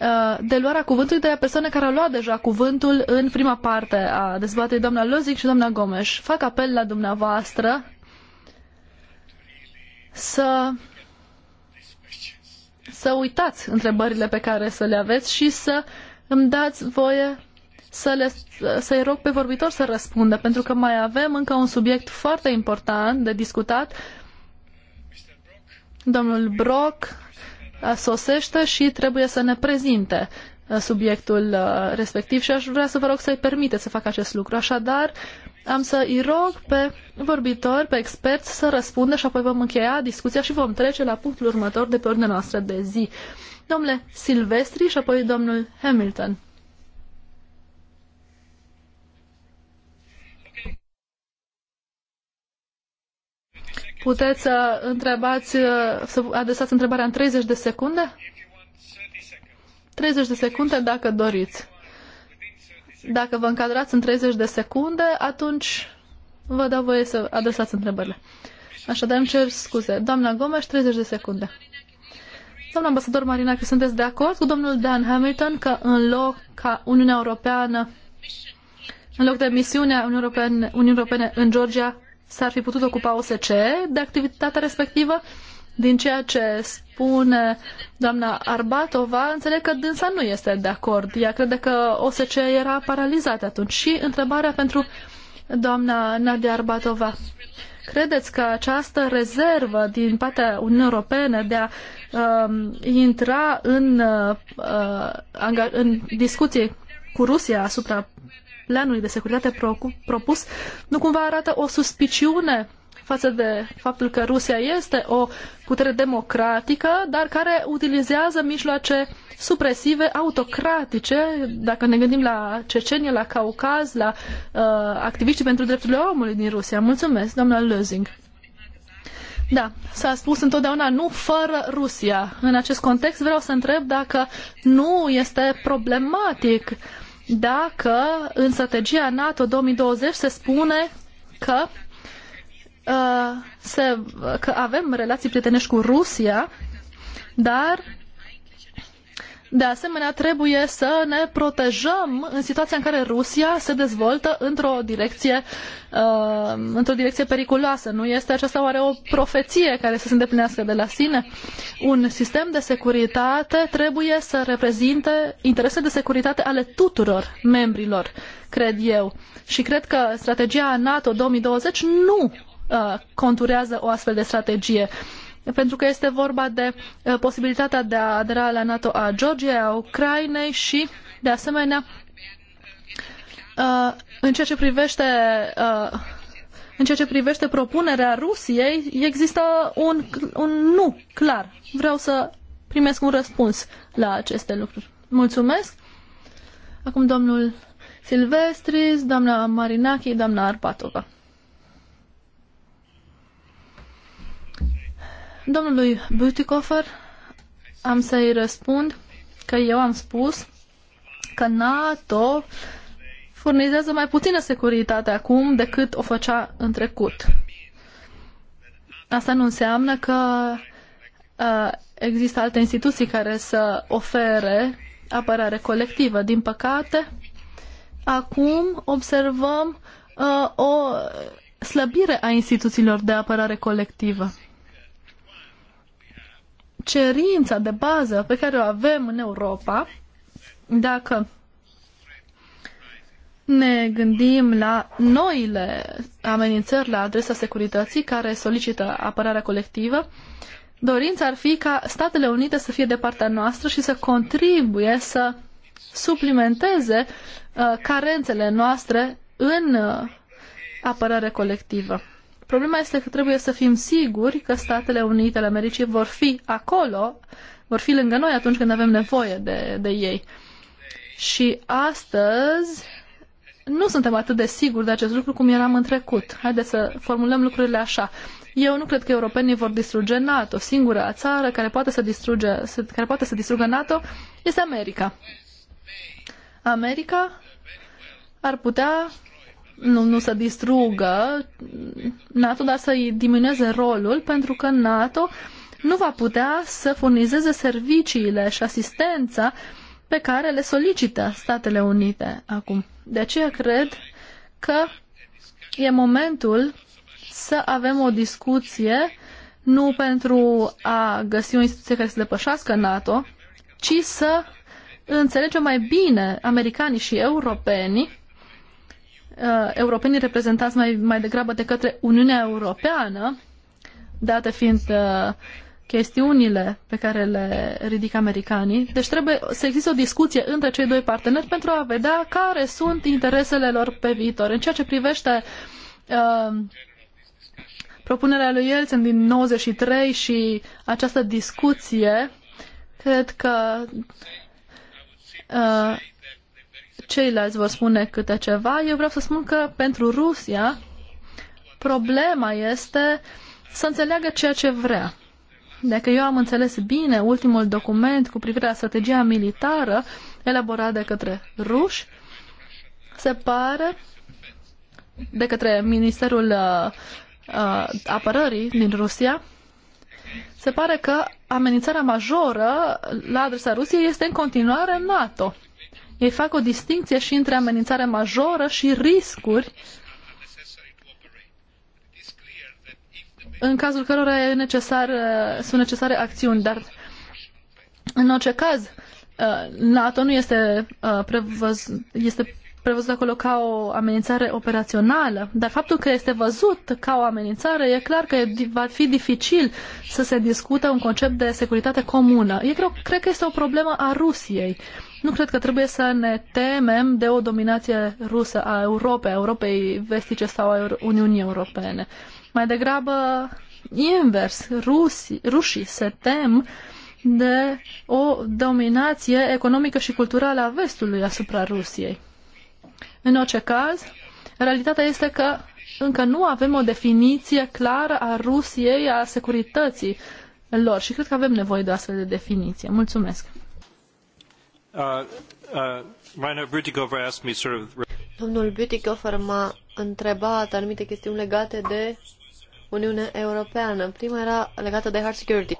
[SPEAKER 4] uh, de luarea cuvântului de la persoane care au luat deja cuvântul în prima parte a dezbaterii, doamna Lozic și doamna Gomes. Fac apel la dumneavoastră să să uitați întrebările pe care să le aveți și să îmi dați voie să le, să-i rog pe vorbitor să răspundă, pentru că mai avem încă un subiect foarte important de discutat. Domnul Brock sosește și trebuie să ne prezinte uh, subiectul uh, respectiv și aș vrea să vă rog să-i permiteți să facă acest lucru. Așadar, am să îi rog pe vorbitori, pe experți să răspundă și apoi vom încheia discuția și vom trece la punctul următor de pe ordinea noastră de zi. Domnule Silvestri și apoi domnul Hamilton. Puteți să întrebați, să adresați întrebarea în 30 de secunde? 30 de secunde dacă doriți. Dacă vă încadrați în 30 de secunde, atunci vă dau voie să adresați întrebările. Așadar, îmi cer scuze. Doamna Gomes, 30 de secunde. Doamna ambasador Marina, că sunteți de acord cu domnul Dan Hamilton că în loc ca Uniunea Europeană, în loc de misiunea Uniunii Europene, Uniunii Europene în Georgia, s-ar fi putut ocupa OSCE de activitatea respectivă? Din ceea ce spune doamna Arbatova, înțeleg că dânsa nu este de acord. Ea crede că OSCE era paralizat atunci. Și întrebarea pentru doamna Nadia Arbatova. Credeți că această rezervă din partea Uniunii Europene de a uh, intra în, uh, în discuții cu Rusia asupra planului de securitate propus, nu cumva arată o suspiciune față de faptul că Rusia este o putere democratică, dar care utilizează mijloace supresive, autocratice, dacă ne gândim la Cecenie, la Caucaz, la uh, activiștii pentru drepturile omului din Rusia. Mulțumesc, doamna Lözing. Da, s-a spus întotdeauna nu fără Rusia. În acest context vreau să întreb dacă nu este problematic dacă în strategia NATO 2020 se spune că Uh, că avem relații prietenești cu Rusia, dar de asemenea trebuie să ne protejăm în situația în care Rusia se dezvoltă într-o direcție, uh, într-o direcție periculoasă. Nu este aceasta oare o profeție care să se îndeplinească de la sine? Un sistem de securitate trebuie să reprezinte interese de securitate ale tuturor membrilor, cred eu. Și cred că strategia NATO 2020 nu Uh, conturează o astfel de strategie. Pentru că este vorba de uh, posibilitatea de a adera la NATO a Georgiei, a Ucrainei și, de asemenea, uh, în ceea ce privește în ceea ce privește propunerea Rusiei, există un, un nu clar. Vreau să primesc un răspuns la aceste lucruri. Mulțumesc. Acum domnul Silvestris, doamna Marinachi, doamna Arpatova. Domnului Butikofer, am să-i răspund că eu am spus că NATO furnizează mai puțină securitate acum decât o făcea în trecut. Asta nu înseamnă că uh, există alte instituții care să ofere apărare colectivă. Din păcate, acum observăm uh, o slăbire a instituțiilor de apărare colectivă cerința de bază pe care o avem în Europa, dacă ne gândim la noile amenințări la adresa securității care solicită apărarea colectivă, dorința ar fi ca Statele Unite să fie de partea noastră și să contribuie să suplimenteze uh, carențele noastre în uh, apărare colectivă. Problema este că trebuie să fim siguri că Statele Unite ale Americii vor fi acolo, vor fi lângă noi atunci când avem nevoie de, de ei. Și astăzi nu suntem atât de siguri de acest lucru cum eram în trecut. Haideți să formulăm lucrurile așa. Eu nu cred că europenii vor distruge NATO. Singura țară care poate să, distruge, care poate să distrugă NATO este America. America ar putea nu, nu să distrugă NATO, dar să-i diminueze rolul, pentru că NATO nu va putea să furnizeze serviciile și asistența pe care le solicită Statele Unite acum. De aceea cred că e momentul să avem o discuție nu pentru a găsi o instituție care să depășească NATO, ci să înțelegem mai bine americanii și europenii Uh, europenii reprezentați mai, mai degrabă de către Uniunea Europeană, date fiind uh, chestiunile pe care le ridică americanii. Deci trebuie să existe o discuție între cei doi parteneri pentru a vedea care sunt interesele lor pe viitor. În ceea ce privește uh, propunerea lui Yeltsin din 93 și această discuție, cred că uh, ceilalți vor spune câte ceva. Eu vreau să spun că pentru Rusia problema este să înțeleagă ceea ce vrea. Dacă eu am înțeles bine ultimul document cu privire la strategia militară elaborat de către ruși, se pare de către Ministerul uh, uh, Apărării din Rusia, se pare că amenințarea majoră la adresa Rusiei este în continuare NATO. Ei fac o distinție și între amenințare majoră și riscuri în cazul cărora e necesar, sunt necesare acțiuni, dar în orice caz, uh, NATO nu este, uh, prevăzut, este prevăzut acolo ca o amenințare operațională, dar faptul că este văzut ca o amenințare, e clar că va fi dificil să se discute un concept de securitate comună. Eu cred, cred că este o problemă a Rusiei. Nu cred că trebuie să ne temem de o dominație rusă a Europei, a Europei vestice sau a Uniunii Europene. Mai degrabă, invers, rusii, rușii se tem de o dominație economică și culturală a vestului asupra Rusiei. În orice caz, realitatea este că încă nu avem o definiție clară a Rusiei, a securității lor și cred că avem nevoie
[SPEAKER 3] de o astfel de definiție. Mulțumesc!
[SPEAKER 1] Uh, uh,
[SPEAKER 3] Domnul Bütikofer m-a întrebat anumite chestiuni legate de Uniunea Europeană. Prima era legată de hard security.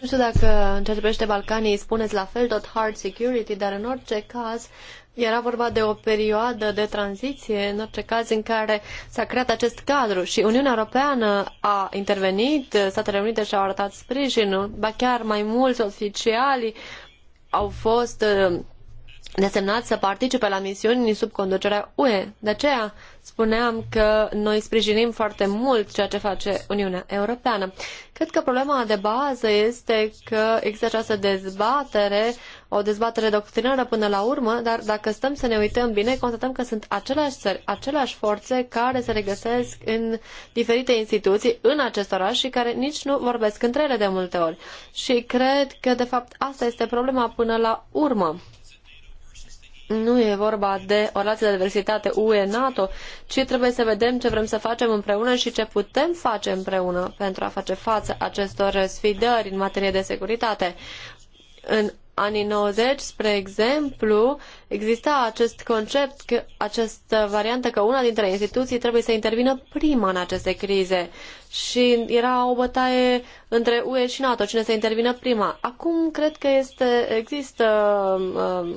[SPEAKER 3] Nu știu dacă în ceea ce privește Balcanii spuneți la fel tot hard security, dar în orice caz era vorba de o perioadă de tranziție, în orice caz în care s-a creat acest cadru și Uniunea Europeană a intervenit, Statele Unite și-au arătat sprijinul, ba chiar mai mulți oficiali au fost uh, desemnați să participe la misiuni sub conducerea UE. De aceea spuneam că noi sprijinim foarte mult ceea ce face Uniunea Europeană. Cred că problema de bază este că există această dezbatere, o dezbatere doctrinară până la urmă, dar dacă stăm să ne uităm bine, constatăm că sunt aceleași țări, aceleași forțe care se regăsesc în diferite instituții în acest oraș și care nici nu vorbesc între ele de multe ori. Și cred că, de fapt, asta este problema până la urmă nu e vorba de o relație de diversitate UE-NATO, ci trebuie să vedem ce vrem să facem împreună și ce putem face împreună pentru a face față acestor sfidări în materie de securitate. În anii 90, spre exemplu, exista acest concept, că, această variantă că una dintre instituții trebuie să intervină prima în aceste crize și era o bătaie între UE și NATO, cine să intervină prima. Acum cred că este, există um,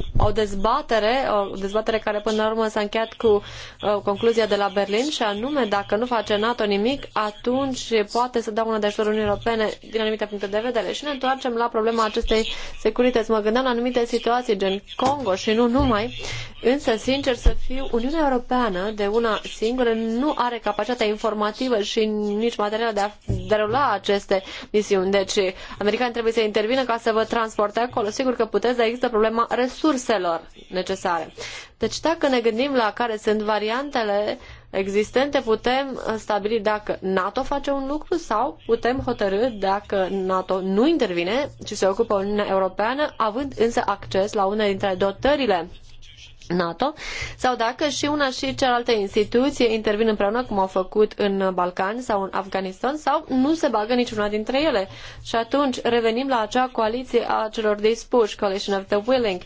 [SPEAKER 3] o dezbatere, o dezbatere care până la urmă s-a încheiat cu uh, concluzia de la Berlin și anume dacă nu face NATO nimic, atunci poate să dea una de ajutor Uniunii Europene din anumite puncte de vedere. Și ne întoarcem la problema acestei securități. Mă gândeam la anumite situații gen Congo și nu numai, însă sincer să fiu, Uniunea Europeană de una singură nu are capacitatea informativă și nici materială de a derula aceste misiuni. Deci americanii trebuie să intervină ca să vă transporte acolo. Sigur că puteți, dar există problema resurselor resurselor necesare. Deci dacă ne gândim la care sunt variantele existente, putem stabili dacă NATO face un lucru sau putem hotărâ dacă NATO nu intervine, ci se ocupă Uniunea Europeană, având însă acces la una dintre dotările NATO sau dacă și una și cealaltă instituție intervin împreună, cum au făcut în Balcani sau în Afganistan, sau nu se bagă niciuna dintre ele. Și atunci revenim la acea coaliție a celor dispuși, Coalition of the Willing.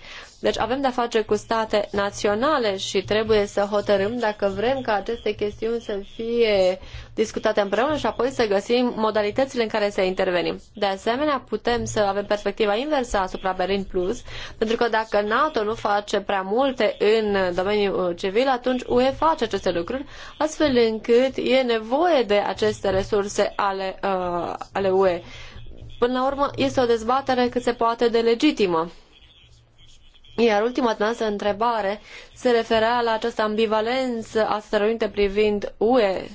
[SPEAKER 3] Deci avem de-a face cu state naționale și trebuie să hotărâm dacă vrem ca aceste chestiuni să fie discutate împreună și apoi să găsim modalitățile în care să intervenim. De asemenea, putem să avem perspectiva inversă asupra Berlin Plus, pentru că dacă NATO nu face prea multe în domeniul civil, atunci UE face aceste lucruri, astfel încât e nevoie de aceste resurse ale, uh, ale UE. Până la urmă, este o dezbatere cât se poate de legitimă. Iar ultima noastră întrebare se referea la această ambivalență a stăruinte privind UE.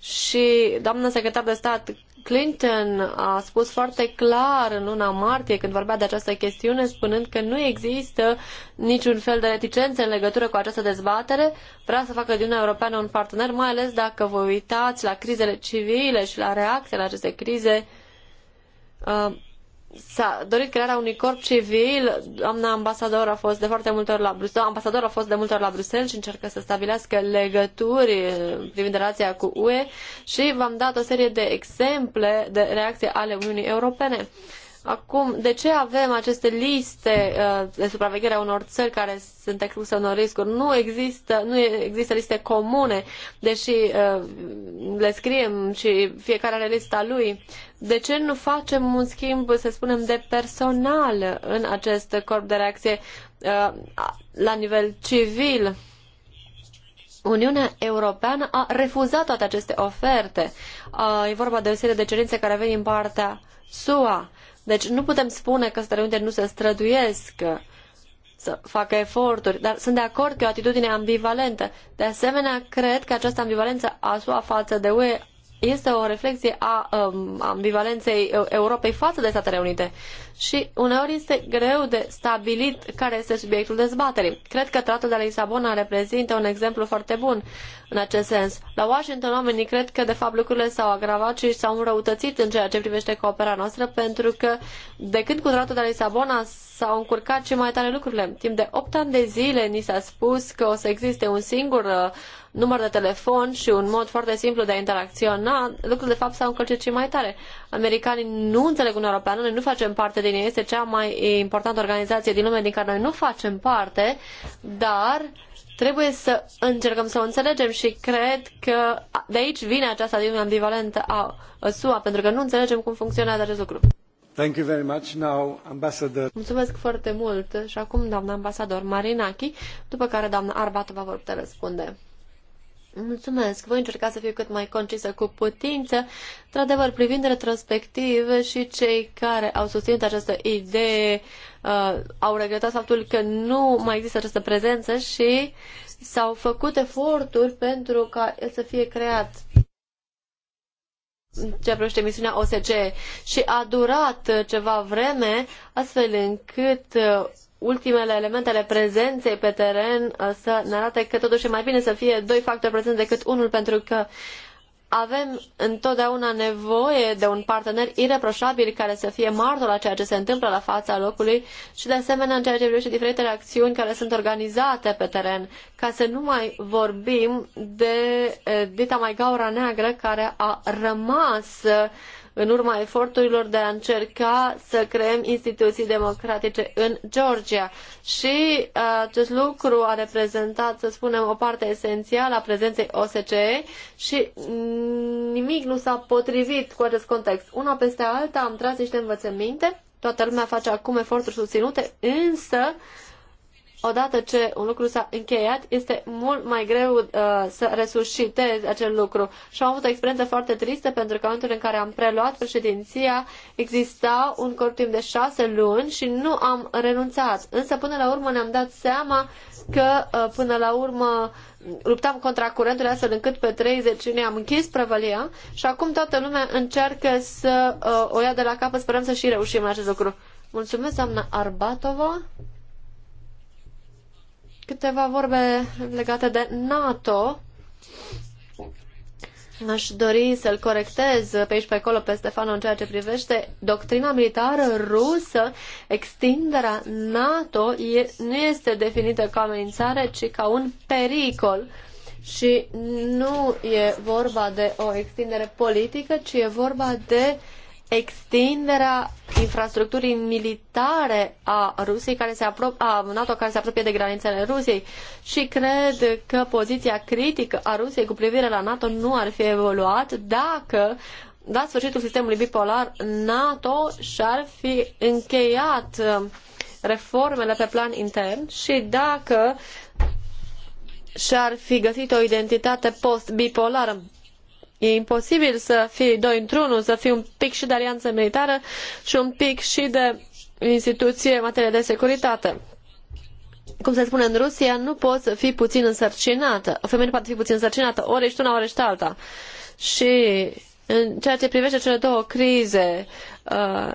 [SPEAKER 3] Și doamna secretar de stat Clinton a spus foarte clar în luna martie când vorbea de această chestiune, spunând că nu există niciun fel de reticență în legătură cu această dezbatere. Vrea să facă din Uniunea Europeană un partener, mai ales dacă vă uitați la crizele civile și la reacția la aceste crize. Uh, s-a dorit crearea unui corp civil. Doamna ambasador a fost de foarte multe ori la Bruxelles, ambasador a fost de multe ori la Bruxelles și încercă să stabilească legături eh, privind relația cu UE și v-am dat o serie de exemple de reacții ale Uniunii Europene. Acum, de ce avem aceste liste uh, de supraveghere a unor țări care sunt expuse unor riscuri? Nu există, nu există liste comune, deși uh, le scriem și fiecare are lista lui. De ce nu facem un schimb, să spunem, de personal în acest corp de reacție uh, la nivel civil? Uniunea Europeană a refuzat toate aceste oferte. E vorba de o serie de cerințe care vin din partea SUA. Deci nu putem spune că Statele Unite nu se străduiesc să facă eforturi, dar sunt de acord că e o atitudine ambivalentă. De asemenea, cred că această ambivalență a sua față de UE este o reflexie a um, ambivalenței uh, Europei față de Statele Unite și uneori este greu de stabilit care este subiectul dezbaterii. Cred că tratatul de la Lisabona reprezintă un exemplu foarte bun în acest sens. La Washington oamenii cred că de fapt lucrurile s-au agravat și s-au înrăutățit în ceea ce privește cooperarea noastră pentru că de când cu tratatul de la Lisabona s-au încurcat și mai tare lucrurile. Timp de opt ani de zile ni s-a spus că o să existe un singur uh, număr de telefon și un mod foarte simplu de a interacționa, lucrurile de fapt s-au încălcit și mai tare americanii nu înțeleg Uniunea Europeană, noi nu facem parte din ea, este cea mai importantă organizație din lume din care noi nu facem parte, dar trebuie să încercăm să o înțelegem și cred că de aici vine această adiune ambivalentă a SUA, pentru că nu înțelegem cum funcționează acest lucru.
[SPEAKER 1] Thank you very much. Now, ambassador.
[SPEAKER 3] Mulțumesc foarte mult și acum doamna ambasador Marinaki, după care doamna Arbatova va vorbi. răspunde. Mulțumesc. Voi încerca să fiu cât mai concisă cu putință. Într-adevăr, privind retrospectiv și cei care au susținut această idee uh, au regretat faptul că nu mai există această prezență și s-au făcut eforturi pentru ca el să fie creat ce privește misiunea OSCE și a durat ceva vreme astfel încât uh, ultimele elemente ale prezenței pe teren uh, să ne arate că totuși e mai bine să fie doi factori prezenți decât unul, pentru că avem întotdeauna nevoie de un partener ireproșabil care să fie martor la ceea ce se întâmplă la fața locului și de asemenea în ceea ce privește diferitele acțiuni care sunt organizate pe teren, ca să nu mai vorbim de eh, Dita gaura Neagră care a rămas eh, în urma eforturilor de a încerca să creăm instituții democratice în Georgia. Și uh, acest lucru a reprezentat, să spunem, o parte esențială a prezenței OSCE și nimic nu s-a potrivit cu acest context. Una peste alta am tras niște învățăminte, toată lumea face acum eforturi susținute, însă odată ce un lucru s-a încheiat, este mult mai greu uh, să resuscitezi acel lucru. Și am avut o experiență foarte tristă pentru că în momentul în care am preluat președinția, exista un corp timp de șase luni și nu am renunțat. Însă până la urmă ne-am dat seama că uh, până la urmă luptam contra curentului astfel încât pe 30 ne am închis prăvălia și acum toată lumea încearcă să uh, o ia de la capăt. Sperăm să și reușim acest lucru. Mulțumesc, doamna Arbatova. Câteva vorbe legate de NATO. Aș dori să-l corectez pe aici pe acolo pe Stefano în ceea ce privește doctrina militară rusă. Extinderea NATO e, nu este definită ca amenințare, ci ca un pericol. Și nu e vorba de o extindere politică, ci e vorba de uh, extinderea infrastructurii militare a Rusiei, care se apro- a NATO care se apropie de granițele Rusiei și cred că poziția critică a Rusiei cu privire la NATO nu ar fi evoluat dacă la sfârșitul sistemului bipolar NATO și-ar fi încheiat um, reformele pe plan intern și dacă și-ar fi găsit o identitate post-bipolară. E imposibil să fii doi într-unul, să fii un pic și de alianță militară și un pic și de instituție în materie de securitate. Cum se spune în Rusia, nu poți să fii puțin însărcinată. O femeie nu poate fi puțin însărcinată. Ori ești una, ori ești alta. Și în ceea ce privește cele două crize, uh,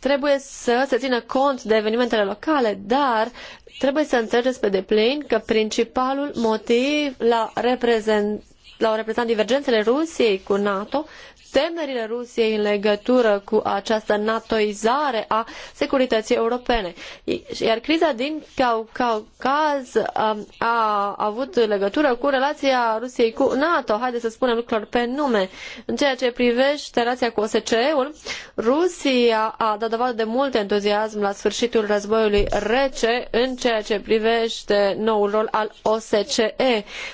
[SPEAKER 3] trebuie să se țină cont de evenimentele locale, dar trebuie să înțelegeți pe deplin că principalul motiv la reprezent l-au reprezentat divergențele Rusiei cu NATO, temerile Rusiei în legătură cu această natoizare a securității europene. Iar criza din Caucaz um, a avut legătură cu relația Rusiei cu NATO, haide să spunem lucrurilor pe nume. În ceea ce privește relația cu OSCE-ul, Rusia a dat dovadă de mult entuziasm la sfârșitul războiului rece în ceea ce privește noul rol al OSCE.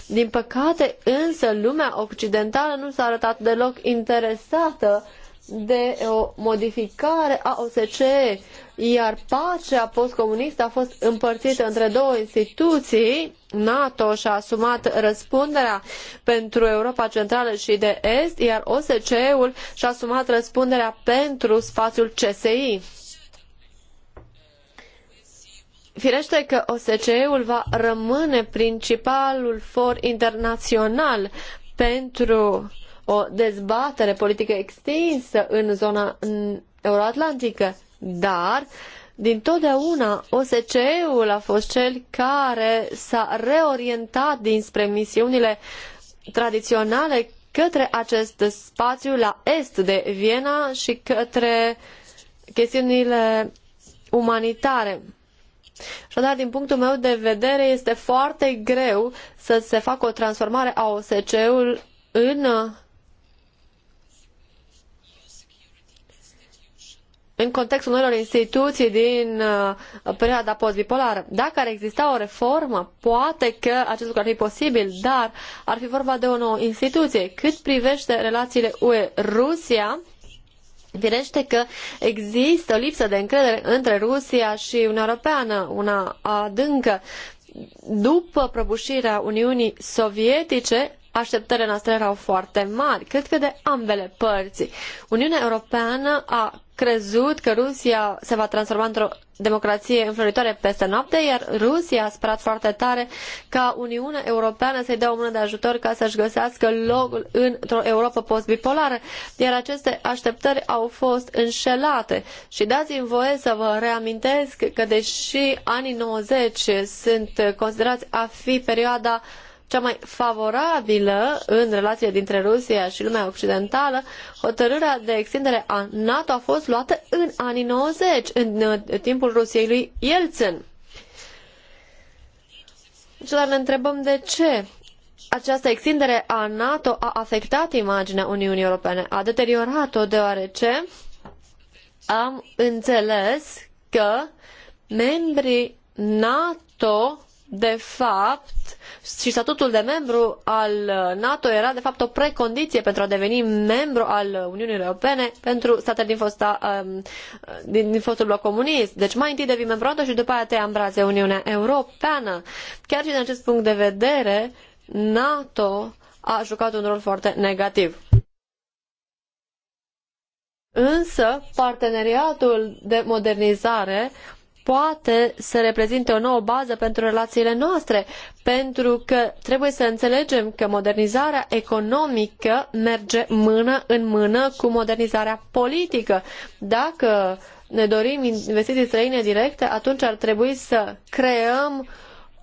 [SPEAKER 3] Din păcate, însă, lumea occidentală nu s-a arătat deloc interesată interesată de o modificare a OSCE, iar pacea postcomunistă a fost împărțită între două instituții, NATO și-a asumat răspunderea pentru Europa Centrală și de Est, iar OSCE-ul și-a asumat răspunderea pentru spațiul CSI. Firește că OSCE-ul va rămâne principalul for internațional pentru o dezbatere politică extinsă în zona euroatlantică, dar din totdeauna OSCE-ul a fost cel care s-a reorientat dinspre misiunile tradiționale către acest spațiu la est de Viena și către chestiunile umanitare. Așadar, din punctul meu de vedere, este foarte greu să se facă o transformare a OSCE-ului în în contextul noilor instituții din uh, perioada postbipolară. Dacă ar exista o reformă, poate că acest lucru ar fi posibil, dar ar fi vorba de o nouă instituție. Cât privește relațiile UE-Rusia, Firește că există o lipsă de încredere între Rusia și Uniunea Europeană, una adâncă. După prăbușirea Uniunii Sovietice, așteptările noastre erau foarte mari, cred că de ambele părți. Uniunea Europeană a crezut că Rusia se va transforma într-o democrație înfloritoare peste noapte, iar Rusia a sperat foarte tare ca Uniunea Europeană să-i dea o mână de ajutor ca să-și găsească locul într-o Europa postbipolară, iar aceste așteptări au fost înșelate. Și dați-mi voie să vă reamintesc că deși anii 90 sunt considerați a fi perioada cea mai favorabilă în relația dintre Rusia și lumea occidentală, hotărârea de extindere a NATO a fost luată în anii 90, în timpul Rusiei lui Yeltsin. Și deci, dar ne întrebăm de ce această extindere a NATO a afectat imaginea Uniunii Europene, a deteriorat-o deoarece am înțeles că membrii NATO de fapt, și statutul de membru al NATO era de fapt o precondiție pentru a deveni membru al Uniunii Europene pentru statele din, fosta, um, din, din fostul bloc comunist. Deci mai întâi devii membru NATO și după aia te ambraze Uniunea Europeană. Chiar și din acest punct de vedere, NATO a jucat un rol foarte negativ. Însă, parteneriatul de modernizare poate să reprezinte o nouă bază pentru relațiile noastre, pentru că trebuie să înțelegem că modernizarea economică merge mână în mână cu modernizarea politică. Dacă ne dorim investiții străine directe, atunci ar trebui să creăm uh,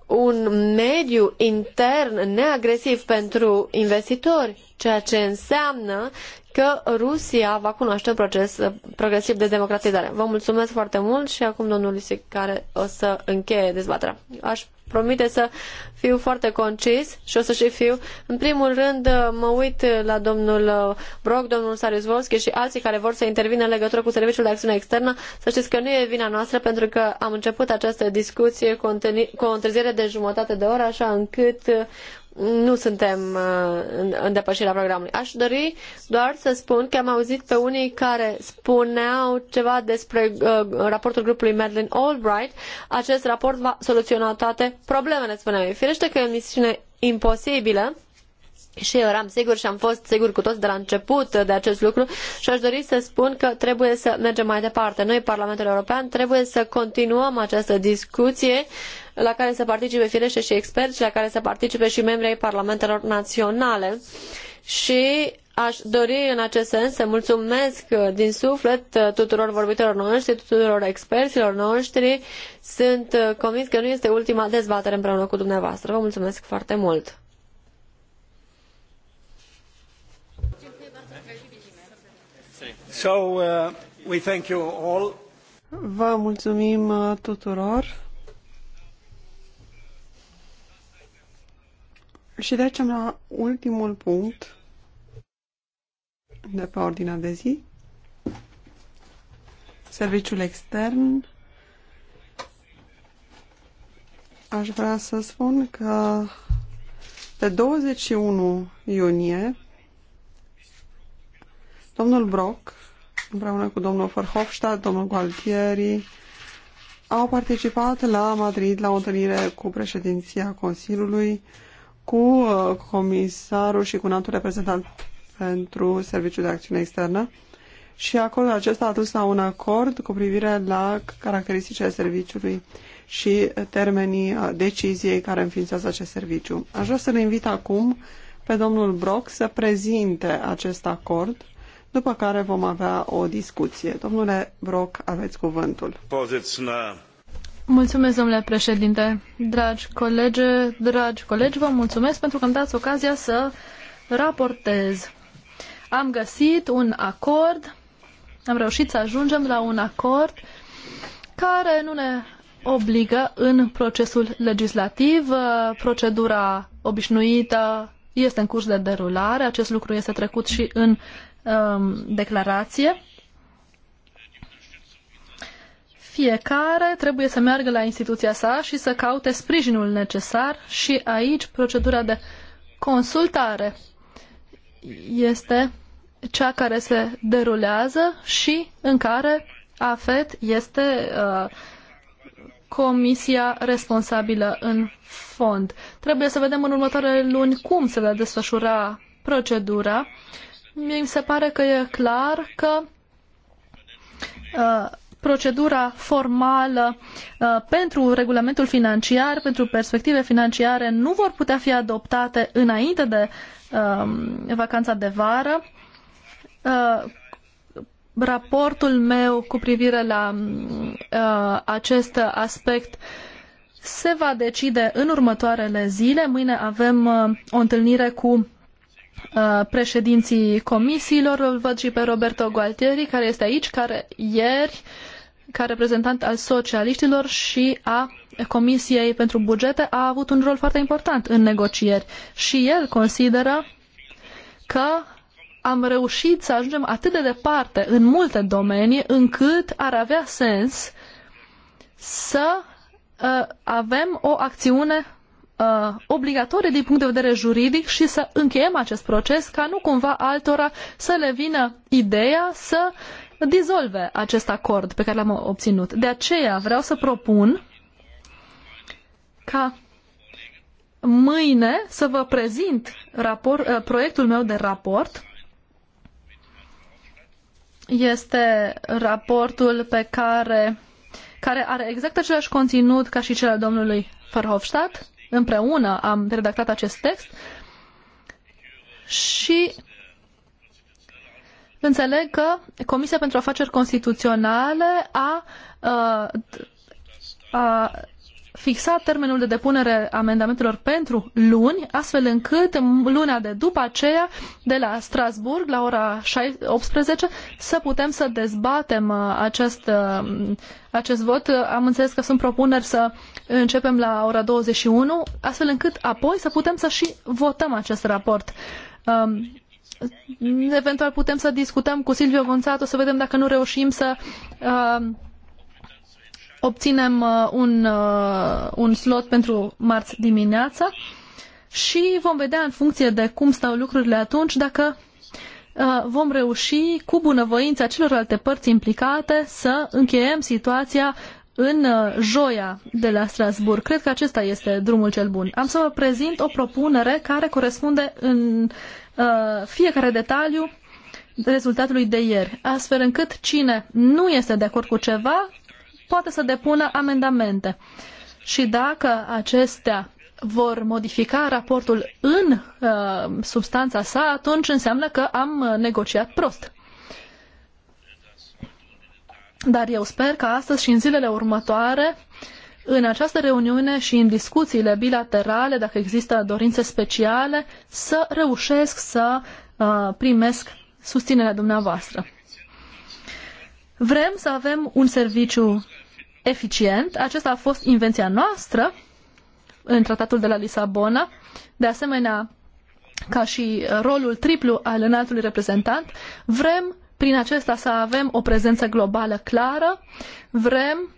[SPEAKER 3] un mediu intern neagresiv pentru investitori, ceea ce înseamnă că Rusia va cunoaște un proces uh, progresiv de democratizare. Vă mulțumesc foarte mult și acum domnul Lisic care o să încheie dezbaterea. Aș promite să fiu foarte concis și o să și fiu. În primul rând uh, mă uit la domnul uh, Brok, domnul Sarius și alții care vor să intervină în legătură cu Serviciul de Acțiune Externă. Să știți că nu e vina noastră pentru că am început această discuție cu o întârziere de jumătate de oră, așa încât uh, nu suntem uh, în depășirea programului. Aș dori doar să spun că am auzit pe unii care spuneau ceva despre uh, raportul grupului Madeleine Albright. Acest raport va soluționa toate problemele, spuneam ei. Firește că e o misiune imposibilă, și eu eram sigur și am fost sigur cu toți de la început de acest lucru și aș dori să spun că trebuie să mergem mai departe. Noi, Parlamentul European, trebuie să continuăm această discuție uh, la care să participe firește și experți, la care să participe și membrii parlamentelor naționale. Și aș dori în acest sens să mulțumesc din suflet tuturor vorbitorilor noștri, tuturor experților noștri. Sunt convins că nu este ultima dezbatere împreună cu dumneavoastră. Vă mulțumesc foarte mult!
[SPEAKER 1] So, uh, we thank you all.
[SPEAKER 2] Vă mulțumim uh, tuturor. Și trecem la ultimul punct de pe ordinea de zi. Serviciul extern. Aș vrea să spun că pe 21 iunie domnul Brock împreună cu domnul Verhofstadt, domnul Gualtieri, au participat la Madrid la o întâlnire cu președinția Consiliului cu uh, comisarul și cu un alt reprezentant pentru Serviciul de Acțiune Externă și acolo acesta a dus la un acord cu privire la caracteristicile serviciului și termenii uh, deciziei care înființează acest serviciu. Aș vrea să-l invit acum pe domnul Brock să prezinte acest acord, după care vom avea o discuție. Domnule Brock, aveți cuvântul.
[SPEAKER 5] Poziția.
[SPEAKER 4] Mulțumesc, domnule președinte, dragi colegi, dragi colegi, vă mulțumesc pentru că îmi dați ocazia să raportez. Am găsit un acord, am reușit să ajungem la un acord care nu ne obligă în procesul legislativ. Procedura obișnuită este în curs de derulare, acest lucru este trecut și în um, declarație fiecare trebuie să meargă la instituția sa și să caute sprijinul necesar și aici procedura de consultare este cea care se derulează și în care AFET este uh, comisia responsabilă în fond. Trebuie să vedem în următoarele luni cum se va desfășura procedura. Mi se pare că e clar că uh, procedura formală uh, pentru regulamentul financiar, pentru perspective financiare, nu vor putea fi adoptate înainte de uh, vacanța de vară. Uh, raportul meu cu privire la uh, acest aspect se va decide în următoarele zile. Mâine avem uh, o întâlnire cu uh, președinții comisiilor. Îl văd și pe Roberto Gualtieri, care este aici, care ieri uh, ca reprezentant al socialiștilor și a Comisiei pentru Bugete, a avut un rol foarte important în negocieri și el consideră că am reușit să ajungem atât de departe în multe domenii încât ar avea sens să uh, avem o acțiune uh, obligatorie din punct de vedere juridic și să încheiem acest proces ca nu cumva altora să le vină ideea să dizolve acest acord pe care l-am obținut. De aceea vreau să propun ca mâine să vă prezint eh, proiectul meu de raport. Este raportul pe care, care are exact același conținut ca și cel al domnului Verhofstadt. Împreună am redactat acest text și înțeleg că Comisia pentru Afaceri Constituționale a, a, uh, a fixat termenul de depunere a amendamentelor pentru luni, astfel încât luna de după aceea, de la Strasburg, la ora 18, să putem să dezbatem uh, acest, uh, acest vot. Am înțeles că sunt propuneri să începem la ora 21, astfel încât apoi să putem să și votăm acest raport. Um, eventual putem să discutăm cu Silvio Gonzato să vedem dacă nu reușim să uh, obținem uh, un, uh, un slot pentru marți dimineața și vom vedea în funcție de cum stau lucrurile atunci dacă uh, vom reuși cu bunăvoința celorlalte părți implicate să încheiem situația în uh, joia de la Strasbourg. Cred că acesta este drumul cel bun. Am să vă prezint o propunere care corespunde în Uh, fiecare detaliu rezultatului de ieri, astfel încât cine nu este de acord cu ceva poate să depună amendamente. Și dacă acestea vor modifica raportul în uh, substanța sa, atunci înseamnă că am uh, negociat prost. Dar eu sper că astăzi și în zilele următoare uh, în această reuniune și în discuțiile bilaterale, dacă există dorințe speciale, să reușesc să uh, primesc susținerea dumneavoastră. Vrem să avem un serviciu eficient. Acesta a fost invenția noastră în tratatul de la Lisabona. De asemenea, ca și rolul triplu al înaltului reprezentant, vrem prin acesta să avem o prezență globală clară, vrem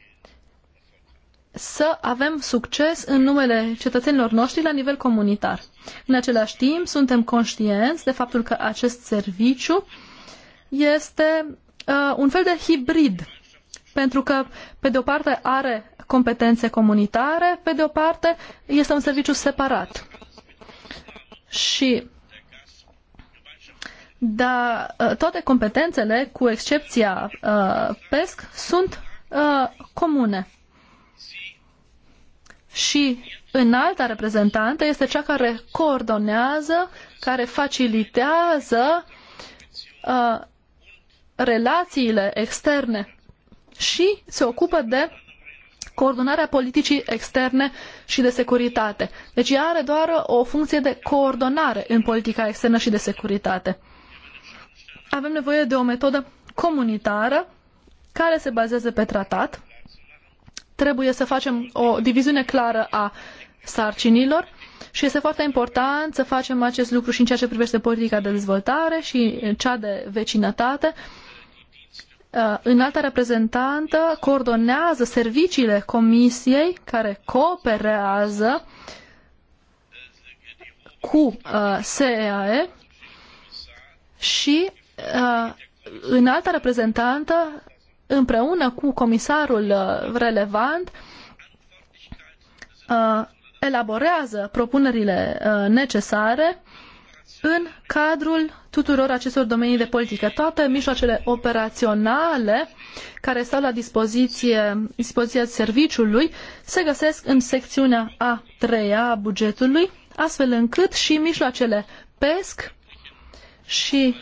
[SPEAKER 4] să avem succes în numele cetățenilor noștri la nivel comunitar. În același timp, suntem conștienți de faptul că acest serviciu este uh, un fel de hibrid, pentru că, pe de o parte, are competențe comunitare, pe de o parte, este un serviciu separat. Și da, uh, toate competențele, cu excepția uh, PESC, sunt uh, comune și înalta reprezentantă este cea care coordonează, care facilitează uh, relațiile externe și se ocupă de coordonarea politicii externe și de securitate. Deci ea are doar o funcție de coordonare în politica externă și de securitate. Avem nevoie de o metodă comunitară care se bazează pe tratat, Trebuie să facem o diviziune clară a sarcinilor și este foarte important să facem acest lucru și în ceea ce privește politica de dezvoltare și cea de vecinătate. Uh, înalta reprezentantă coordonează serviciile comisiei care cooperează cu uh, SEAE și uh, înalta reprezentantă împreună cu comisarul uh, relevant uh, elaborează propunerile uh, necesare în cadrul tuturor acestor domenii de politică. Toate mijloacele operaționale care stau la dispoziție, dispoziția serviciului se găsesc în secțiunea a treia a bugetului, astfel încât și mijloacele PESC și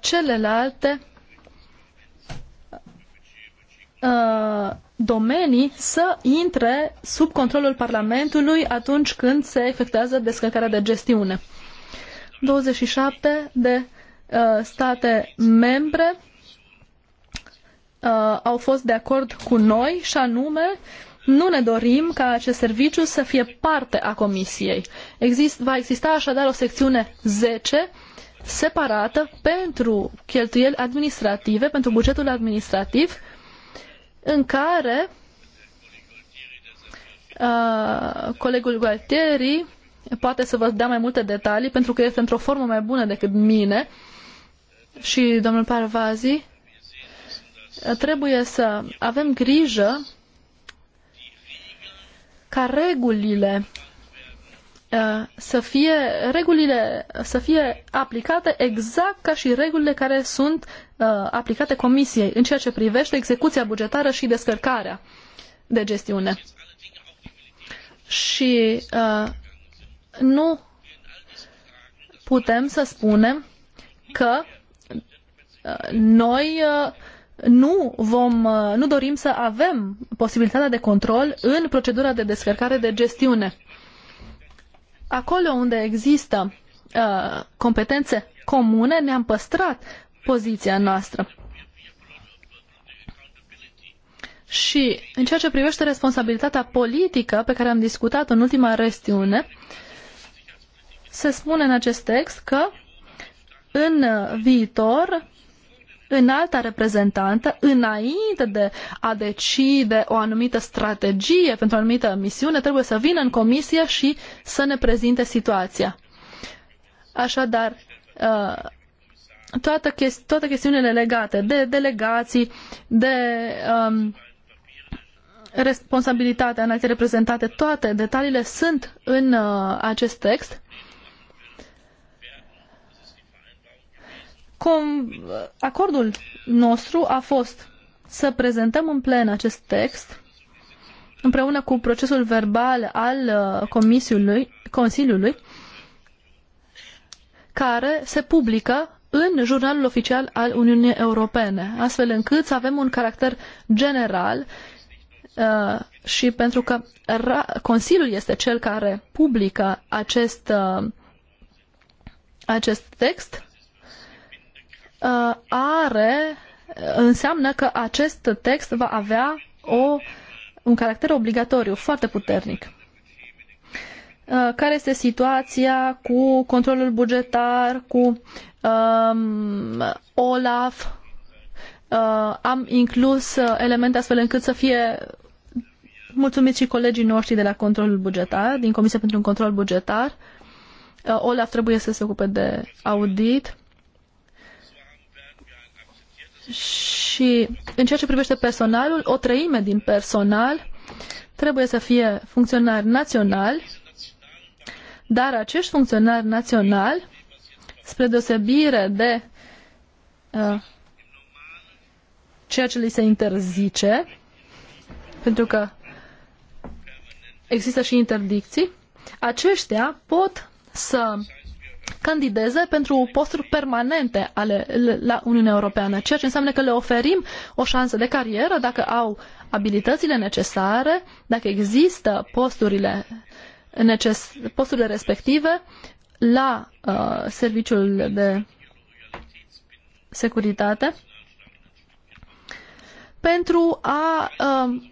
[SPEAKER 4] celelalte Uh, domenii să intre sub controlul Parlamentului atunci când se efectuează descărcarea de gestiune. 27 de uh, state membre uh, au fost de acord cu noi și anume nu ne dorim ca acest serviciu să fie parte a Comisiei. Exist, va exista așadar o secțiune 10 separată pentru cheltuieli administrative, pentru bugetul administrativ, uh, în care uh, colegul Gualtieri poate să vă dea mai multe detalii pentru că este într-o formă mai bună decât mine și domnul Parvazi trebuie să avem grijă ca regulile Uh, să fie regulile să fie aplicate exact ca și regulile care sunt uh, aplicate comisiei în ceea ce privește execuția bugetară și descărcarea de gestiune. Și uh, nu putem să spunem că uh, noi uh, nu vom, uh, nu dorim să avem posibilitatea de control în procedura de descărcare de gestiune acolo unde există uh, competențe comune, ne-am păstrat poziția noastră. Și în ceea ce privește responsabilitatea politică pe care am discutat în ultima restiune, se spune în acest text că în viitor înalta reprezentantă, înainte de a decide o anumită strategie pentru o anumită misiune, trebuie să vină în comisie și să ne prezinte situația. Așadar, uh, toate, chesti- toate chestiunile legate de delegații, de um, responsabilitatea în reprezentate, toate detaliile sunt în uh, acest text com, acordul nostru a fost să prezentăm în plen acest text împreună cu procesul verbal al uh, comisiului, Consiliului care se publică în jurnalul oficial al Uniunii Europene, astfel încât să avem un caracter general uh, și pentru că Consiliul este cel care publică acest, uh, acest text, Uh, are, uh, înseamnă că acest text va avea o, un caracter obligatoriu foarte puternic. Uh, care este situația cu controlul bugetar, cu um, OLAF? am inclus elemente astfel încât să fie mulțumiți și colegii noștri de la controlul bugetar, din Comisia pentru un control bugetar. Olaf trebuie să se ocupe de audit. Și în ceea ce privește personalul, o treime din personal trebuie să fie funcționari naționali, dar acești funcționari naționali, spre deosebire de uh, ceea ce li se interzice, pentru că există și interdicții, aceștia pot să candideze pentru posturi permanente ale, la Uniunea Europeană, ceea ce înseamnă că le oferim o șansă de carieră dacă au abilitățile necesare, dacă există posturile, neces, posturile respective la uh, serviciul de securitate pentru a uh,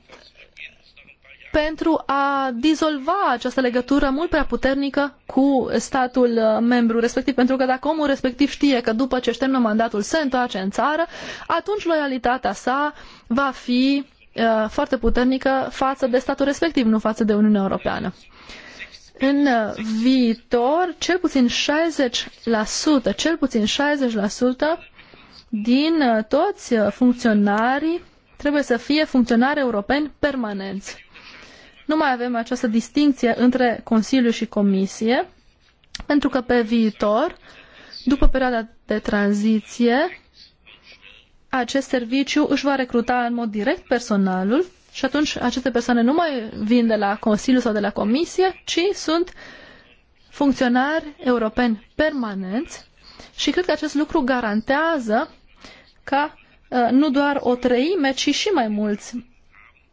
[SPEAKER 4] pentru a dizolva această legătură mult prea puternică cu statul uh, membru respectiv, pentru că dacă omul respectiv știe că după ce își termină mandatul se întoarce în țară, atunci loialitatea sa va fi uh, foarte puternică față de statul respectiv, nu față de Uniunea Europeană. În uh, viitor, cel puțin 60%, cel puțin 60% din uh, toți funcționarii trebuie să fie funcționari europeni permanenți nu mai avem această distinție între Consiliu și Comisie, pentru că pe viitor, după perioada de tranziție, acest serviciu își va recruta în mod direct personalul și atunci aceste persoane nu mai vin de la Consiliu sau de la Comisie, ci sunt funcționari europeni permanenți și cred că acest lucru garantează ca uh, nu doar o treime, ci și mai mulți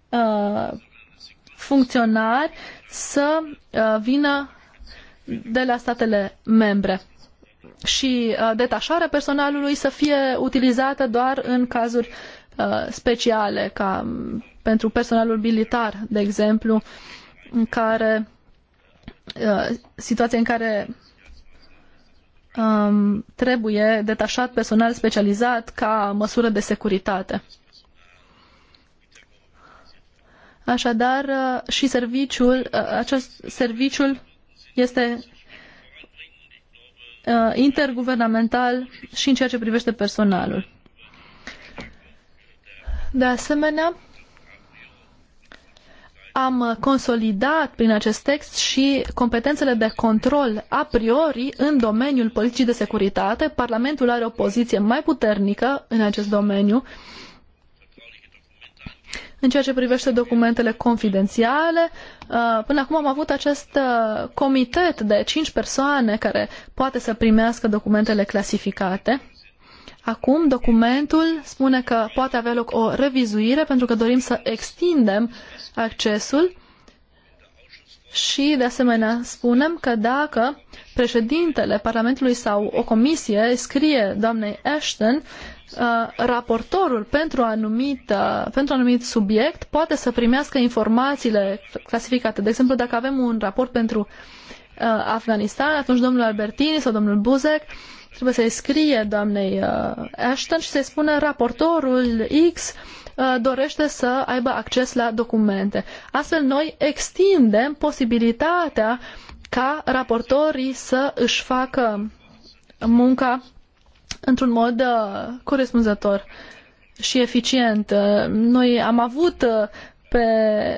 [SPEAKER 4] uh, funcționari să uh, vină de la statele membre și uh, detașarea personalului să fie utilizată doar în cazuri uh, speciale, ca um, pentru personalul militar, de exemplu, în care situație în care um, trebuie detașat personal specializat ca măsură de securitate. Așadar, uh, și serviciul, uh, acest serviciul este uh, interguvernamental și în ceea ce privește personalul. De asemenea, am consolidat prin acest text și competențele de control a priori în domeniul politicii de securitate. Parlamentul are o poziție mai puternică în acest domeniu în ceea ce privește documentele confidențiale, uh, până acum am avut acest uh, comitet de cinci persoane care poate să primească documentele clasificate. Acum documentul spune că poate avea loc o revizuire pentru că dorim să extindem accesul și, de asemenea, spunem că dacă președintele Parlamentului sau o comisie scrie doamnei Ashton, uh, raportorul pentru, anumit, uh, pentru anumit subiect poate să primească informațiile clasificate. De exemplu, dacă avem un raport pentru uh, Afganistan, atunci domnul Albertini sau domnul Buzek uh, Trebuie să-i scrie doamnei uh, Ashton și să-i spună raportorul X uh, dorește să aibă acces la documente. Astfel, noi extindem posibilitatea ca raportorii să își facă munca într-un mod uh, corespunzător și eficient. Noi am avut pe,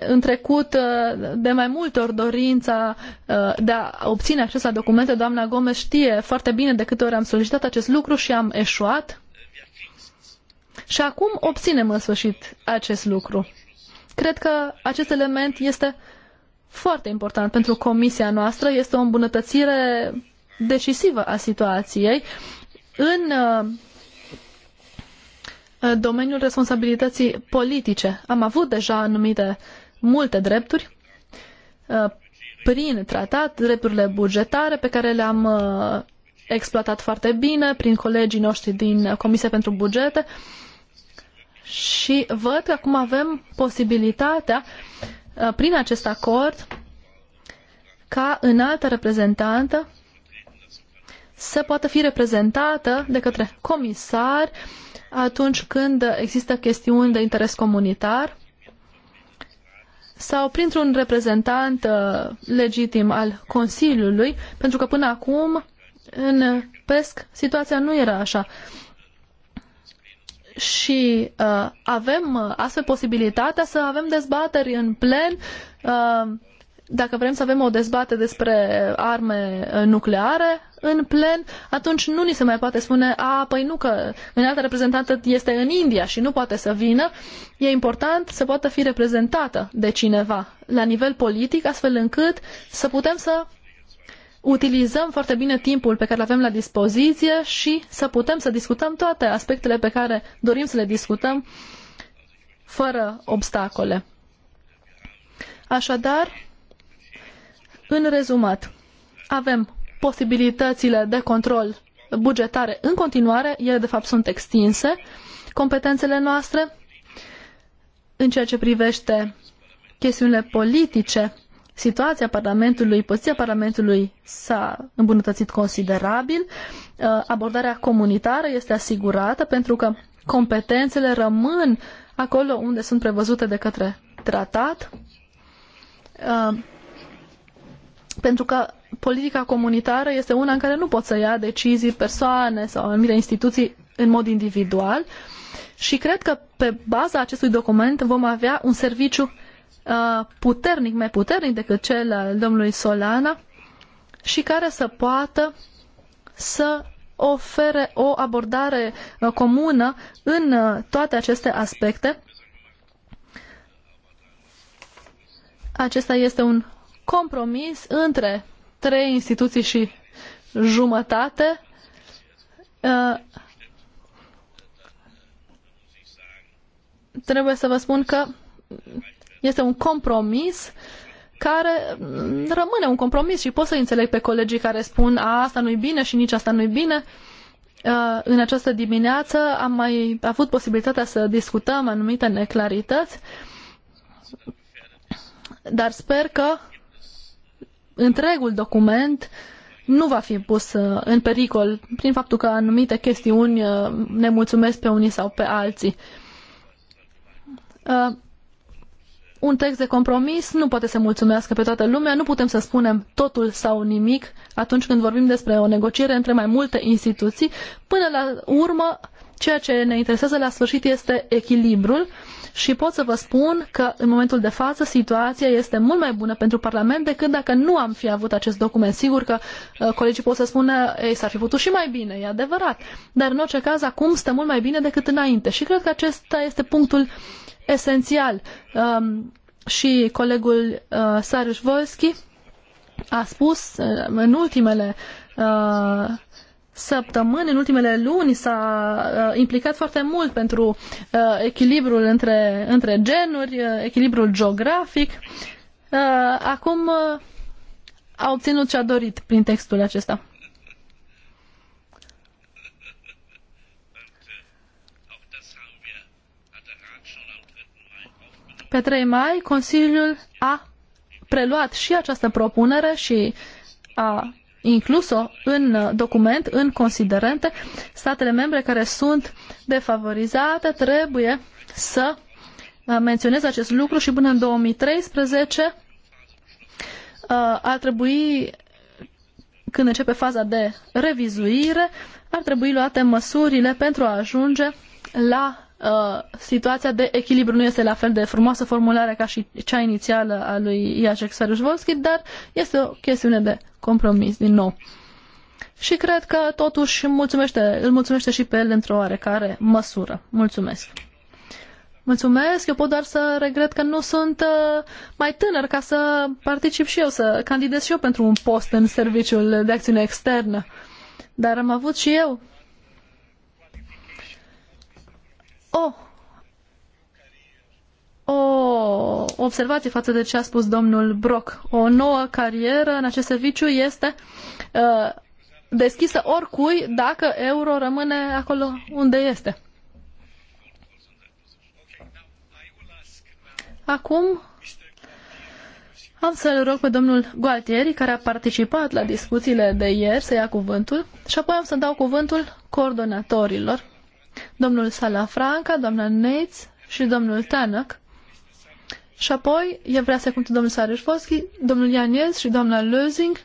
[SPEAKER 4] în trecut uh, de mai multe ori dorința uh, de a obține acces la documente. Doamna Gomes știe foarte bine de câte ori am solicitat acest lucru și am eșuat. Și acum obținem în sfârșit acest lucru. Cred că acest element este foarte important pentru comisia noastră. Este o îmbunătățire decisivă a situației. În uh, domeniul responsabilității politice. Am avut deja anumite multe drepturi uh, prin tratat, drepturile bugetare pe care le-am uh, exploatat foarte bine prin colegii noștri din Comisia pentru Bugete și văd că acum avem posibilitatea uh, prin acest acord ca înaltă reprezentantă să poată fi reprezentată de către comisari uh, atunci când există chestiuni de interes comunitar sau printr-un reprezentant uh, legitim al Consiliului, pentru că până acum în PESC situația nu era așa. Și uh, avem uh, astfel posibilitatea să avem dezbateri în plen uh, dacă vrem să avem o dezbatere despre arme nucleare în plen, atunci nu ni se mai poate spune, a, păi nu că în altă reprezentantă este în India și nu poate să vină. E important să poată fi reprezentată de cineva la nivel politic, astfel încât să putem să utilizăm foarte bine timpul pe care îl avem la dispoziție și să putem să discutăm toate aspectele pe care dorim să le discutăm fără obstacole. Așadar, în rezumat, avem posibilitățile de control bugetare în continuare, ele de fapt sunt extinse, competențele noastre în ceea ce privește chestiunile politice, situația Parlamentului, poziția Parlamentului s-a îmbunătățit considerabil, uh, abordarea comunitară este asigurată pentru că competențele rămân acolo unde sunt prevăzute de către tratat, uh, pentru că politica comunitară este una în care nu pot să ia decizii persoane sau anumite instituții în mod individual și cred că pe baza acestui document vom avea un serviciu uh, puternic, mai puternic decât cel al domnului Solana și care să poată să ofere o abordare uh, comună în uh, toate aceste aspecte. Acesta este un compromis între trei instituții și jumătate uh, trebuie să vă spun că este un compromis care rămâne un compromis și pot să înțeleg pe colegii care spun a, asta nu-i bine și nici asta nu-i bine. Uh, în această dimineață am mai avut posibilitatea să discutăm anumite neclarități, dar sper că întregul document nu va fi pus uh, în pericol prin faptul că anumite chestiuni uh, ne mulțumesc pe unii sau pe alții. Uh, un text de compromis nu poate să mulțumească pe toată lumea, nu putem să spunem totul sau nimic atunci când vorbim despre o negociere între mai multe instituții. Până la urmă, ceea ce ne interesează la sfârșit este echilibrul și pot să vă spun că în momentul de față situația este mult mai bună pentru Parlament decât dacă nu am fi avut acest document. Sigur că uh, colegii pot să spună, ei, s-ar fi putut și mai bine, e adevărat, dar în orice caz acum stă mult mai bine decât înainte și cred că acesta este punctul esențial. Um, și colegul uh, Sarus Volski a spus uh, în ultimele uh, săptămâni, în ultimele luni s-a uh, implicat foarte mult pentru uh, echilibrul între, între genuri, uh, echilibrul geografic. Acum a obținut ce a dorit prin textul acesta. Pe 3 mai, Consiliul a preluat și această propunere și a incluso în uh, document, în considerente, statele membre care sunt defavorizate trebuie să uh, menționez acest lucru și până în 2013 uh, ar trebui, când începe faza de revizuire, ar trebui luate măsurile pentru a ajunge la Uh, situația de echilibru nu este la fel de frumoasă formulare ca și cea inițială a lui Iacek Sarujvolski, dar este o chestiune de compromis din nou. Și cred că totuși mulțumește, îl mulțumește și pe el într-o oarecare măsură. Mulțumesc! Mulțumesc, eu pot doar să regret că nu sunt uh, mai tânăr ca să particip și eu, să candidez și eu pentru un post în serviciul de acțiune externă. Dar am avut și eu o, o observație față de ce a spus domnul Brock. O nouă carieră în acest serviciu este uh, deschisă oricui dacă euro rămâne acolo unde este. Acum am să-l rog pe domnul Gualtieri, care a participat la discuțiile de ieri, să ia cuvântul și apoi am să dau cuvântul coordonatorilor domnul Salafranca, doamna Neitz și domnul Tanak. Și apoi, e vrea să cuvânt domnul Sareșvoschi, domnul Ianiez și doamna Lözing,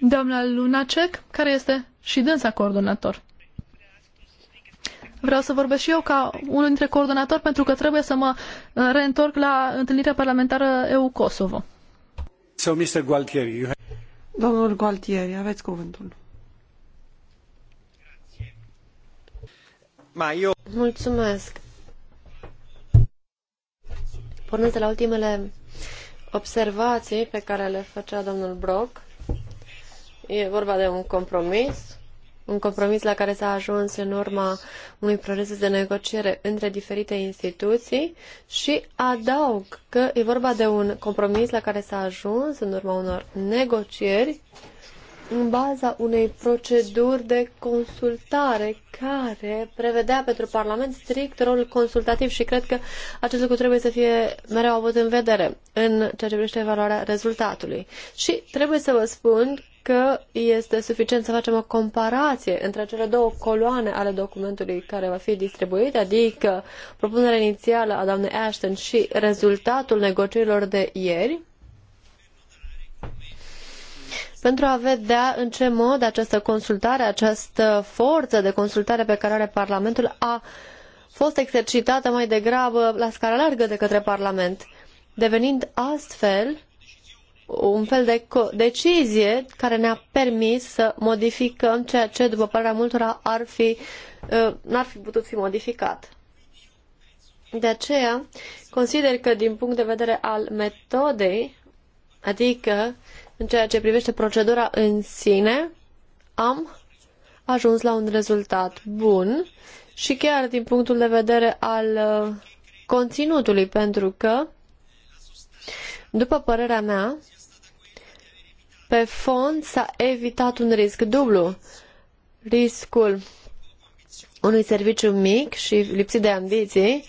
[SPEAKER 4] doamna Lunacek, care este și dânsa coordonator. Vreau să vorbesc și eu ca unul dintre coordonatori pentru că trebuie să mă uh, reîntorc la întâlnirea parlamentară EU-Kosovo.
[SPEAKER 1] So, Mr. Gualtieri, you have...
[SPEAKER 2] Domnul Gualtieri, aveți cuvântul. Mulțumesc.
[SPEAKER 3] Pornesc de la ultimele observații pe care le făcea domnul Brok, E vorba de un compromis, un compromis la care s-a ajuns în urma unui proces de negociere între diferite instituții și adaug că e vorba de un compromis la care s-a ajuns în urma unor negocieri în baza unei proceduri de consultare care prevedea pentru Parlament strict rolul consultativ și cred că acest lucru trebuie să fie mereu avut în vedere în ceea ce privește evaluarea rezultatului. Și trebuie să vă spun că este suficient să facem o comparație între cele două coloane ale documentului care va fi distribuit, adică propunerea inițială a doamnei Ashton și rezultatul negocierilor de ieri, pentru a vedea în ce mod această consultare, această forță de consultare pe care are Parlamentul a fost exercitată mai degrabă la scară largă de către Parlament, devenind astfel un fel de decizie care ne-a permis să modificăm ceea ce, după părerea multora, ar fi, ă, n-ar fi putut fi modificat. De aceea, consider că din punct de vedere al metodei, adică în ceea ce privește procedura în sine, am ajuns la un rezultat bun și chiar din punctul de vedere al uh, conținutului, pentru că, după părerea mea, pe fond s-a evitat un risc dublu. Riscul unui serviciu mic și lipsit de ambiții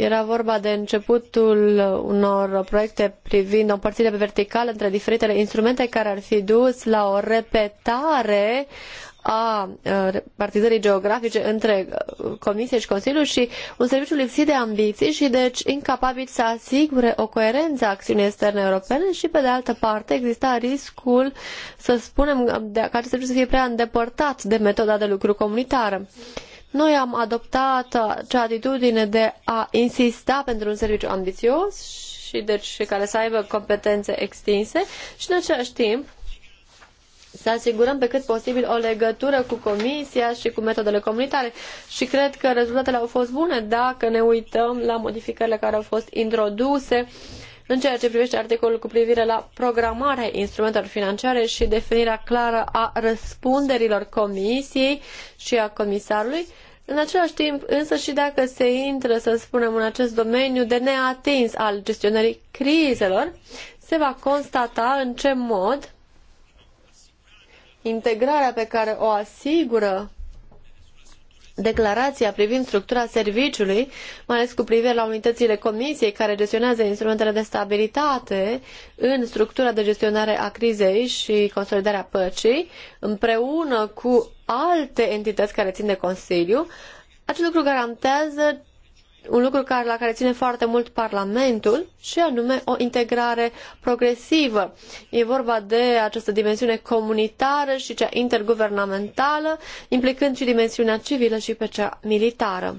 [SPEAKER 3] era vorba de începutul unor proiecte privind o împărțire verticală între diferitele instrumente care ar fi dus la o repetare a partizării geografice între Comisie și Consiliu și un serviciu lipsit de ambiții și deci incapabil să asigure o coerență a acțiunii externe europene și pe de altă parte exista riscul, să spunem, de, ca acest serviciu să fie prea îndepărtat de metoda de lucru comunitară. Mm. Noi am adoptat acea atitudine de a insista pentru un serviciu ambițios și deci care să aibă competențe extinse și în același timp să asigurăm pe cât posibil o legătură cu comisia și cu metodele comunitare și cred că rezultatele au fost bune dacă ne uităm la modificările care au fost introduse uh, în ceea ce privește articolul cu privire la programarea instrumentelor financiare și definirea clară a răspunderilor comisiei și a comisarului, în același timp, însă și dacă se intră, să spunem, în acest domeniu de neatins al gestionării crizelor, se va constata în ce mod integrarea pe care o asigură declarația privind structura serviciului, mai ales cu privire la unitățile comisiei care gestionează instrumentele de stabilitate în structura de gestionare a crizei și consolidarea păcii, împreună cu alte entități care țin de Consiliu, acest lucru garantează un lucru care, la care ține foarte mult Parlamentul și anume o integrare progresivă. E vorba de această dimensiune comunitară și cea interguvernamentală, implicând și dimensiunea civilă și pe cea militară.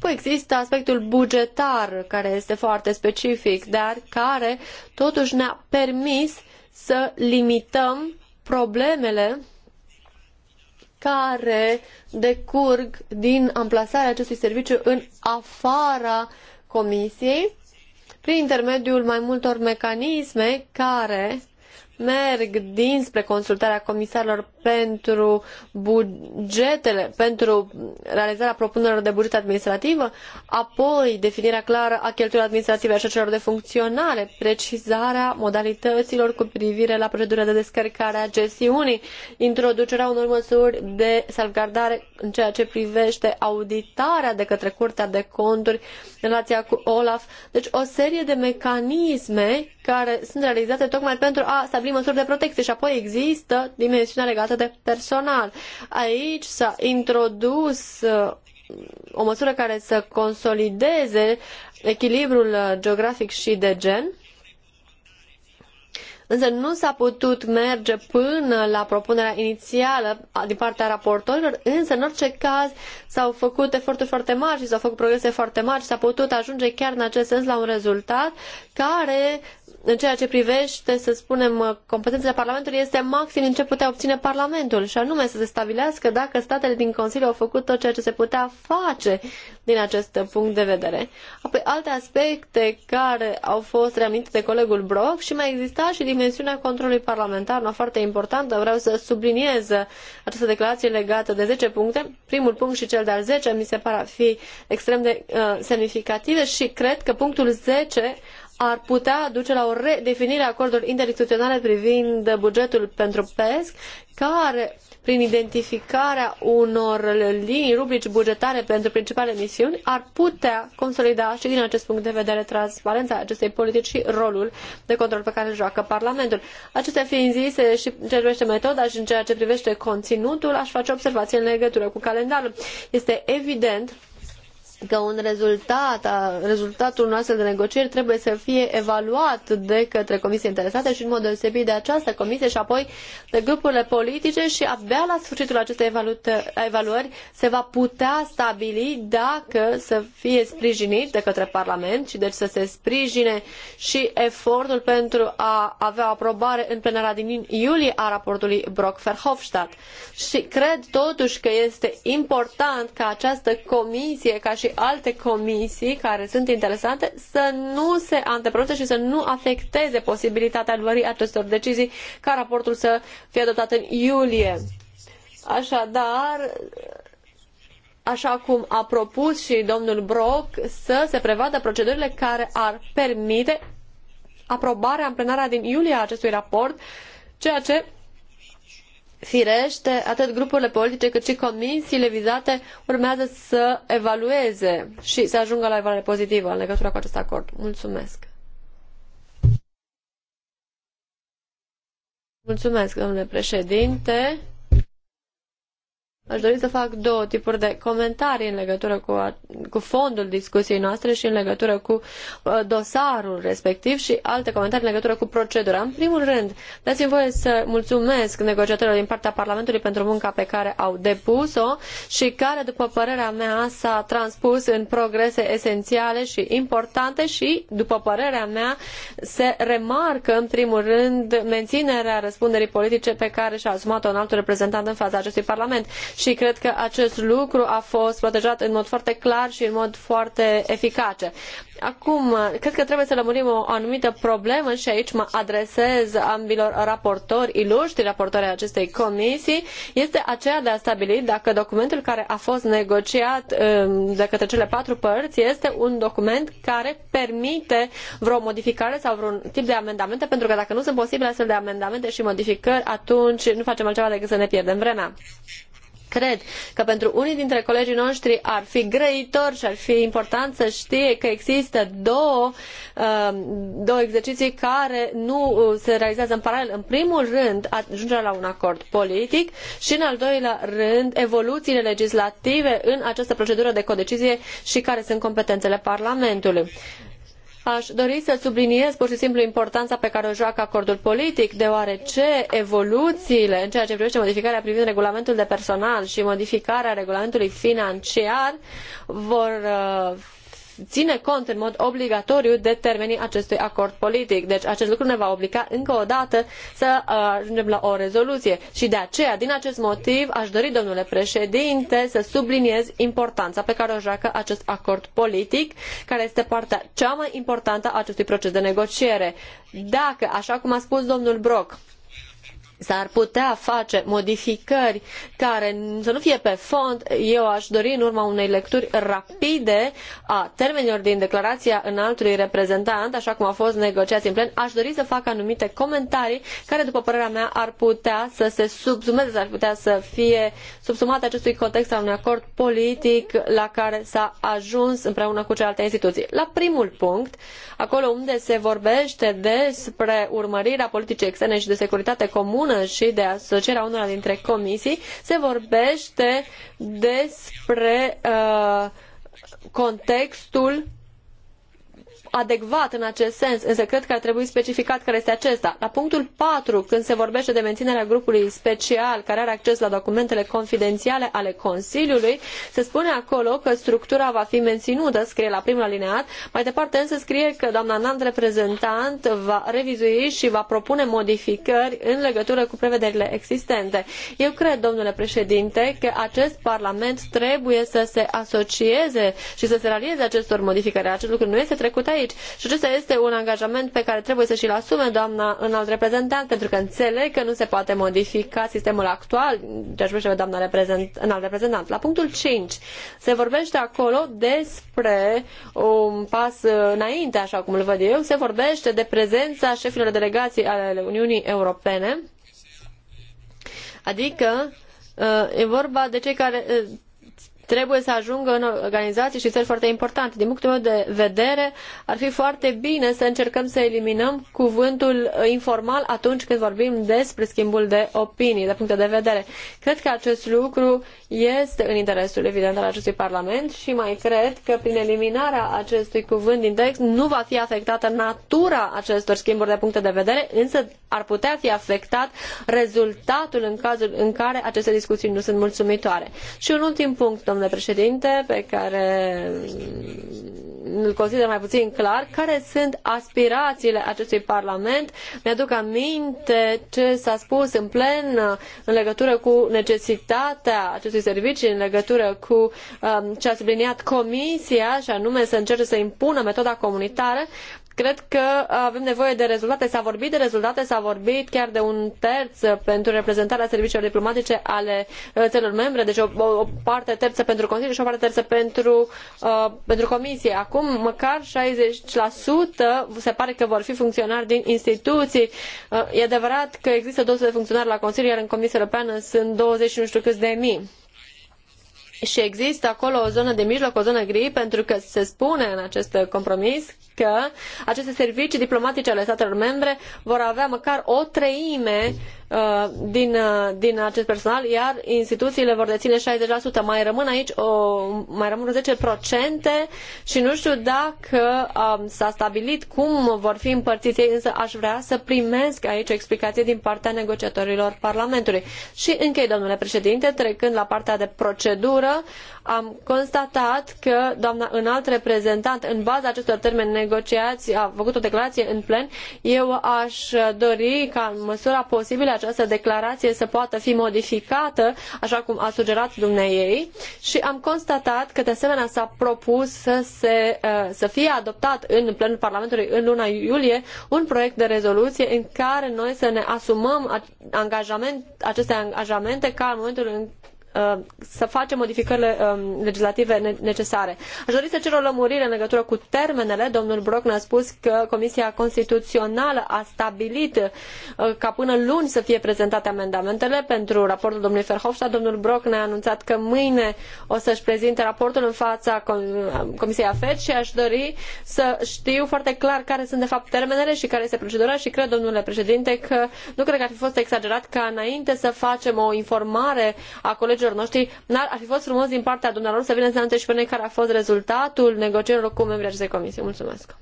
[SPEAKER 3] Păi există aspectul bugetar, care este foarte specific, dar care totuși ne-a permis să limităm problemele care decurg din amplasarea acestui serviciu în afara comisiei, prin intermediul mai multor mecanisme care merg dinspre consultarea comisarilor pentru bugetele, pentru realizarea propunerilor de buget administrativă, apoi definirea clară a cheltuielor administrative și a celor de funcționare, precizarea modalităților cu privire la procedura de descărcare a gestiunii, introducerea unor măsuri de salvgardare în ceea ce privește auditarea de către Curtea de Conturi, în relația cu OLAF, deci o serie de mecanisme care sunt realizate tocmai pentru a stabili măsuri de protecție și apoi există dimensiunea legată față de personal. Aici s-a introdus uh, o măsură care să consolideze echilibrul uh, geografic și de gen. Însă nu s-a putut merge până la propunerea inițială din partea raportorilor, însă în orice caz s-au făcut eforturi foarte mari și s-au făcut progrese foarte mari și s-a putut ajunge chiar în acest sens la un rezultat care în ceea ce privește, să spunem, competențele Parlamentului, este maxim din ce putea obține Parlamentul, și anume să se stabilească dacă statele din Consiliu au făcut tot ceea ce se putea face din acest punct de vedere. Apoi, alte aspecte care au fost reamintite de colegul Brok și mai exista și dimensiunea controlului parlamentar, una foarte importantă. Vreau să subliniez această declarație legată de zece puncte. Primul punct și cel de-al zece mi se par a fi extrem de uh, semnificative și cred că punctul zece ar putea duce la o redefinire a acordurilor interinstituționale privind bugetul pentru PESC, care, prin identificarea unor linii rubrici bugetare pentru principalele misiuni, ar putea consolida și din acest punct de vedere transparența acestei politici și rolul de control pe care îl joacă Parlamentul. Acestea fiind zise și în ceea ce privește metoda și în ceea ce privește conținutul, aș face observație în legătură cu calendarul. Este evident că un rezultat, rezultatul noastră de negocieri trebuie să fie evaluat de către comisie interesate și în mod deosebit de această comisie și apoi de grupurile politice și abia la sfârșitul acestei evaluări se va putea stabili dacă să fie sprijinit de către Parlament și deci să se sprijine și efortul pentru a avea aprobare în plenara din iulie a raportului Brock-Verhofstadt. Și cred totuși că este important ca această comisie, ca și și alte comisii care sunt interesante să nu se anteproduce și să nu afecteze posibilitatea luării acestor decizii ca raportul să fie adoptat în iulie. Așadar, așa cum a propus și domnul Brok să se prevadă procedurile care ar permite aprobarea în plenara din iulie a acestui raport, ceea ce Firește, atât grupurile politice cât și comisiile vizate urmează să evalueze și să ajungă la evaluare pozitivă în legătură cu acest acord. Mulțumesc! Mulțumesc, domnule președinte! Aș dori să fac două tipuri de comentarii în legătură cu, cu fondul discuției noastre și în legătură cu uh, dosarul respectiv și alte comentarii în legătură cu procedura. În primul rând, dați-mi voie să mulțumesc negociatorilor din partea Parlamentului pentru munca pe care au depus-o și care, după părerea mea, s-a transpus în progrese esențiale și importante și, după părerea mea, se remarcă, în primul rând, menținerea răspunderii politice pe care și-a asumat-o un altul reprezentant în fața acestui Parlament și cred că acest lucru a fost protejat în mod foarte clar și în mod foarte eficace. Acum, cred că trebuie să lămurim o anumită problemă și aici mă adresez ambilor raportori, iluștri raportori ai acestei comisii, este aceea de a stabili dacă documentul care a fost negociat um, de către cele patru părți este un document care permite vreo modificare sau vreun tip de amendamente, pentru că dacă nu sunt posibile astfel de amendamente și modificări, atunci nu facem altceva decât să ne pierdem vremea cred că pentru unii dintre colegii noștri ar fi grăitor și ar fi important să știe că există două, um, două exerciții care nu uh, se realizează în paralel. În primul rând, ajungerea la un acord politic și, în al doilea rând, evoluțiile legislative în această procedură de codecizie și care sunt competențele Parlamentului. Aș dori să subliniez pur și simplu importanța pe care o joacă acordul politic, deoarece evoluțiile în ceea ce privește modificarea privind regulamentul de personal și modificarea regulamentului financiar vor uh, ine cont în mod obligatoriu de termenii acestui acord politic. Deci acest lucru ne va obliga încă o dată să uh, ajungem la o rezoluție. Și de aceea, din acest motiv, aș dori, domnule președinte, să subliniez importanța pe care o joacă acest acord politic, care este partea cea mai importantă a acestui proces de negociere. Dacă, așa cum a spus domnul Brok s-ar putea face modificări care să nu fie pe fond, eu aș dori în urma unei lecturi rapide a termenilor din declarația înaltului reprezentant, așa cum a fost negociați în plen, aș dori să fac anumite comentarii care, după părerea mea, ar putea să se subsumeze, ar putea să fie subsumate acestui context al unui acord politic la care s-a ajuns împreună cu celelalte instituții. La primul punct, acolo unde se vorbește despre urmărirea politicii externe și de securitate comună, comună și de asocierea unora dintre comisii, se vorbește despre uh, contextul adecvat în acest sens, însă cred că ar trebui specificat care este acesta. La punctul patru, când se vorbește de menținerea grupului special care are acces la documentele confidențiale ale Consiliului, se spune acolo că structura va fi menținută, scrie la primul alineat, mai departe însă scrie că doamna înalt reprezentant va revizui și va propune modificări în legătură cu prevederile existente. Eu cred, domnule președinte, că acest Parlament trebuie să se asocieze și să se ralieze acestor modificări. Acest lucru nu este trecut aici aici. Și acesta este un angajament pe care trebuie să și-l asume doamna înalt reprezentant, pentru că înțeleg că nu se poate modifica sistemul actual, ceea ce privește doamna reprezent, înalt reprezentant. La punctul 5 se vorbește acolo despre un pas înainte, așa cum îl văd eu, se vorbește de prezența șefilor de delegații ale Uniunii Europene, adică uh, E vorba de cei care uh, trebuie să ajungă în organizații și țări foarte importante. Din punctul meu de vedere, ar fi foarte bine să încercăm să eliminăm cuvântul informal atunci când vorbim despre schimbul de opinii, de puncte de vedere. Cred că acest lucru este în interesul evident al acestui Parlament și mai cred că prin eliminarea acestui cuvânt din text nu va fi afectată natura acestor schimburi de puncte de vedere, însă ar putea fi afectat rezultatul în cazul în care aceste discuții nu sunt mulțumitoare. Și un ultim punct, domnule președinte, pe care îl consider mai puțin clar, care sunt aspirațiile acestui Parlament. Mi-aduc aminte ce s-a spus în plen în legătură cu necesitatea acestui serviciu, în legătură cu um, ce a subliniat Comisia, și anume să încerce să impună metoda comunitară, Cred că avem nevoie de rezultate. S-a vorbit de rezultate, s-a vorbit chiar de un terț pentru reprezentarea serviciilor diplomatice ale uh, țărilor membre, deci o, o parte terță pentru Consiliu și o parte terță pentru, uh, pentru Comisie. Acum, măcar 60% se pare că vor fi funcționari din instituții. Uh, e adevărat că există 200 de funcționari la Consiliu, iar în Comisia Europeană sunt 20 și nu știu câți de mii și există acolo o zonă de mijloc, o zonă gri, pentru că se spune în acest compromis că aceste servicii diplomatice ale statelor membre vor avea măcar o treime uh, Uh, din, uh, din acest personal, iar instituțiile vor deține 60%. Mai rămân aici o, mai rămân 10% și nu știu dacă um, s-a stabilit cum vor fi împărțiți ei, însă aș vrea să primesc aici o explicație din partea negociatorilor Parlamentului. Și închei, domnule președinte, trecând la partea de procedură, am constatat că doamna înalt reprezentant, în baza acestor termeni negociați, a făcut o declarație în plen. Eu aș dori ca în măsura posibilă această declarație să poată fi modificată, așa cum a sugerat dumneiei, și am constatat că de asemenea s-a propus să, se, uh, să fie adoptat în plenul Parlamentului în luna iulie un proiect de rezoluție în care noi să ne asumăm angajament, aceste angajamente ca în momentul în Uh, să facem modificările um, legislative necesare. Aș dori să cer o lămurire în legătură cu termenele. Domnul Brok ne-a spus că Comisia Constituțională a stabilit uh, ca până luni să fie prezentate amendamentele pentru raportul domnului Verhofstadt. Domnul Brok ne-a anunțat că mâine o să-și prezinte raportul în fața Comisiei AFET și aș dori să știu foarte clar care sunt de fapt termenele și care este procedura și cred, domnule președinte, că nu cred că ar fi fost exagerat ca înainte să facem o informare a colegilor colegilor noștri, dar ar fi fost frumos din partea dumnealor să vină să ne și pe noi care a fost rezultatul negocierilor cu membrii acestei comisii.
[SPEAKER 2] Mulțumesc!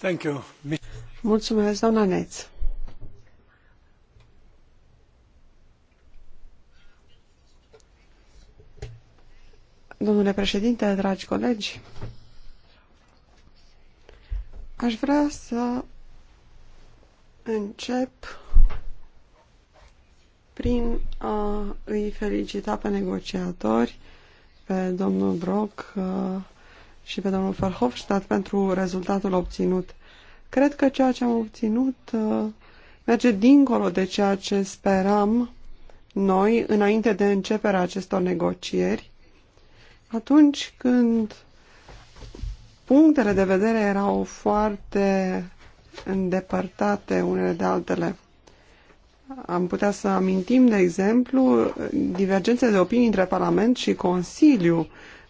[SPEAKER 2] Thank you. Mulțumesc, doamna Neț. Domnule președinte, dragi colegi, aș vrea să încep prin a îi felicita pe negociatori, pe domnul Brock uh, și pe domnul Verhofstadt pentru rezultatul obținut. Cred că ceea ce am obținut uh, merge dincolo de ceea ce speram noi înainte de începerea acestor negocieri. Atunci când punctele de vedere erau foarte îndepărtate unele de altele. Am putea să amintim, de exemplu, divergențe de opinii între Parlament și Consiliu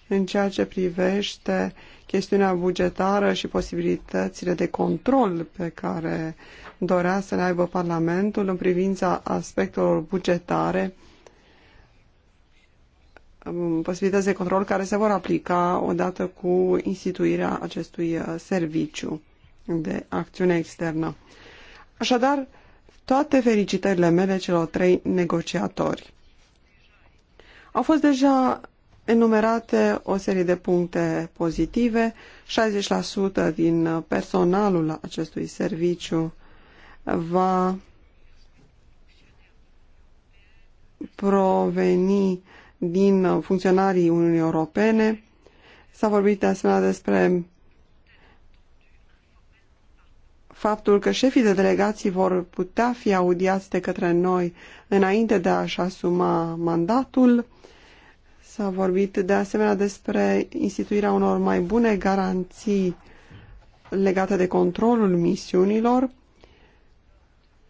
[SPEAKER 2] în ceea ce privește chestiunea bugetară și posibilitățile de control pe care dorea să le aibă Parlamentul în privința aspectelor bugetare, um, posibilități de control care se vor aplica odată cu instituirea acestui uh, serviciu de acțiune externă. Așadar, toate fericitările mele celor trei negociatori. Au fost deja enumerate o serie de puncte pozitive. 60% din personalul acestui serviciu va proveni din funcționarii Uniunii Europene. S-a vorbit de asemenea despre faptul că șefii de delegații vor putea fi audiați de către noi înainte de a-și asuma mandatul. S-a vorbit de asemenea despre instituirea unor mai bune garanții legate de controlul misiunilor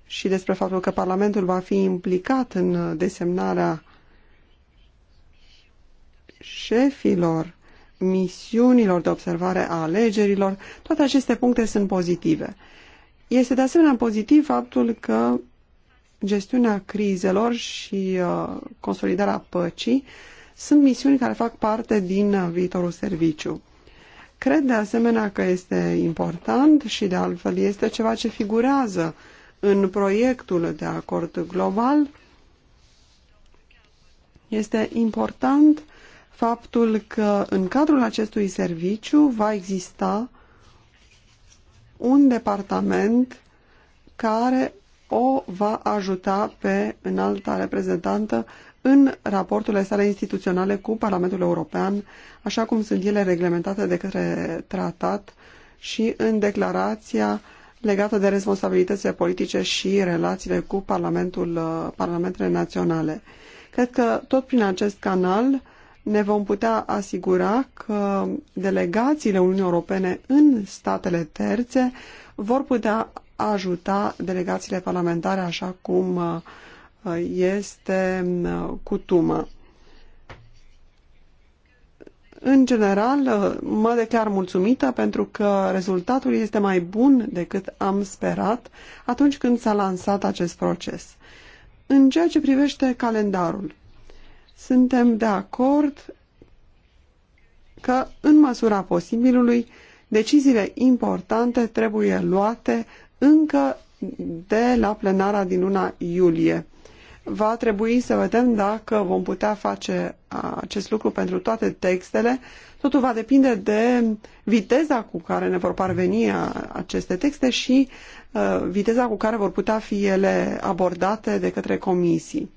[SPEAKER 2] și despre faptul că Parlamentul va fi implicat în desemnarea șefilor misiunilor de observare a alegerilor, toate aceste puncte sunt pozitive. Este de asemenea pozitiv faptul că gestiunea crizelor și uh, consolidarea păcii sunt misiuni care fac parte din uh, viitorul serviciu. Cred de asemenea că este important și de altfel este ceva ce figurează în proiectul de acord global. Este important faptul că în cadrul acestui serviciu va exista un departament care o va ajuta pe înalta reprezentantă în raporturile sale instituționale cu Parlamentul European, așa cum sunt ele reglementate de către tratat și în declarația legată de responsabilitățile politice și relațiile cu Parlamentul, uh, Parlamentele Naționale. Cred că tot prin acest canal ne vom putea asigura că delegațiile Uniunii Europene în statele terțe vor putea ajuta delegațiile parlamentare așa cum uh, este uh, cutumă. În general, uh, mă declar mulțumită pentru că rezultatul este mai bun decât am sperat atunci când s-a lansat acest proces. În ceea ce privește calendarul, suntem de acord că, în măsura posibilului, deciziile importante trebuie luate încă de la plenara din luna iulie. Va trebui să vedem dacă vom putea face acest lucru pentru toate textele. Totul va depinde de viteza cu care ne vor parveni aceste texte și viteza cu care vor putea fi ele abordate de către comisii.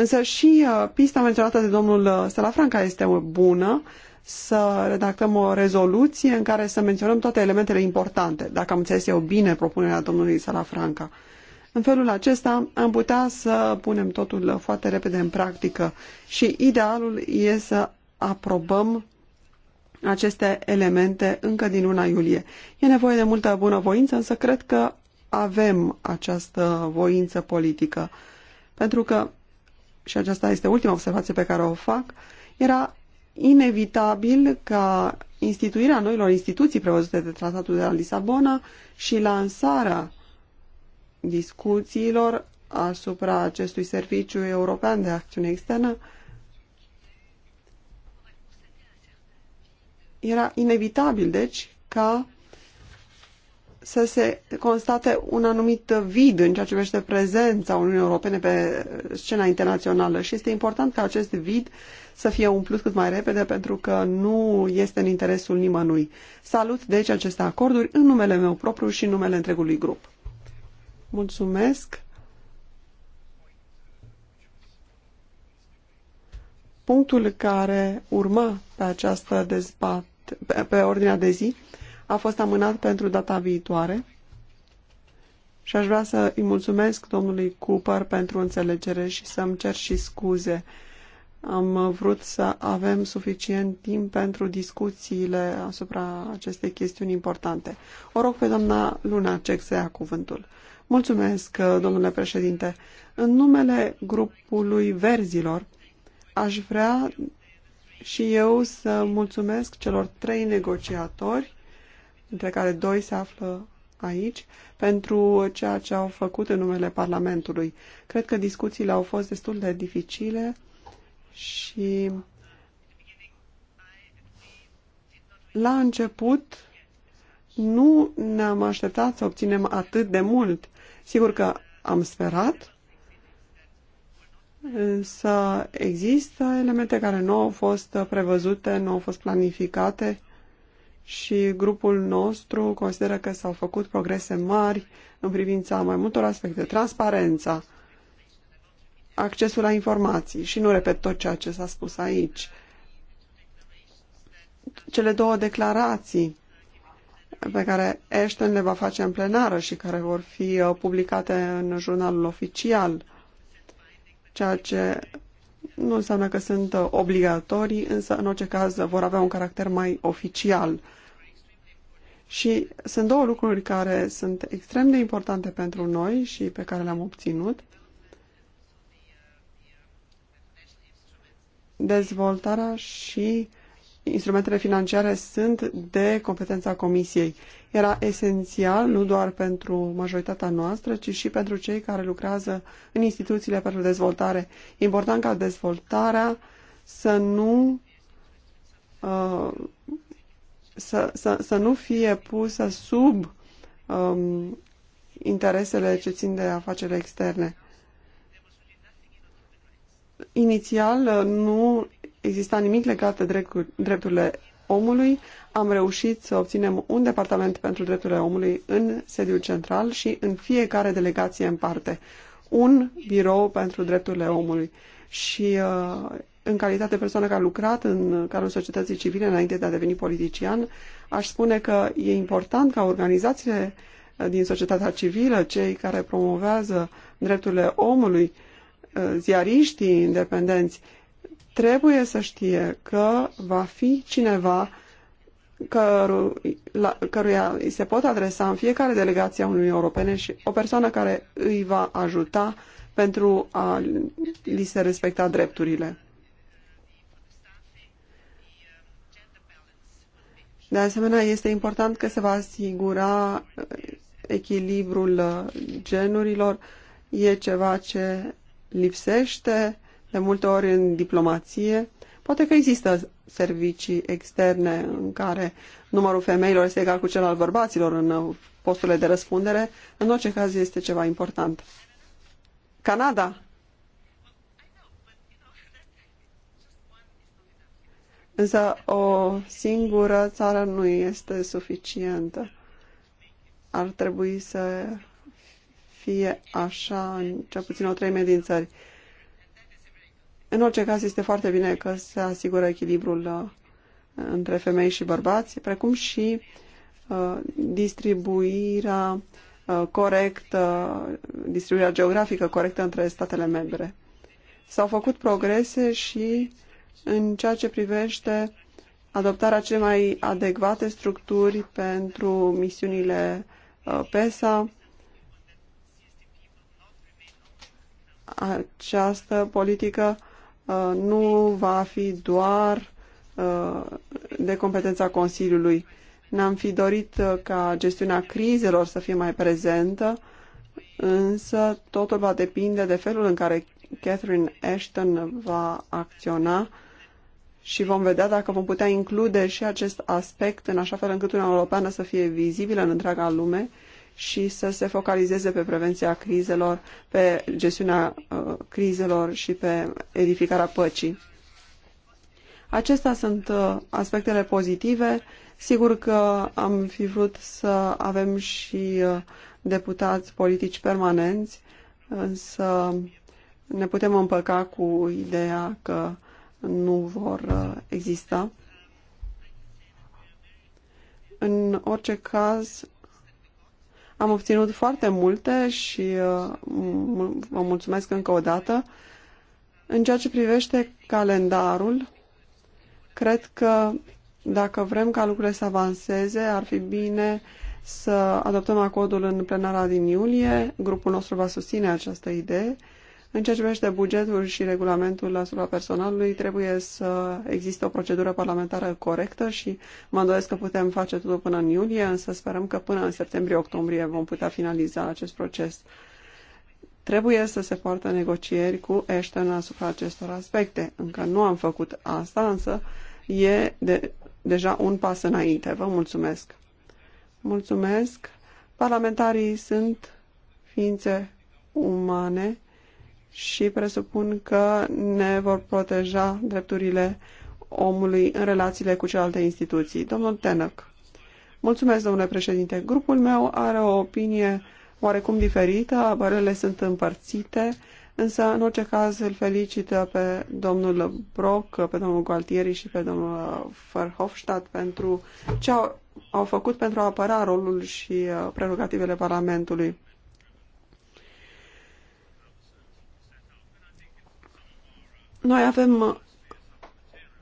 [SPEAKER 2] Însă și uh, pista menționată de domnul uh, Salafranca este bună, să redactăm o rezoluție în care să menționăm toate elementele importante, dacă am înțeles eu bine propunerea domnului Salafranca. În felul acesta am putea să punem totul foarte repede în practică și idealul e să aprobăm aceste elemente încă din luna iulie. E nevoie de multă bunăvoință, însă cred că avem această voință politică. Pentru că și aceasta este ultima observație pe care o fac, era inevitabil ca instituirea noilor instituții prevăzute de Tratatul de la Lisabona și lansarea discuțiilor asupra acestui serviciu european de acțiune externă era inevitabil, deci, ca să se constate un anumit vid în ceea ce privește prezența Uniunii Europene pe scena internațională și este important ca acest vid să fie umplut cât mai repede pentru că nu este în interesul nimănui. Salut deci aceste acorduri în numele meu propriu și în numele întregului grup. Mulțumesc! Punctul care urma pe această dezbat, pe, pe ordinea de zi a fost amânat pentru data viitoare și aș vrea să îi mulțumesc domnului Cooper pentru înțelegere și să-mi cer și scuze. Am vrut să avem suficient timp pentru discuțiile asupra acestei chestiuni importante. O rog pe doamna Cec să ia cuvântul. Mulțumesc, domnule președinte. În numele grupului Verzilor, aș vrea și eu să mulțumesc celor trei negociatori dintre care doi se află aici, pentru ceea ce au făcut în numele Parlamentului. Cred că discuțiile au fost destul de dificile și la început nu ne-am așteptat să obținem atât de mult. Sigur că am sperat, însă există elemente care nu au fost prevăzute, nu au fost planificate și grupul nostru consideră că s-au făcut progrese mari în privința mai multor aspecte. Transparența, accesul la informații și nu repet tot ceea ce s-a spus aici. Cele două declarații pe care Ashton le va face în plenară și care vor fi uh, publicate în jurnalul oficial, ceea ce nu înseamnă că sunt uh, obligatorii, însă în orice caz vor avea un caracter mai oficial. Și sunt două lucruri care sunt extrem de importante pentru noi și pe care le-am obținut. Dezvoltarea și instrumentele financiare sunt de competența Comisiei. Era esențial nu doar pentru majoritatea noastră, ci și pentru cei care lucrează în instituțiile pentru dezvoltare. E important ca dezvoltarea să nu uh, să, să, să nu fie pusă sub um, interesele ce țin de afaceri externe. Inițial uh, nu exista nimic legat de drepturile omului, am reușit să obținem un departament pentru drepturile omului în sediul central și în fiecare delegație în parte. Un birou pentru drepturile omului. Și uh, în calitate de persoană care a lucrat în cadrul societății civile înainte de a deveni politician, aș spune că e important ca organizațiile uh, din societatea civilă, cei care promovează drepturile omului, uh, ziariștii independenți, trebuie să știe că va fi cineva căru, la, căruia îi se pot adresa în fiecare delegație a Uniunii Europene și o persoană care îi va ajuta pentru a li se respecta drepturile. De asemenea, este important că se va asigura echilibrul genurilor. E ceva ce lipsește de multe ori în diplomație, poate că există servicii externe în care numărul femeilor este egal cu cel al bărbaților în posturile de răspundere. În orice caz este ceva important. Canada. Însă o singură țară nu este suficientă. Ar trebui să fie așa în cel puțin o treime din țări. În orice caz, este foarte bine că se asigură echilibrul uh, între femei și bărbați, precum și uh, distribuirea uh, corectă, distribuirea geografică corectă între statele membre. S-au făcut progrese și în ceea ce privește adoptarea cele mai adecvate structuri pentru misiunile PESA. Această politică Uh, nu va fi doar uh, de competența Consiliului. Ne-am fi dorit uh, ca gestiunea crizelor să fie mai prezentă, însă totul va depinde de felul în care Catherine Ashton va acționa și vom vedea dacă vom putea include și acest aspect în așa fel încât Uniunea Europeană să fie vizibilă în întreaga lume și să se focalizeze pe prevenția crizelor, pe gestiunea uh, crizelor și pe edificarea păcii. Acestea sunt uh, aspectele pozitive. Sigur că am fi vrut să avem și uh, deputați politici permanenți, însă ne putem împăca cu ideea că nu vor uh, exista. În orice caz, am obținut foarte multe și uh, vă mulțumesc încă o dată. În ceea ce privește calendarul, cred că dacă vrem ca lucrurile să avanseze, ar fi bine să adoptăm acordul în plenara din iulie. Grupul nostru va susține această idee în ceea ce privește bugetul și regulamentul asupra personalului, trebuie să existe o procedură parlamentară corectă și mă îndoiesc că putem face totul până în iulie, însă sperăm că până în septembrie-octombrie vom putea finaliza acest proces. Trebuie să se poartă negocieri cu Ashton asupra acestor aspecte. Încă nu am făcut asta, însă e de, deja un pas înainte. Vă mulțumesc! Mulțumesc! Parlamentarii sunt ființe umane și presupun că ne vor proteja drepturile omului în relațiile cu celelalte instituții. Domnul Tenăc. Mulțumesc, domnule președinte. Grupul meu are o opinie oarecum diferită, apărele sunt împărțite, însă în orice caz îl felicită pe domnul Brock, pe domnul Gualtieri și pe domnul Verhofstadt pentru ce au, au făcut pentru a apăra rolul și uh, prerogativele Parlamentului. Noi avem,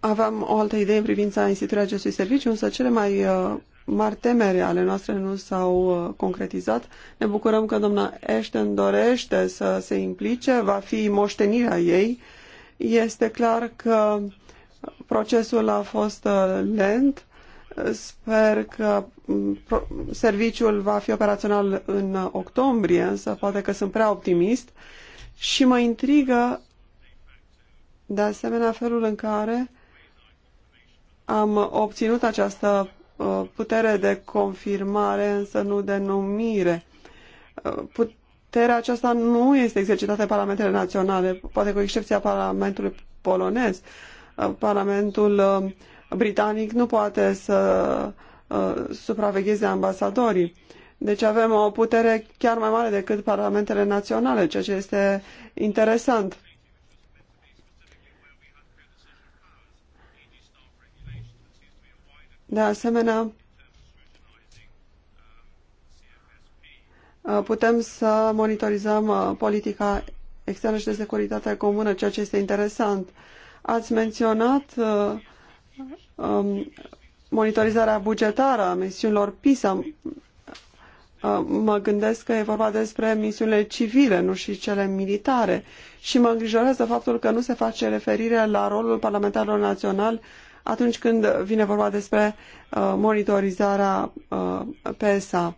[SPEAKER 2] aveam o altă idee în privința instituirii acestui serviciu, însă cele mai uh, mari temeri ale noastre nu s-au uh, concretizat. Ne bucurăm că doamna Ashton dorește să se implice, va fi moștenirea ei. Este clar că procesul a fost uh, lent. Sper că mm, serviciul va fi operațional în octombrie, însă poate că sunt prea optimist. Și mă intrigă de asemenea, felul în care am obținut această uh, putere de confirmare, însă nu de numire. Uh, puterea aceasta nu este exercitată de parlamentele naționale, poate cu excepția parlamentului polonez. Uh, Parlamentul britanic nu poate să supravegheze ambasadorii. Deci avem o putere chiar mai mare decât parlamentele naționale, ceea ce este interesant. De asemenea, uh, putem să monitorizăm uh, politica externă și de securitate comună, ceea ce este interesant. Ați menționat uh, um, monitorizarea bugetară a misiunilor PISA. Mă gândesc că e vorba despre misiunile civile, nu și cele militare. Și mă îngrijorează faptul că nu se face referire la rolul parlamentarilor național atunci când vine vorba despre uh, monitorizarea uh, PSA.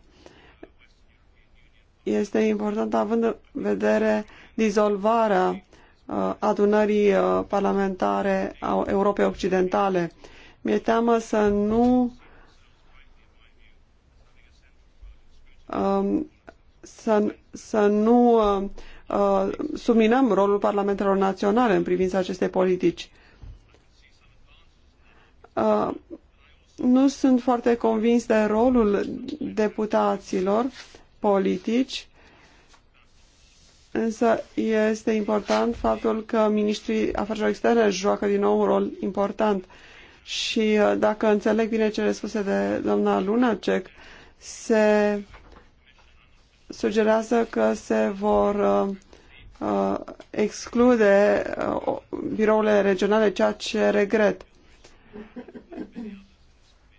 [SPEAKER 2] Este important având în vedere dizolvarea uh, adunării parlamentare a Europei Occidentale. Mi-e teamă să nu um, să, să nu subminăm rolul parlamentelor naționale în privința acestei politici. Uh, nu sunt foarte convins de rolul deputaților politici, însă este important faptul că ministrii afacerilor externe joacă din nou un rol important. Și uh, dacă înțeleg bine cele spuse de doamna Lunacek, se sugerează că se vor uh, uh exclude uh, birourile regionale, ceea ce regret.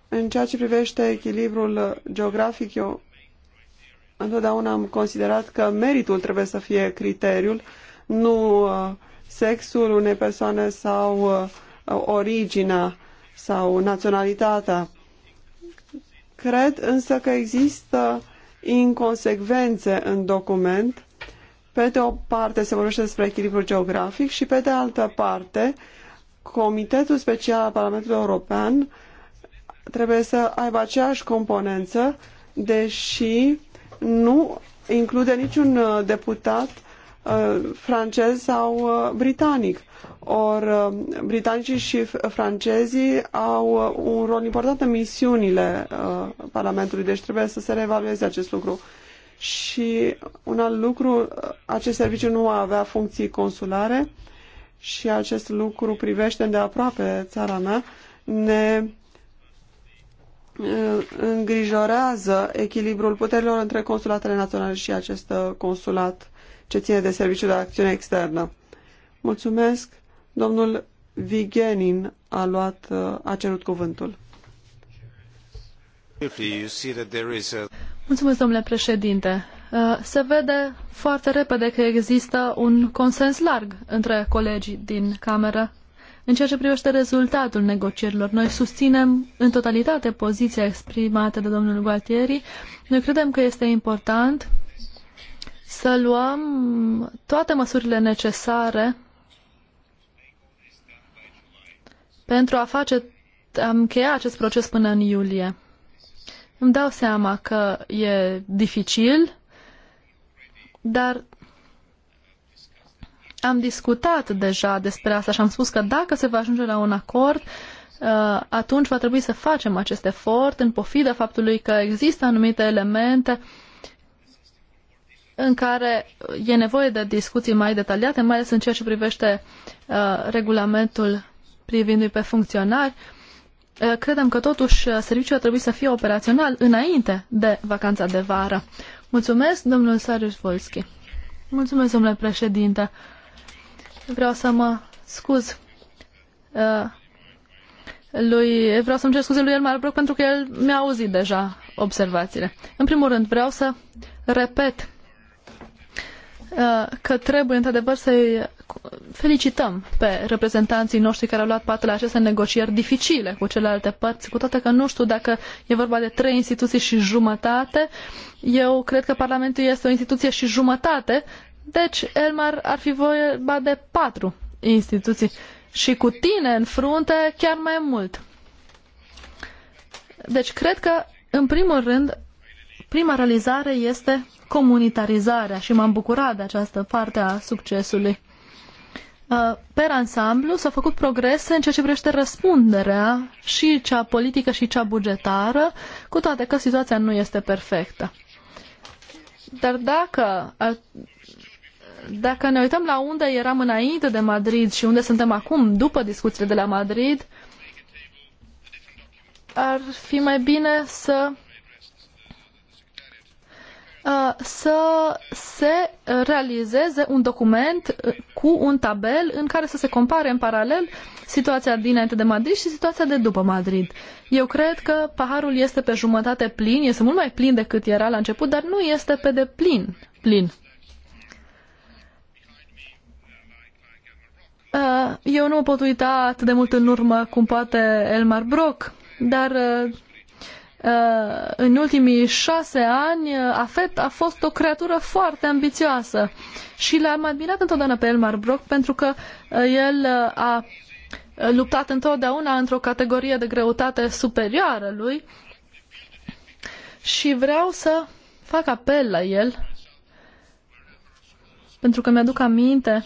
[SPEAKER 2] În ceea ce privește echilibrul geografic, eu întotdeauna am considerat că meritul trebuie să fie criteriul, nu uh, sexul unei persoane sau uh, originea sau naționalitatea. Cred însă că există inconsecvențe în document. Pe de o parte se vorbește despre echilibrul geografic și pe de altă parte Comitetul Special al Parlamentului European trebuie să aibă aceeași componență, deși nu include niciun uh, deputat uh, francez sau uh, britanic. Or, britanicii și francezii au un rol important în misiunile Parlamentului, deci trebuie să se reevalueze acest lucru. Și un alt lucru, acest serviciu nu va avea funcții consulare, și acest lucru privește de aproape țara mea, ne îngrijorează echilibrul puterilor între consulatele naționale și acest uh, consulat ce ține de serviciul de acțiune externă. Mulțumesc. Domnul Vigenin a luat, uh, a cerut cuvântul.
[SPEAKER 4] Mulțumesc, domnule președinte. Eh, se vede foarte repede că există un consens larg între colegii din Cameră în ceea ce privește rezultatul negocierilor. Noi susținem în totalitate poziția exprimată de domnul Gualtieri. Noi credem că este important să luăm toate măsurile necesare pentru a face, a încheia acest proces până în iulie. Îmi dau seama că e dificil, dar am discutat deja despre asta și am spus că dacă se va ajunge la un acord, uh, atunci va trebui să facem acest efort în pofida faptului că există anumite elemente în care e nevoie de discuții mai detaliate, mai ales în ceea ce privește uh, regulamentul privindu-i pe funcționari. Uh, credem că totuși serviciul ar trebui să fie operațional înainte de vacanța de vară. Mulțumesc, domnul Sarius Volski. Mulțumesc, domnule președinte. Vreau să mă scuz uh, lui, vreau să-mi cer scuze lui El Brock pentru că el mi-a auzit deja observațiile. În primul rând, vreau să repet uh, că trebuie într-adevăr să-i felicităm pe reprezentanții noștri care au luat parte la aceste negocieri dificile cu celelalte părți, cu toate că nu știu dacă e vorba de trei instituții și jumătate. Eu cred că Parlamentul este o instituție și jumătate, deci Elmar ar fi vorba de patru instituții și cu tine în frunte chiar mai mult. Deci cred că, în primul rând, prima realizare este comunitarizarea și m-am bucurat de această parte a succesului. Uh, per ansamblu s-au făcut progrese în ceea ce privește răspunderea și cea politică și cea bugetară, cu toate că situația nu este perfectă. Dar dacă, uh, dacă ne uităm la unde eram înainte de Madrid și unde suntem acum, după discuțiile de la Madrid, ar fi mai bine să Uh, să se realizeze un document uh, cu un tabel în care să se compare în paralel situația dinainte de Madrid și situația de după Madrid. Eu cred că paharul este pe jumătate plin, este mult mai plin decât era la început, dar nu este pe deplin plin. Uh, eu nu pot uita atât de mult în urmă cum poate Elmar Brock, dar Uh, în ultimii șase ani, uh, Afet a fost o creatură foarte ambițioasă și l-am admirat întotdeauna pe Elmar Brock pentru că uh, el a luptat întotdeauna într-o categorie de greutate superioară lui și vreau să fac apel la el pentru că mi-aduc aminte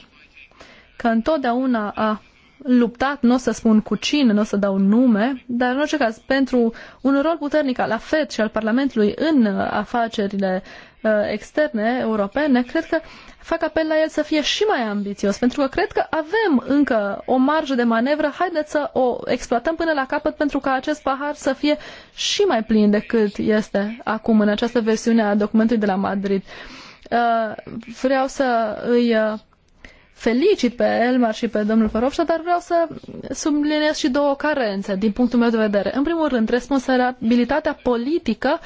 [SPEAKER 4] că întotdeauna a luptat, nu o să spun cu cine, nu o să dau nume, dar în orice caz, pentru un rol puternic al AFET și al Parlamentului în uh, afacerile uh, externe europene, cred că fac apel la el să fie și mai ambițios, pentru că cred că avem încă o marjă de manevră, haideți să o exploatăm până la capăt pentru ca acest pahar să fie și mai plin decât este acum în această versiune a documentului de la Madrid. Uh, vreau să îi felicit pe Elmar și pe domnul Forovșa, dar vreau să subliniez și două carențe din punctul meu de vedere. În primul rând, responsabilitatea politică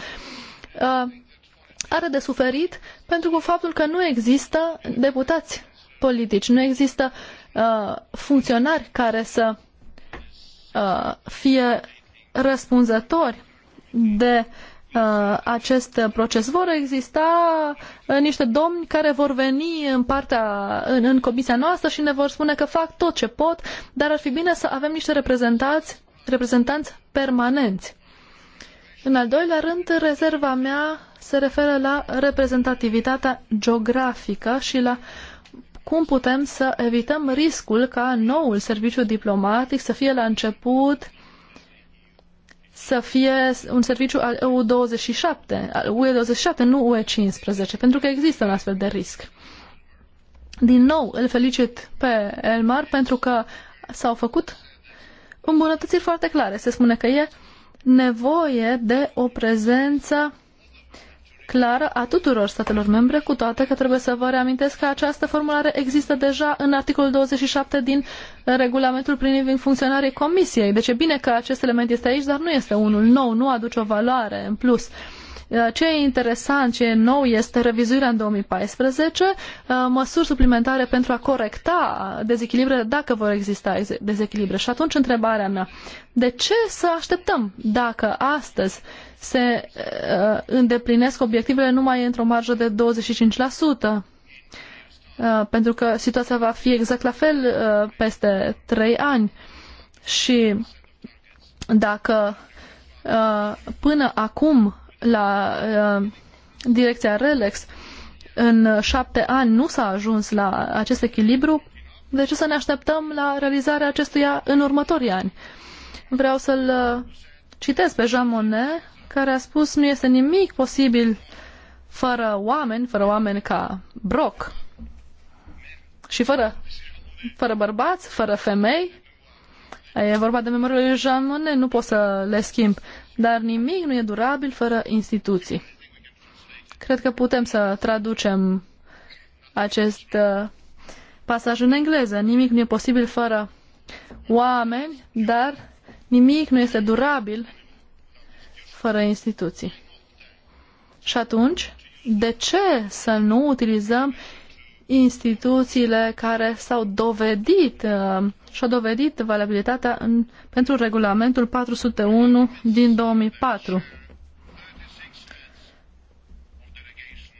[SPEAKER 4] uh, are de suferit pentru că faptul că nu există deputați politici, nu există uh, funcționari care să uh, fie răspunzători de uh, Uh, acest proces. Vor exista uh, niște domni care vor veni în partea, în, în comisia noastră și ne vor spune că fac tot ce pot, dar ar fi bine să avem niște reprezentanți, reprezentanți permanenți. În al doilea rând, rezerva mea se referă la reprezentativitatea geografică și la cum putem să evităm riscul ca noul serviciu diplomatic să fie la început să fie un serviciu al EU27, al UE27, nu UE15, pentru că există un astfel de risc. Din nou, îl felicit pe Elmar pentru că s-au făcut îmbunătățiri foarte clare. Se spune că e nevoie de o prezență clară a tuturor statelor membre, cu toate că trebuie să vă reamintesc că această formulare există deja în articolul 27 din regulamentul privind funcționarii Comisiei. Deci e bine că acest element este aici, dar nu este unul nou, nu aduce o valoare în plus. Uh, ce e interesant, ce e nou, este revizuirea în 2014, uh, măsuri suplimentare pentru a corecta dezechilibrele, dacă vor exista dezechilibre. Și atunci întrebarea mea, de ce să așteptăm dacă astăzi se uh, îndeplinesc obiectivele numai într-o marjă de 25%? Pentru că situația va fi exact la fel peste trei ani. Și dacă până acum la uh, direcția Relex în șapte ani nu s-a ajuns la acest echilibru, de deci ce să ne așteptăm la realizarea acestuia în următorii ani? Vreau să-l uh, citesc pe Jean Monnet, care a spus nu este nimic posibil fără oameni, fără oameni ca Brock și fără, fără bărbați, fără femei. E vorba de memoriile lui Jean Monnet, nu pot să le schimb dar nimic nu e durabil fără instituții. Cred că putem să traducem acest uh, pasaj în engleză. Nimic nu e posibil fără oameni, dar nimic nu este durabil fără instituții. Și atunci, de ce să nu utilizăm instituțiile care s-au dovedit uh, și-a dovedit valabilitatea în, pentru regulamentul 401 din 2004.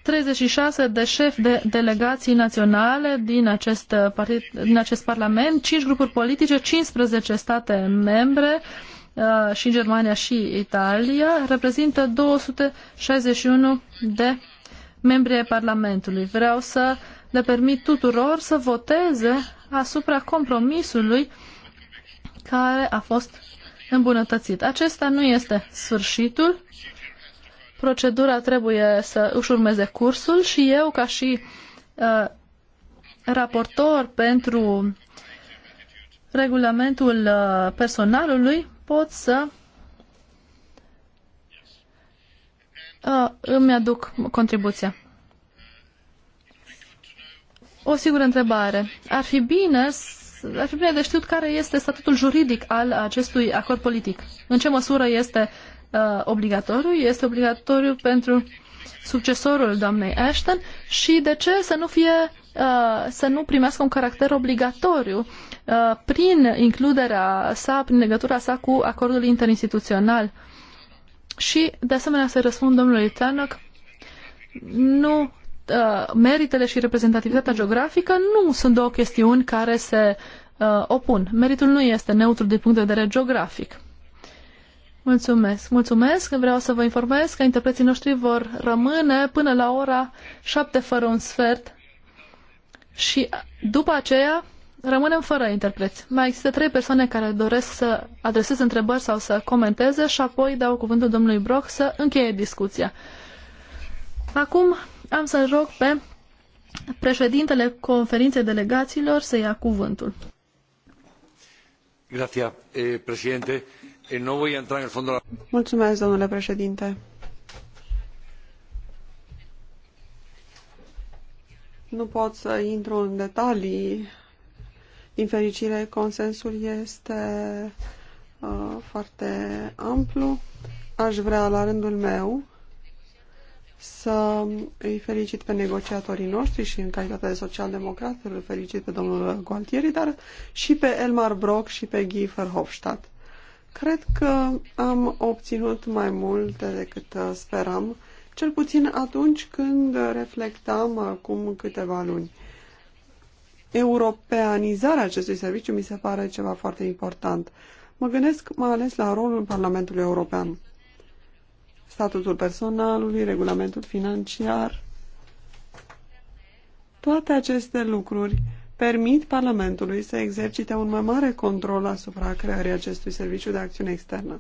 [SPEAKER 4] 36 de șefi de delegații naționale din acest, uh, partid, din acest parlament, 5 grupuri politice, 15 state membre uh, și în Germania și Italia, reprezintă 261 de membri ai Parlamentului. Vreau să uh, le permit tuturor să voteze asupra compromisului care a fost îmbunătățit. Acesta nu este sfârșitul. Procedura trebuie să își urmeze cursul și eu, ca și uh, raportor pentru regulamentul uh, personalului, pot să uh, îmi aduc contribuția o singură întrebare. Ar fi bine ar fi bine de știut care este statutul juridic al acestui acord politic. În ce măsură este uh, obligatoriu? Este obligatoriu pentru succesorul doamnei Ashton și de ce să nu fie uh, să nu primească un caracter obligatoriu uh, prin includerea sa, prin legătura sa cu acordul interinstituțional. Și, de asemenea, să răspund domnului Tanok, nu uh, meritele și reprezentativitatea geografică nu sunt două chestiuni care se uh, opun. Meritul nu este neutru din punct de vedere geografic. Mulțumesc, mulțumesc. Vreau să vă informez că interpreții noștri vor rămâne până la ora 7 fără un sfert și după aceea rămânem fără interpreți. Mai există trei persoane care doresc să adreseze întrebări sau să comenteze și apoi dau cuvântul domnului Brock să încheie discuția. Acum am să rog pe președintele conferinței delegațiilor să ia cuvântul.
[SPEAKER 1] Eh, nu
[SPEAKER 2] Mulțumesc, domnule președinte. Nu pot să intru în detalii. Din fericire, consensul este uh, foarte amplu. Aș vrea, la rândul meu, să îi felicit pe negociatorii noștri și în calitate de social-democrat îl felicit pe domnul Gualtieri, dar și pe Elmar Brock și pe Guy Verhofstadt. Cred că am obținut mai multe decât uh, speram, cel puțin atunci când reflectam acum câteva luni. Europeanizarea acestui serviciu mi se pare ceva foarte important. Mă gândesc mai ales la rolul Parlamentului European statutul personalului, regulamentul financiar. Toate aceste lucruri permit Parlamentului să exercite un mai mare control asupra creării acestui serviciu de acțiune externă.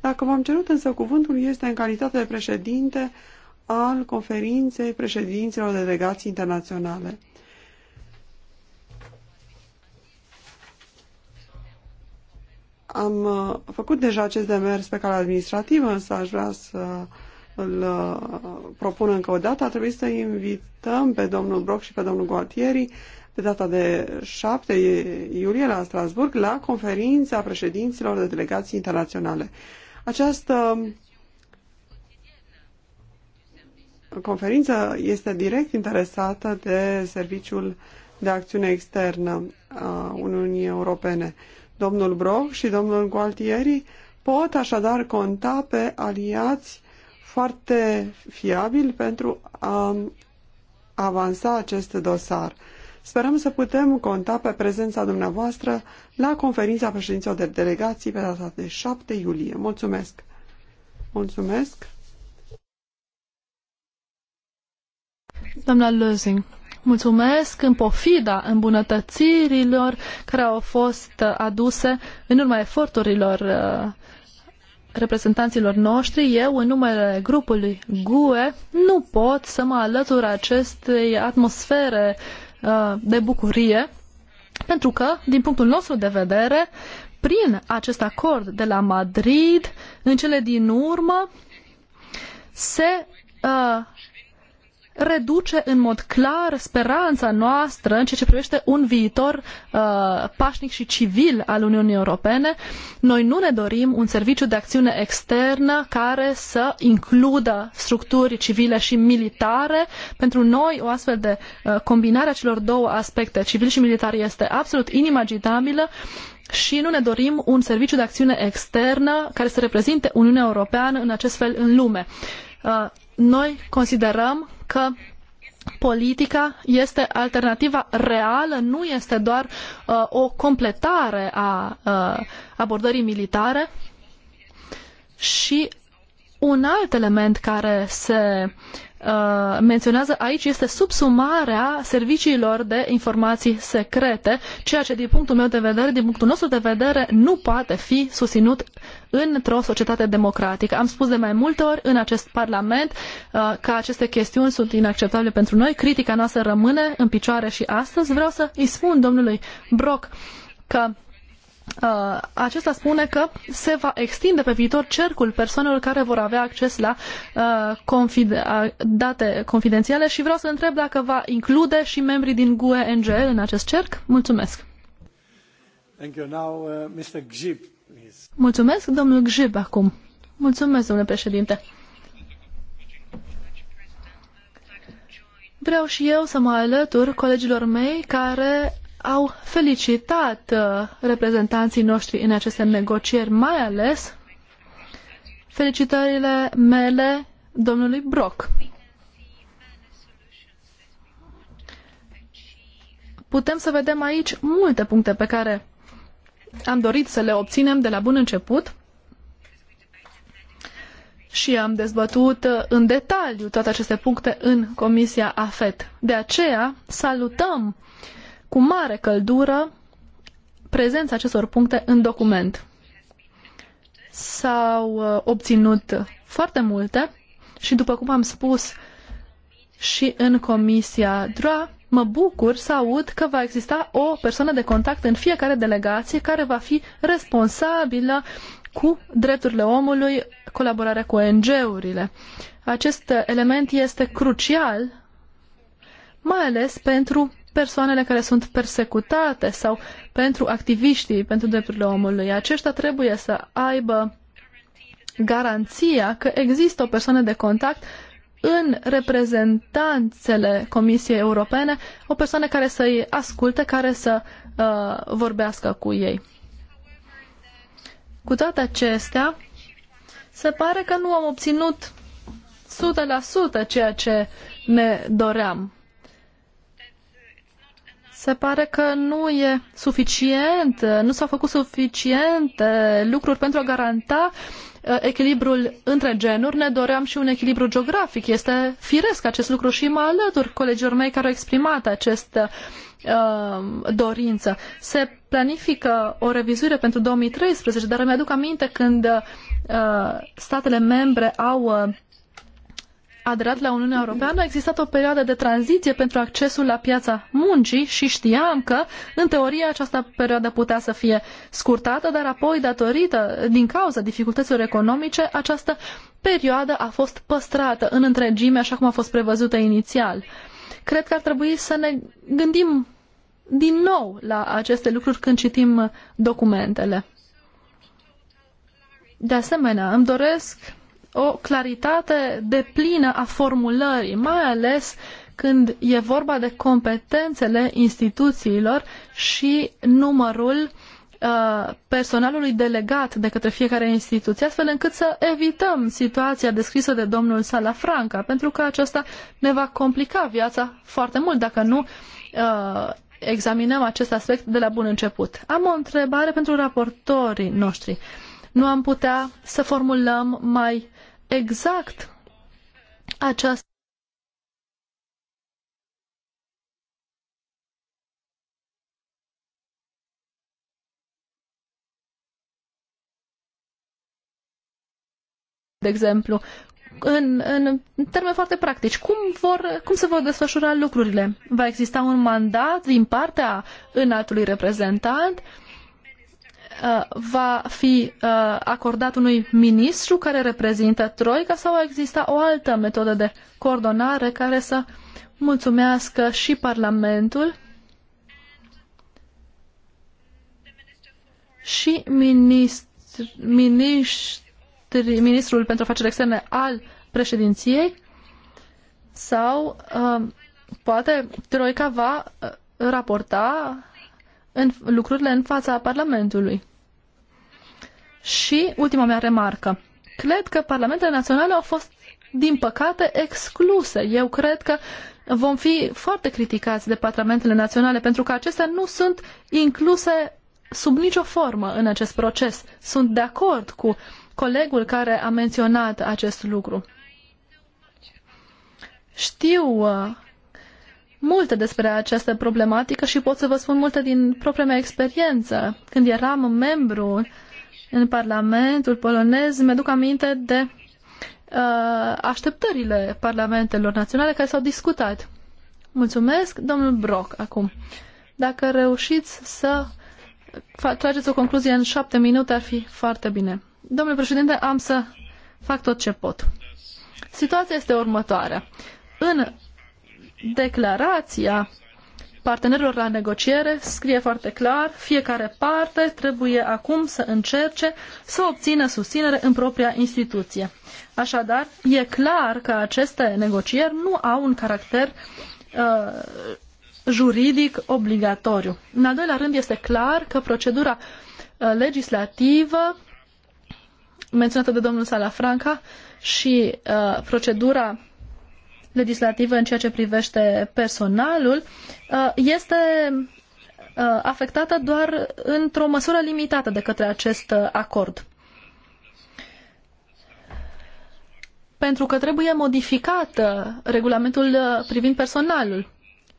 [SPEAKER 2] Dacă v-am cerut însă cuvântul, este în calitate de președinte al conferinței președinților delegații internaționale. Am uh, făcut deja acest demers pe cale administrativă, însă aș vrea să îl uh, propun încă o dată. A trebuit să invităm pe domnul Broc și pe domnul Gualtieri pe data de 7 iulie la Strasburg la conferința președinților de delegații internaționale. Această conferință este direct interesată de Serviciul de Acțiune Externă a Uniunii Europene. Domnul Brock și domnul Gualtieri pot așadar conta pe aliați foarte fiabili pentru a avansa acest dosar. Sperăm să putem conta pe prezența dumneavoastră la conferința președinților de delegații pe data de 7 iulie. Mulțumesc! Mulțumesc!
[SPEAKER 4] Domnul Lăzing. Mulțumesc în pofida îmbunătățirilor care au fost uh, aduse în urma eforturilor uh, reprezentanților noștri, eu, în numele grupului GUE, nu pot să mă alătur acestei atmosfere uh, de bucurie, pentru că, din punctul nostru de vedere, prin acest acord de la Madrid, în cele din urmă, se uh, reduce în mod clar speranța noastră în ceea ce privește un viitor uh, pașnic și civil al Uniunii Europene. Noi nu ne dorim un serviciu de acțiune externă care să includă structuri civile și militare. Pentru noi o astfel de uh, combinare a celor două aspecte, civil și militar, este absolut inimaginabilă și nu ne dorim un serviciu de acțiune externă care să reprezinte Uniunea Europeană în acest fel în lume. Uh, noi considerăm că politica este alternativa reală, nu este doar uh, o completare a uh, abordării militare. Și un alt element care se Uh, menționează aici este subsumarea serviciilor de informații secrete, ceea ce din punctul meu de vedere, din punctul nostru de vedere, nu poate fi susținut într-o societate democratică. Am spus de mai multe ori în acest Parlament uh, că aceste chestiuni sunt inacceptabile pentru noi, critica noastră rămâne în picioare și astăzi. Vreau să îi spun domnului Brok că Uh, acesta spune că se va extinde pe viitor cercul persoanelor care vor avea acces la uh, confide uh, date confidențiale și vreau să întreb dacă va include și membrii din GUE NGL în acest cerc. Mulțumesc.
[SPEAKER 1] Thank you. Now, uh, Mr. Gzib,
[SPEAKER 4] Mulțumesc, domnul acum. Mulțumesc, domnule președinte. Vreau și eu să mă alătur colegilor mei care au felicitat uh, reprezentanții noștri în aceste negocieri, mai ales felicitările mele domnului Brock. Putem să vedem aici multe puncte pe care am dorit să le obținem de la bun început și am dezbătut uh, în detaliu toate aceste puncte în Comisia AFET. De aceea salutăm cu mare căldură prezența acestor puncte în document. S-au uh, obținut foarte multe și, după cum am spus și în Comisia DRA, mă bucur să aud că va exista o persoană de contact în fiecare delegație care va fi responsabilă cu drepturile omului, colaborarea cu ONG-urile. Acest element este crucial, mai ales pentru persoanele care sunt persecutate sau pentru activiștii pentru drepturile omului. Aceștia trebuie să aibă garanția că există o persoană de contact în reprezentanțele Comisiei Europene, o persoană care să-i asculte, care să uh, vorbească cu ei. Cu toate acestea, se pare că nu am obținut 100% ceea ce ne doream se pare că nu e suficient, nu s-au făcut suficiente lucruri pentru a garanta uh, echilibrul între genuri. Ne doream și un echilibru geografic. Este firesc acest lucru și mă alătur colegilor mei care au exprimat această uh, dorință. Se planifică o revizuire pentru 2013, dar îmi aduc aminte când uh, statele membre au aderat la Uniunea Europeană, a existat o perioadă de tranziție pentru accesul la piața muncii și știam că, în teorie, această perioadă putea să fie scurtată, dar apoi, datorită, din cauza dificultăților economice, această perioadă a fost păstrată în întregime, așa cum a fost prevăzută inițial. Cred că ar trebui să ne gândim din nou la aceste lucruri când citim documentele. De asemenea, îmi doresc o claritate deplină a formulării, mai ales când e vorba de competențele instituțiilor și numărul uh, personalului delegat de către fiecare instituție, astfel încât să evităm situația descrisă de domnul Salafranca, pentru că aceasta ne va complica viața foarte mult dacă nu uh, examinăm acest aspect de la bun început. Am o întrebare pentru raportorii noștri. Nu am putea să formulăm mai exact această de exemplu, în, în termeni foarte practici, cum, vor, cum se vor desfășura lucrurile? Va exista un mandat din partea înaltului reprezentant? Uh, Uh, va fi uh, acordat unui ministru care reprezintă Troica sau va exista o altă metodă de coordonare care să mulțumească și Parlamentul și ministrul pentru afaceri externe al președinției sau uh, poate Troica va uh, raporta în lucrurile în fața Parlamentului. Și ultima mea remarcă. Cred că parlamentele naționale au fost, din păcate, excluse. Eu cred că vom fi foarte criticați de parlamentele naționale pentru că acestea nu sunt incluse sub nicio formă în acest proces. Sunt de acord cu colegul care a menționat acest lucru. Știu uh, multe despre această problematică și pot să vă spun multe din propria mea experiență. Când eram membru în Parlamentul polonez, mi-aduc aminte de uh, așteptările parlamentelor naționale care s-au discutat. Mulțumesc, domnul Brock, acum. Dacă reușiți să trageți o concluzie în șapte minute, ar fi foarte bine. Domnule președinte, am să fac tot ce pot. Situația este următoarea. În declarația partenerilor la negociere scrie foarte clar, fiecare parte trebuie acum să încerce să obțină susținere în propria instituție. Așadar, e clar că aceste negocieri nu au un caracter uh, juridic obligatoriu. În al doilea rând, este clar că procedura uh, legislativă menționată de domnul Salafranca și uh, procedura legislativă în ceea ce privește personalul uh, este uh, afectată doar într-o măsură limitată de către acest uh, acord. Pentru că trebuie modificat regulamentul privind personalul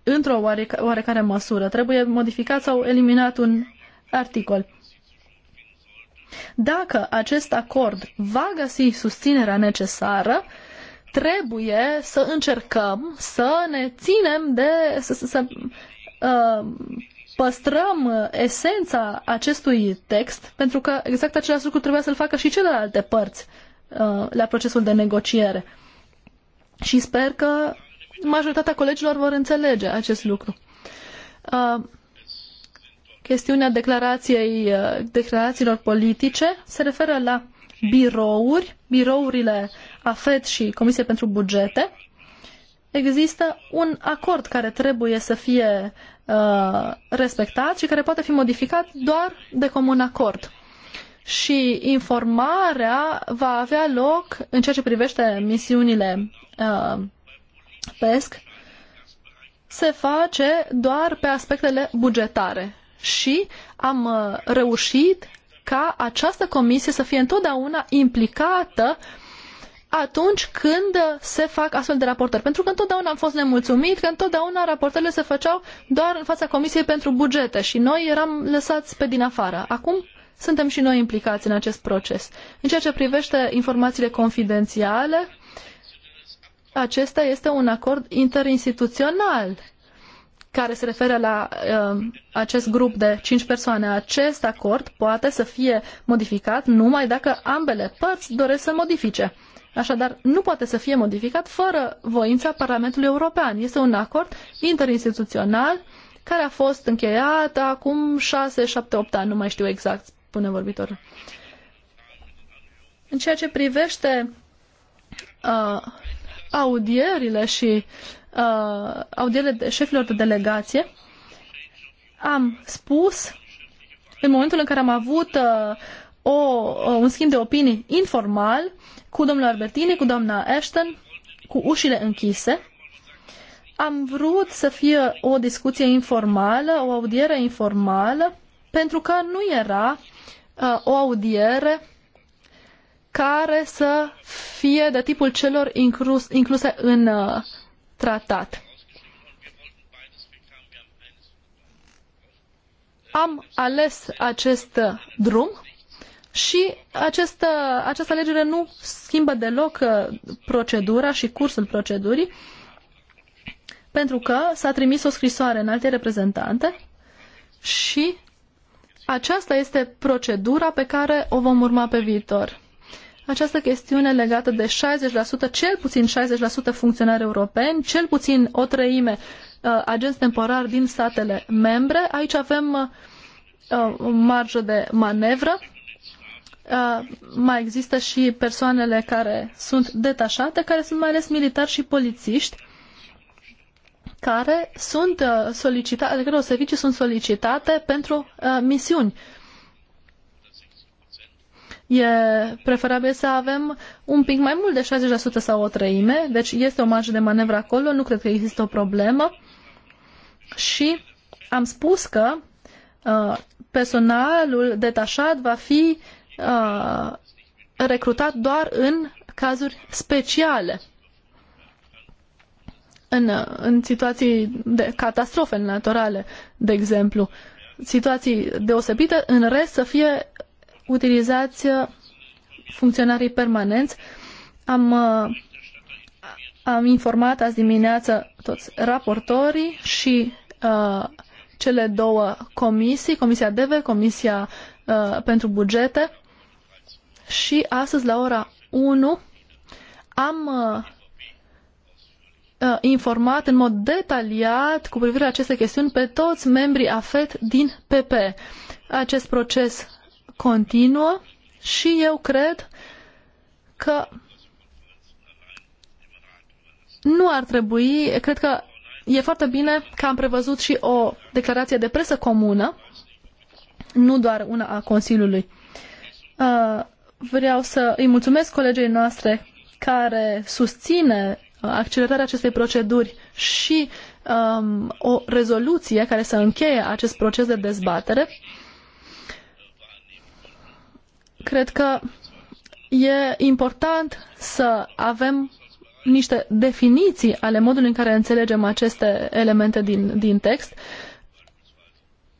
[SPEAKER 4] într-o oarecare măsură. Trebuie modificat sau eliminat un articol. Dacă acest acord va găsi susținerea necesară, uh, trebuie să încercăm să ne ținem de. să, să, să uh, păstrăm esența acestui text, pentru că exact același lucru trebuia să-l facă și celelalte părți uh, la procesul de negociere. Și sper că majoritatea colegilor vor înțelege acest lucru. Uh, chestiunea declarației, uh, declarațiilor politice se referă la birouri, birourile AFET și Comisie pentru Bugete, există un acord care trebuie să fie uh, respectat și care poate fi modificat doar de comun acord. Și informarea va avea loc în ceea ce privește misiunile uh, PESC, se face doar pe aspectele bugetare. Și am uh, reușit ca această comisie să fie întotdeauna implicată atunci când se fac astfel de raportări. Pentru că întotdeauna am fost nemulțumit, că întotdeauna raportările se făceau doar în fața Comisiei pentru bugete și noi eram lăsați pe din afară. Acum suntem și noi implicați în acest proces. În ceea ce privește informațiile confidențiale, acesta este un acord interinstituțional care se referă la uh, acest grup de cinci persoane. Acest acord poate să fie modificat numai dacă ambele părți doresc să modifice. Așadar, nu poate să fie modificat fără voința Parlamentului European. Este un acord interinstituțional care a fost încheiat acum 6, 7, 8 ani, nu mai știu exact, spune vorbitorul. În ceea ce privește uh, audierile și uh, audierile șefilor de delegație, am spus, în momentul în care am avut uh, o, uh, un schimb de opinii informal cu domnul Albertini, cu doamna Ashton, cu ușile închise, am vrut să fie o discuție informală, o audiere informală, pentru că nu era uh, o audiere care să fie de tipul celor inclus, incluse în uh, tratat. Am ales acest drum și această, această alegere nu schimbă deloc uh, procedura și cursul procedurii, pentru că s-a trimis o scrisoare în alte reprezentante și aceasta este procedura pe care o vom urma pe viitor această chestiune legată de 60%, cel puțin 60% funcționari europeni, cel puțin o treime uh, agenți temporari din statele membre. Aici avem o uh, uh, marjă de manevră. Mai există și persoanele care sunt detașate, care sunt mai ales militari și polițiști, care sunt solicitate, adică, cred, servicii sunt solicitate pentru misiuni E preferabil să avem un pic mai mult de 60% sau o treime, deci este o marjă de manevră acolo, nu cred că există o problemă. Și am spus că uh, personalul detașat va fi uh, recrutat doar în cazuri speciale în, uh, în situații de catastrofe naturale, de exemplu, situații deosebite, în rest să fie utilizați uh, funcționarii permanenți. Am, uh, am informat azi dimineață toți raportorii și uh, cele două comisii, Comisia DEVE, Comisia uh, pentru Bugete și astăzi la ora 1 am uh, uh, informat în mod detaliat cu privire la aceste chestiuni pe toți membrii AFET din PP. Acest proces continuă și eu cred că nu ar trebui, cred că e foarte bine că am prevăzut și o declarație de presă comună, nu doar una a Consiliului. Uh, vreau să îi mulțumesc colegei noastre care susține uh, accelerarea acestei proceduri și um, o rezoluție care să încheie acest proces de dezbatere. Uh, Cred că e important să avem niște definiții ale modului în care înțelegem aceste elemente din, din text.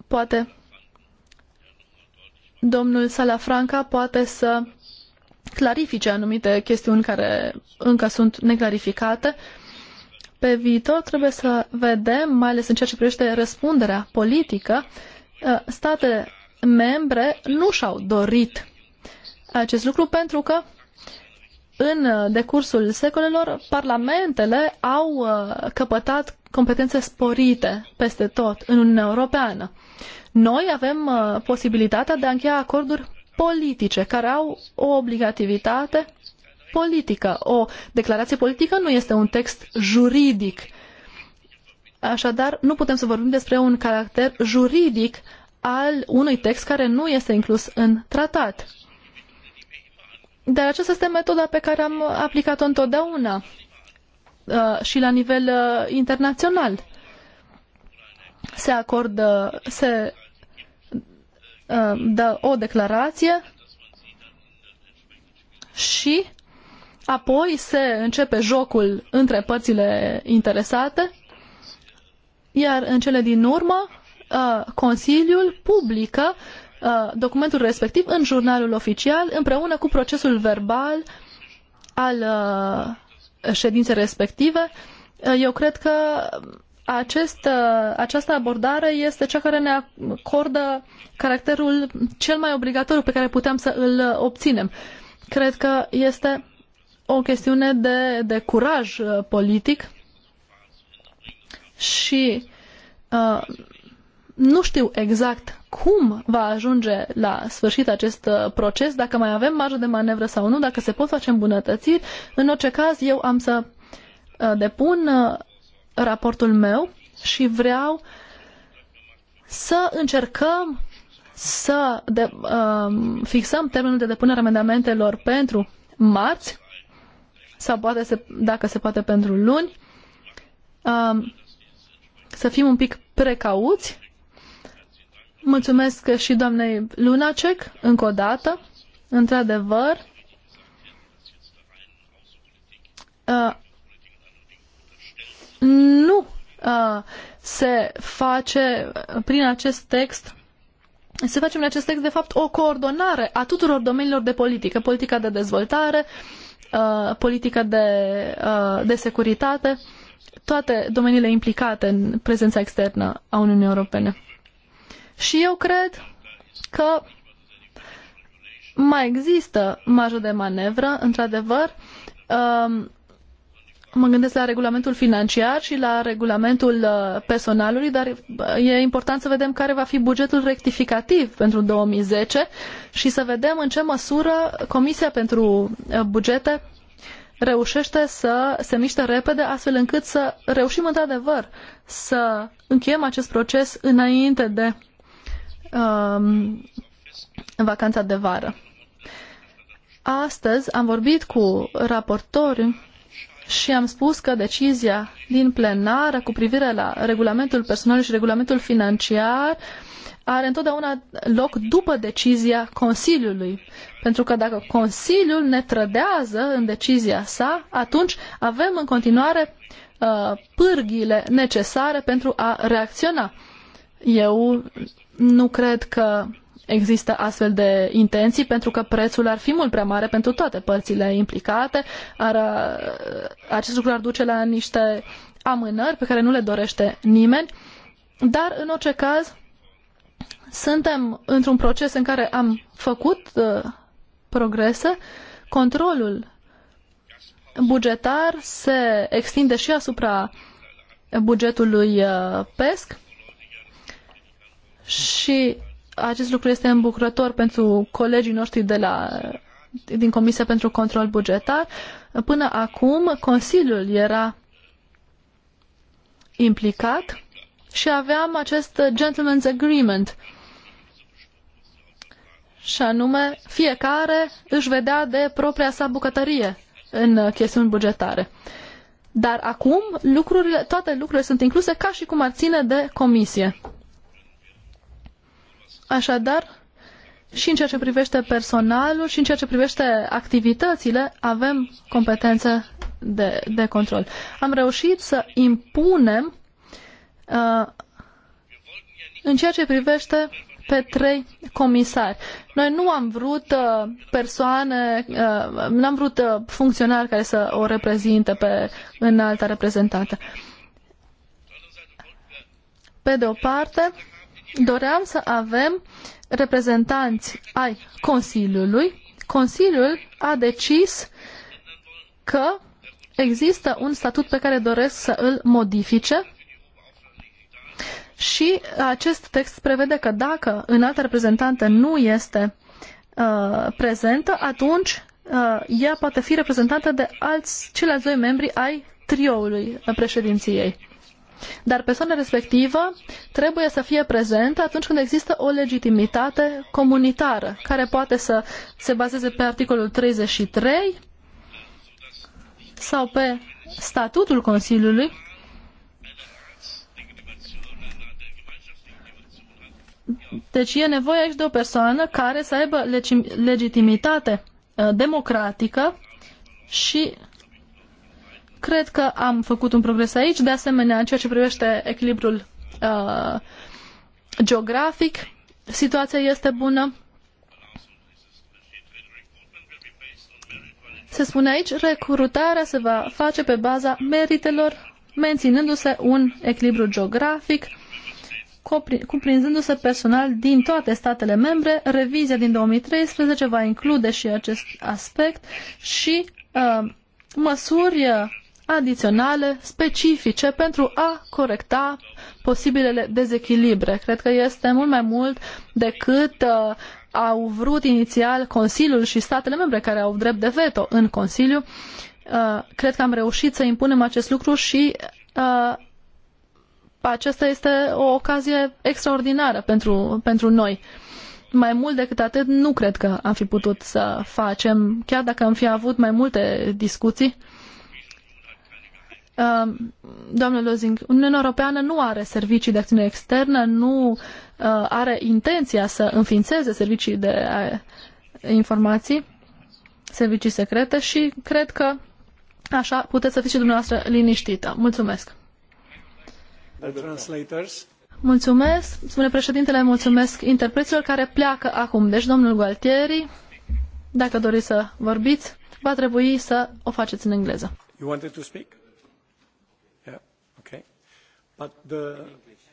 [SPEAKER 4] Poate domnul Salafranca poate să clarifice anumite chestiuni care încă sunt neclarificate. Pe viitor trebuie să vedem, mai ales în ceea ce privește răspunderea politică, statele membre nu și-au dorit acest lucru pentru că în uh, decursul secolelor, parlamentele au uh, căpătat competențe sporite peste tot în Uniunea Europeană. Noi avem uh, posibilitatea de a încheia acorduri politice care au o obligativitate politică. O declarație politică nu este un text juridic. Așadar, nu putem să vorbim despre un caracter juridic al unui text care nu este inclus în tratat. Dar aceasta este metoda pe care am aplicat-o întotdeauna uh, și la nivel uh, internațional. Se acordă, se uh, dă o declarație și apoi se începe jocul între părțile interesate, iar în cele din urmă Consiliul publică Uh, documentul respectiv în jurnalul oficial împreună cu procesul verbal al uh, ședinței respective. Uh, eu cred că acest, această abordare este cea care ne acordă caracterul cel mai obligatoriu pe care putem să îl obținem. Cred că este o chestiune de, de curaj politic și uh, nu știu exact cum va ajunge la sfârșit acest uh, proces, dacă mai avem marjă de manevră sau nu, dacă se pot face îmbunătățiri. În orice caz, eu am să uh, depun uh, raportul meu și vreau să încercăm să de, um, fixăm termenul de depunere amendamentelor pentru marți sau poate se, dacă se poate pentru luni. Um, să fim un pic precauți Mulțumesc și doamnei Lunacek, încă o dată. Într-adevăr, uh, nu uh, se face prin acest text se face prin acest text, de fapt, o coordonare a tuturor domeniilor de politică. Politica de dezvoltare, uh, politica de, de securitate, toate domeniile implicate în prezența externă a Uniunii Europene. Și eu cred că mai există marjă de manevră, într-adevăr. Um, mă gândesc la regulamentul financiar și la regulamentul uh, personalului, dar uh, e important să vedem care va fi bugetul rectificativ pentru 2010 și să vedem în ce măsură Comisia pentru uh, Bugete reușește să se miște repede astfel încât să reușim într-adevăr să încheiem acest proces înainte de um, vacanța de vară. Astăzi am vorbit cu raportori și am spus că decizia din plenară cu privire la regulamentul personal și regulamentul financiar are întotdeauna loc după decizia Consiliului. Pentru că dacă Consiliul ne trădează în decizia sa, atunci avem în continuare uh, pârghile necesare pentru a reacționa. Eu nu cred că există astfel de intenții pentru că prețul ar fi mult prea mare pentru toate părțile implicate. Ar, acest lucru ar duce la niște amânări pe care nu le dorește nimeni, dar în orice caz suntem într-un proces în care am făcut uh, progrese. Controlul bugetar se extinde și asupra bugetului uh, PESC și acest lucru este îmbucurător pentru colegii noștri de la, din Comisia pentru Control Bugetar. Până acum, Consiliul era implicat și aveam acest gentleman's agreement și anume fiecare își vedea de propria sa bucătărie în chestiuni bugetare. Dar acum lucrurile, toate lucrurile sunt incluse ca și cum ar ține de comisie. Așadar, și în ceea ce privește personalul și în ceea ce privește activitățile, avem competențe de, de control. Am reușit să impunem uh, în ceea ce privește pe trei comisari. Noi nu am vrut uh, persoane, uh, nu am vrut uh, funcționari care să o reprezinte pe înalta reprezentată. Pe de o parte, doream să avem reprezentanți ai Consiliului. Consiliul a decis că există un statut pe care doresc să îl modifice și acest text prevede că dacă înaltă reprezentantă nu este uh, prezentă, atunci uh, ea poate fi reprezentată de alți, ceilalți doi membri ai trioului președinției. Dar persoana respectivă trebuie să fie prezentă atunci când există o legitimitate comunitară, care poate să se bazeze pe articolul 33 sau pe statutul Consiliului, Deci e nevoie aici de o persoană care să aibă legitimitate uh, democratică și Cred că am făcut un progres aici. De asemenea, în ceea ce privește echilibrul uh, geografic, situația este bună. Se spune aici, recrutarea se va face pe baza meritelor, menținându-se un echilibru geografic, cuprinzându-se personal din toate statele membre. Revizia din 2013 va include și acest aspect și uh, măsuri adiționale, specifice, pentru a corecta posibilele dezechilibre. Cred că este mult mai mult decât uh, au vrut inițial Consiliul și statele membre care au drept de veto în Consiliu. Uh, cred că am reușit să impunem acest lucru și uh, aceasta este o ocazie extraordinară pentru, pentru noi. Mai mult decât atât, nu cred că am fi putut să facem, chiar dacă am fi avut mai multe discuții, uh, Um, domnul Lozing, Uniunea Europeană nu are servicii de acțiune externă, nu uh, are intenția să înființeze servicii de uh, informații, servicii secrete și cred că așa puteți să fiți și dumneavoastră liniștită. Mulțumesc! Mulțumesc, spune președintele, mulțumesc interpreților care pleacă acum. Deci, domnul Gualtieri, dacă doriți să vorbiți, va trebui să o faceți în engleză.
[SPEAKER 1] You wanted to speak? But the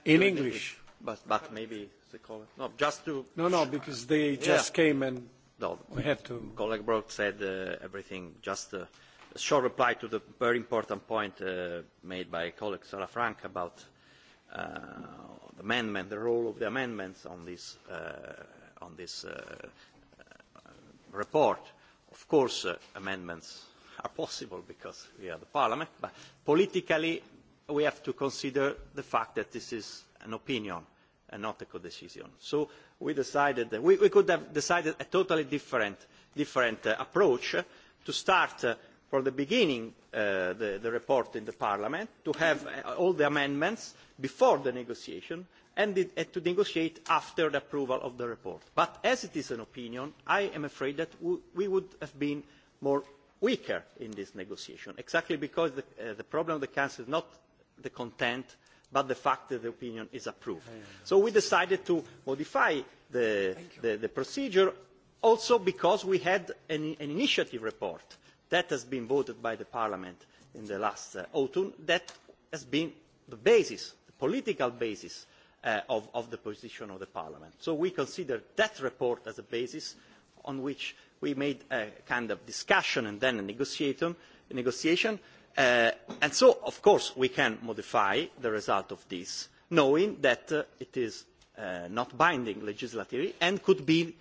[SPEAKER 1] in English. In English. But but maybe the colleague. No, just to. No, no, because they just yeah. came and no, we have to. Colleague Brock said uh, everything. Just a, a short reply to the very important point uh, made by colleague Sarah Frank about uh, the amendment, the role of the amendments on this uh, on this uh, uh report. Of course, uh, amendments are possible because we are the parliament, but politically we have to consider the fact that this is an opinion and not a co-decision. So we decided that we, could have decided a totally different, different uh, approach to start uh, from the beginning uh, the, the report in the Parliament, to have uh, all the amendments before the negotiation, and, the, and to negotiate after the approval of the report. But as it is an opinion, I am afraid that we, we would have been more weaker in this negotiation, exactly because the, uh, the problem of the Council is not the content but the fact that the opinion is approved. So we decided to modify the, the, the procedure also because we had an, an, initiative report that has been voted by the Parliament in the last uh, autumn that has been the basis, the political basis uh, of, of the position of the Parliament. So we consider that report as a basis on which we made a kind of discussion and then a negotiation, a negotiation Uh, and so, of course, we can modify the result of this, knowing that uh, it is uh, not binding legislatively and could be